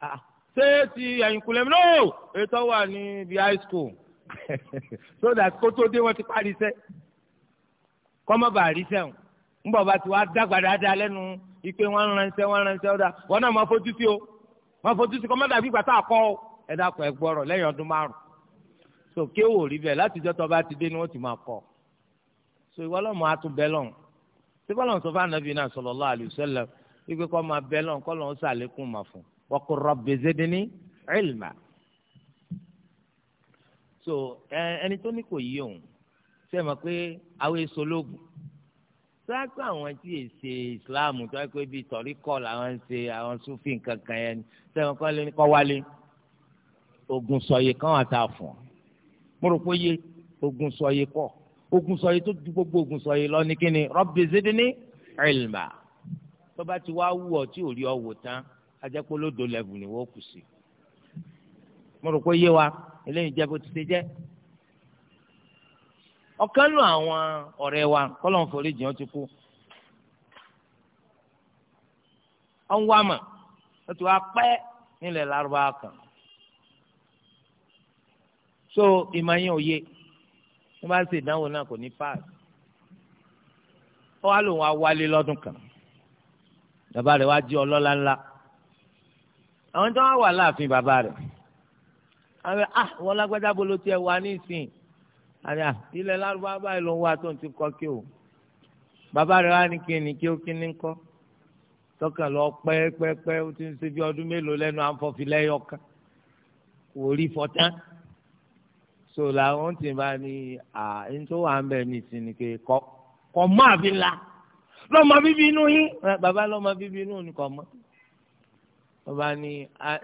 ah, ti ẹ̀yìn kulẹ̀ mi ètò wà ní high school so that kó tó dé wọn ti parí iṣẹ́ kọ́mọ́ bá rí bá ti wá dàgbà dáadáa lẹ́nu ipe wọn ránṣẹ́ wọn ránṣẹ́ ọ̀dà wọn náà ẹ dákun ẹ gbọ́rọ̀ lẹ́yìn ọdún márùn so kéwò rí bẹ́ẹ̀ látijọ́ tó bá ti dé ni wọ́n ti máa kọ́ so ìwọ lọ́mọ atúbẹ́ lọ́hùn tí bọ́lọ̀n sọ fún anabi náà sallallahu alaihi wasallam wípé kọ́ máa bẹ́ lọ́hùn kọ́ lọ́hùn sàlékún mà fún wa qur rabbi zidni ilma so ẹni tó ní kò yí òun ṣe mọ̀ pé àwọn èso lóògùn sáàkó àwọn tí yè ṣe ìsìláàmù tó yẹ kó bíi tọ̀ríkọ̀ làwọn ń ṣe àwọn súfì nǹkan yẹn ni ṣe mọ̀ kọ́ wálé ogun sọyè kan wà tá a fún ọ mo rò pé yé ogun sọyè kọ ogun sọyè tó ju gbogbo ogun sọyè lọ ní kíni Rabbi zidni ilma tó bá ti wá wù ọ tí ò rí ọ wò tán ajẹ́pọ̀lódò lẹ́bù ni wọ́n kù sí mo rò pé yé wa eléyìí jẹ́ bó ti ṣe jẹ́ ọ̀kan nù àwọn ọ̀rẹ́ wa kọ́lọ̀ forí jìn ó ti kú ọ̀n wá mà ó ti wá pẹ́ nílẹ̀ lárúbáwá kan so ìmọ̀ yẹn ò yé wọ́n bá ṣe ìdánwò náà kò ní pass ó wá lòun wá wálé lọ́dún kan bàbá rẹ̀ wá jí ọlọ́lá ńlá àwọn tó wá wà láàfin bàbá rẹ̀ àwọn ah wọn lágbájá bolo tiẹ̀ wà ní ìsìn ah, ilẹ̀ lárúbá báyìí ló ń wá tó ń ti kọ́ kí o bàbá rẹ̀ wá ní kíni kí ó kíni ń kọ́ tọkàn lọ pẹ́ẹ́pẹ́ẹ́pẹ́ ó ti ń ṣe bí ọdún mélòó lẹ́nu àǹfọ̀fì lẹ́yọ̀ọ́ká kò rí fọ́tán so làwọn ti bá ní à ń tó wà ń bẹ̀ ní ìsinmi pé kọ́ kọ́ mọ́ àfi ńlá lọ́mọ bíbí inú yín bàbá lọ́mọ bíbí inú ni kọ́ mọ́ bàbá ní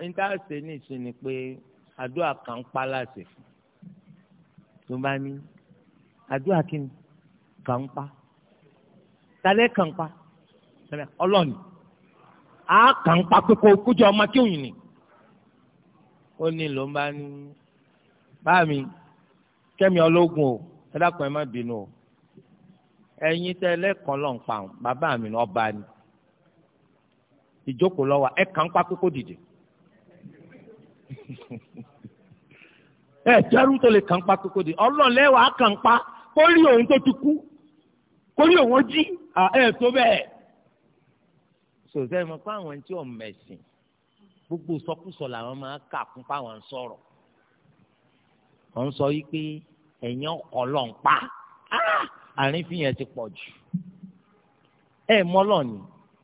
ń tá a ṣe ní ìsinmi pé àdúrà kan pálá ṣe fún tó bá ní àdúrà kí ni kàn ń pa talẹ́ kàn ń pa ọlọ́ọ̀ni á kàn ń pa pípọ̀ kójọ ọmọ kí òyìn ni ó ní ló ń bá ní bá kẹ́mi ọlọ́gùn o ẹ dákun ẹ má bínú o ẹ̀yin tẹ lẹ́kọ̀ọ́ lọ́n pa àwọn bàbá mi ní ọba ni ìjókòó lọ́wọ́ ẹ kàn ń pa kókó dìde ẹ jẹ́rú tó lè kàn ń pa kókó dìde ọlọ́run lẹ́wọ̀ á kàn ń pa kó rí òun tó ti kú kó òun jí ẹ tó bẹ́ẹ̀ sòtẹ́ mọ̀ pé àwọn tí ò mẹ̀sìn gbogbo sọkúsọ làwọn máa kà fún pàwọn sọ̀rọ̀ wọ́n sọ yìí pé ẹ̀yìn ọkọ̀ lọ́n pa ah! àárín fi ti pọ̀ jù ẹ̀ mọ́lọ̀ ni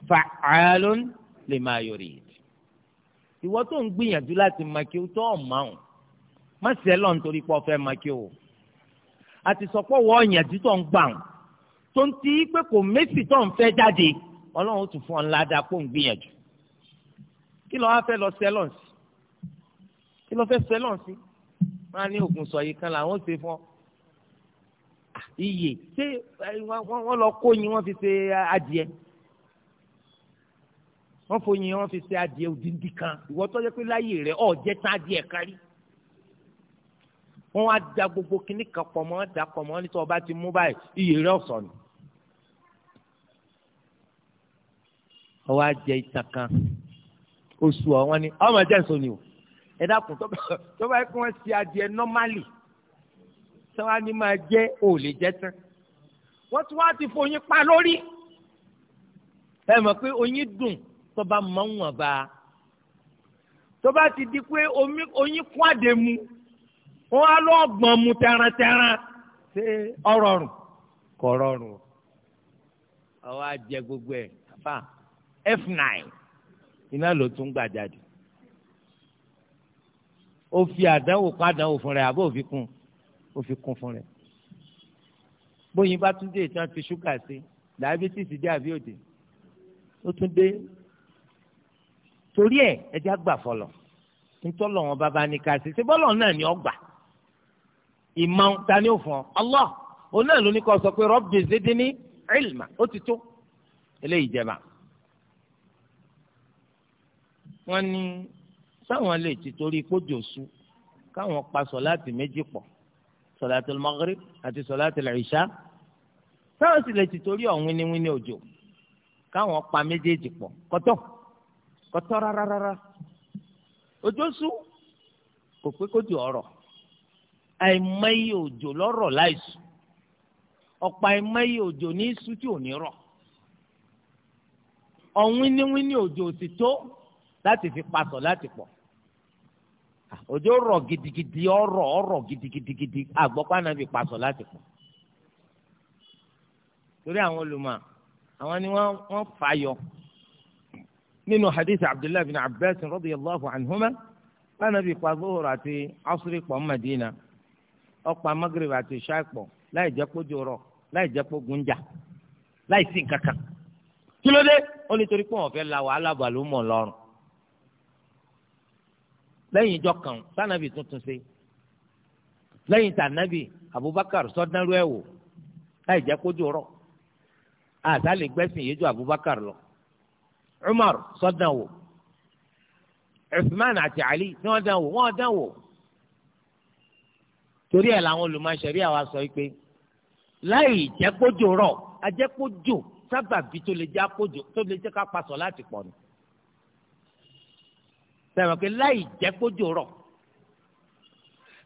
fa'alun lima yurid ìwọ tó ń gbìyànjú láti máa kí o tó ọ̀ máa hàn má sì ẹ́ lọ́n torí pé ọ fẹ́ máa kí o àti sọpọ̀ wọ ọ̀yànjú tó ń gbà hàn tó ń ti pé kò méjì tó ń fẹ́ jáde ọlọ́run ó tún fún ọ ńlá kó ń gbìyànjú kí ló wá fẹ́ lọ sẹ́lọ̀n sí kí ló fẹ́ sẹ́lọ̀n sí wọn á ní oògùn sọyìí kan làwọn ṣe fún ọ iye ṣé wọn lọ kóyin wọn fi ṣe adìẹ wọn fòyin wọn fi ṣe adìẹ òdìndín kan ìwọ tó yẹ pé láyé rẹ ọ jẹ tán adìẹ kárí wọn wá da gbogbo kínní kan pọ̀ mọ́ da pọ̀ mọ́ nítorí ọba ti mú báyìí iye rẹ ọsàn ni. ọwọ ajẹ ìtàn kan oṣù ọ wọn ni ọmọ jẹ nsọ ni o ẹ dákun tó bá yẹ kí wọ́n ṣe adìẹ nọ́málì tí wọ́n á ní máa jẹ́ ò lè jẹ́ tán wọ́n tún wá ti foyín pa lórí ẹ mọ̀ pé oyin dùn tó bá mọ̀ ń wọ̀n bá a bá ti di pé oyin kún àdé mu wọ́n á lọ́ gbọ̀n mu tẹ̀rántẹ̀rán ṣé ọ̀rọ̀rùn kọ̀ rọrùn ọ̀wọ́ á jẹ gbogbo ẹ̀ f nine iná ló tún gbà jáde ó fi àdánwò kún àdánwò fún rẹ àbó òfi kún ó fi kún fún rẹ bóyin bá tún dé ìtàn fi ṣúgà sí dàbítìsì dé àbí òde ó tún dé torí ẹ ẹjẹ àgbà fọlọ ntọ́lọ̀ wọn bàbá ní ká sí sebọ́lọ̀ náà ni ọgbà ìmọ̀ ta ni ó fún ọ Allah òun náà ló ní kó sọ pé Rabbi zidni ilma ó ti tó eléyìí jẹba wọn ní sáwọn lè ti torí kójò su káwọn pa sọláàtì méjì pọ̀ sọláàtì maghrib àti sọláàtì ìṣá sáwọn sì lè ti torí ọ̀wínníwínní òjò káwọn pa méjèèjì pọ̀ kọ́tọ́ kọ́tọ́ rárára òjò su kò pé kójò ọ̀rọ̀ àìmọye òjò lọ́rọ̀ láìsù ọ̀pọ̀ àìmọye òjò ní sùn tí ò ní rọ̀ ọ̀wínníwínní òjò ti tó láti fi pasọ̀ láti pọ̀ òjò rọ̀ gidigidi ọ̀rọ̀ ọ̀rọ̀ gidigidigidi àgbọ̀pá nàbì pàṣọ láti pọ̀ torí àwọn olùmọ̀ àwọn ni wọ́n wọ́n fàyọ nínú hadith abdullahi bin abbas radiyallahu anhuma lánàbì pàṣọhùr àti asri pọ̀ madina ọ̀pá magreb àti ishaq pọ̀ láì jẹ́ kójú rọ̀ láì jẹ́ kógun jà láì sí nǹkan kan kí ló dé ó nítorí pé wọ́n fẹ́ la wàhálà bàlúmọ̀ lọ́rùn lẹ́yìn ìjọ kan sanabi tuntun ṣe lẹ́yìn tànàbì abubakar sọdánrú ẹ̀ wò láì jẹ́ kójú rọ̀ àtàlẹ́ gbẹ́sìn yéjú abubakar lọ umar sọdán wò usman àti ali ni wọ́n dán wò wọ́n dán wò torí ẹ̀ làwọn olùmọ̀ṣẹ̀rí àwa sọ pé láì jẹ́ kójú rọ̀ ajẹ́kójú sábàbí tó lè jẹ́ kójú tó lè jẹ́ ká pasọ̀ láti pọ̀ ni sẹ́wọ̀n pé láì jẹ́ kójò rọ̀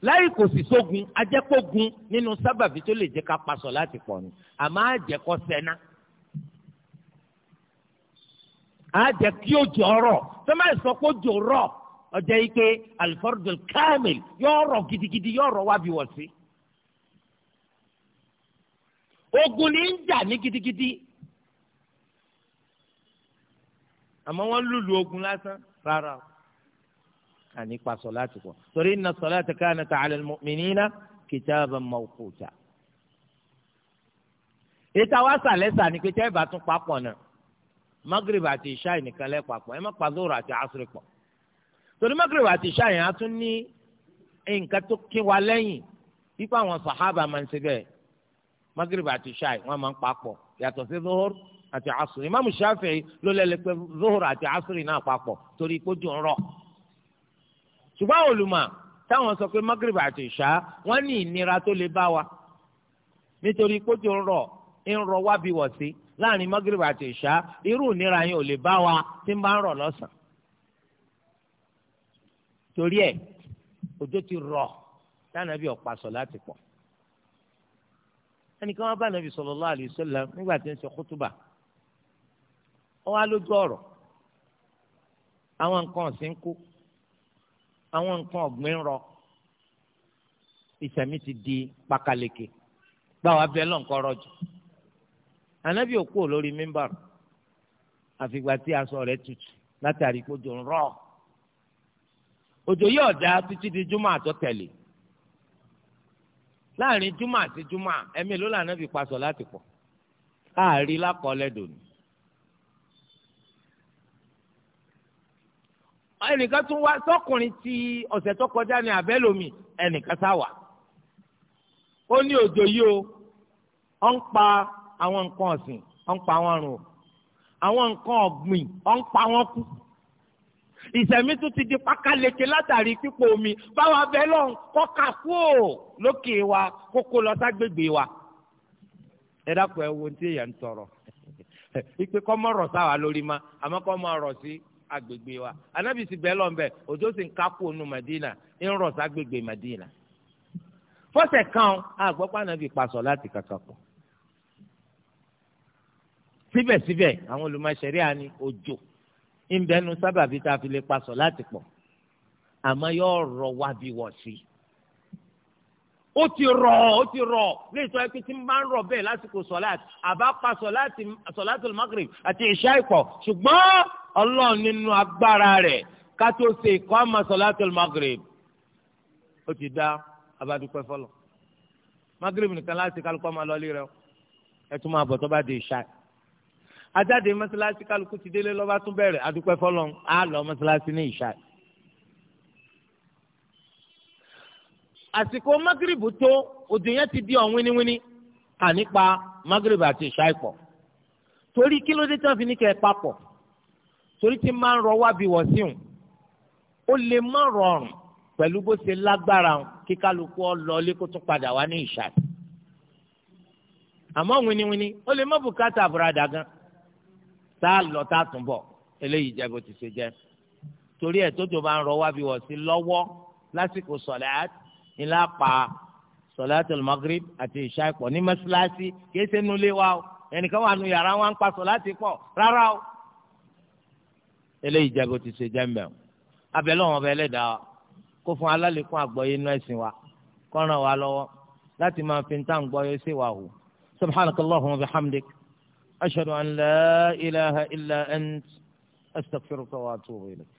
láì kò sì sógun ajẹ́kógun nínú sábàbí tó lè jẹ́ ká paṣọ láti pọ̀ ni àmọ́ àjẹkọ́ sẹ́ná àjẹ kí òjò rọ̀ sẹ́mà sọ pé òjò rọ̀ ọjọ́ yìí pé alifọ́rọ̀dùn kámẹ́l yóò rọ̀ gidigidi yóò rọ̀ wá bí wọ̀ sí. ogun ni ń jà ní gidigidi àmọ́ wọ́n lùlù ogun lásán rárá o ànípa sọláàtì pọ̀ torí inna salata kanat ala al-mu'minina kitaban mawquta. ìta wá sàlẹ́sà ni pé tẹ́ ìbá tún papọ̀ náà magrib àti ìṣáì nìkan lẹ́ papọ̀ ẹ má pa zoro àti asiri pọ̀ torí magrib àti ìṣáì yẹn á tún ní nǹkan tó kí wa lẹ́yìn pípa àwọn sàhábà máa ń ṣe bẹ́ẹ̀ àti ìṣáì wọ́n máa ń papọ̀ yàtọ̀ sí zohor àti asiri imaamu shafi'i ló lẹ́lẹ́ pé zohor àti asiri náà papọ̀ torí ìpójú ń rọ̀ ṣùgbọ́n àwọn olùmọ̀ táwọn sọ pé magrib àti ìṣá wọ́n ní ìnira tó lè bá wa nítorí kójú ń rọ̀ ń rọ̀ wá bí wọ̀ sí láàrin magrib àti ìṣá irú ìnira yẹn ò lè bá wa tí ń bá ń rọ̀ lọ́sàn. torí ẹ̀ òjò ti rọ̀ tánàbí ọ̀pá sọ láti pọ̀ ẹnìkan wá bá nàbì sallallahu alaihi wasallam nígbà tí ń ṣe kútùbà ó wá lójú ọ̀rọ̀ àwọn nǹkan ọ̀sìn kú àwọn nǹkan ọ̀gbìn rọ ìsẹ̀mí ti di pakaleke gbáwa bẹ́ẹ̀ lọ́nkọ́ rọ̀jò ànábì òkú lórí mímbàrò àfìgbà tí aṣọ rẹ̀ tutù látàrí kójò ń rọ̀ òjò yóò dá títí di júmọ̀ àtọ́tẹ̀lé láàrin júmọ̀ àti júmọ̀ ẹ̀mí ló lànà fi paṣọ láti pọ̀ káàrí lákọọ́lẹ̀ dòní ẹnìkan tún wá sọkùnrin tí ọ̀sẹ̀ tó kọjá ní abẹ́lómi ẹnìkan sá wà. ó ní òjò yìí o ó ń pa àwọn nǹkan ọ̀sìn ó ń pa wọn rùn àwọn nǹkan ọ̀gbìn ó ń pa wọn kú. ìṣẹ̀mí tún ti di pákáleke látàrí pípò omi báwa bẹ́ẹ̀ lọ́n kọ́ka kú ò lókè wa kókó lọ ságbègbè wa. ẹ dákun ẹ wo ohun tí èèyàn ń tọrọ ipe kọ́ mọ̀ rọ̀ sáwà lórí ma àmọ́ kọ́ mọ̀ rọ̀ sí. Si agbègbè wa anabi sì bẹ́ẹ̀ lọ́nbẹ̀ òjò sì ń kákó nu madina ń rọ̀ ságbègbè madina fọ́sẹ̀ kan àgbọ̀pọ̀ anabi pasọ̀ láti kàkà pọ̀ síbẹ̀síbẹ̀ àwọn olùmọ̀ṣẹ̀rí àní òjò ń bẹnu sábàbí tá a fi lè pasọ̀ láti pọ̀ àmọ́ yóò rọ̀ wá wọ̀ sí i ó ti rọ̀ ó ti rọ̀ léètò ẹ pé tí n bá ń rọ̀ bẹ́ẹ̀ lásìkò sọ̀láàt àbá pa sọ̀láàtì sọ̀láàtì magrib àti ìṣá ìkọ̀ ṣùgbọ́n ọlọ́run nínú agbára rẹ̀ ká tó ṣe ìkọ́ àmọ́ sọ̀láàtì magrib ó ti dá abádúpẹ́ fọlọ́ magrib nìkan láti kálukọ́ máa lọ lílẹ̀ ẹ tún máa bọ̀ tó bá di ìṣá ajáde mọ́sálásí kálukú ti délé lọ́ba àsìkò magrebu tó òjò yẹn ti di ọ̀hún wíníwíní à nípa magrebu àti ìṣá ìpọ̀ torí kí ló dé tí wọ́n fi ní kẹ́ ẹ papọ̀ torí tí máa ń rọ wábi wọ̀ sí òun ó lè má rọrùn pẹ̀lú bó ṣe lágbára kí kálukú ọ lọ kó tún padà wá ní ìṣá àmọ́ wíníwíní ó lè má bùkátà àbúradà gan tá a lọ tá a tún bọ̀ eléyìí jẹ́ bó ti ṣe jẹ́ torí ẹ̀ tó tó bá ń rọ wábi wọ̀ sí lọ́wọ́ lásìkò sọ̀lẹ́ àti ńlá pa sọláàtì magrib àti ìṣá ìpọ̀ ní mọ́ṣáláṣí kìí ṣe nulẹ̀ wa o ẹnìkan wà nù yàrá wọn ń pa sọláàtì pọ̀ rárá o. eléyìí jago ti ṣe jẹ́mbẹ̀ o abẹ́lẹ́ wọn bẹ́ẹ̀ lẹ́dàá wa kó fún alálẹ́kùn àgbọ̀yé inú ẹ̀sìn wa kó ràn wá lọ́wọ́ láti máa fi ń gbọ́yé sí wa o subhanakallahumma wa bihamdik ashhadu an la ilaha illa ant astaghfiruka wa atubu ilayk.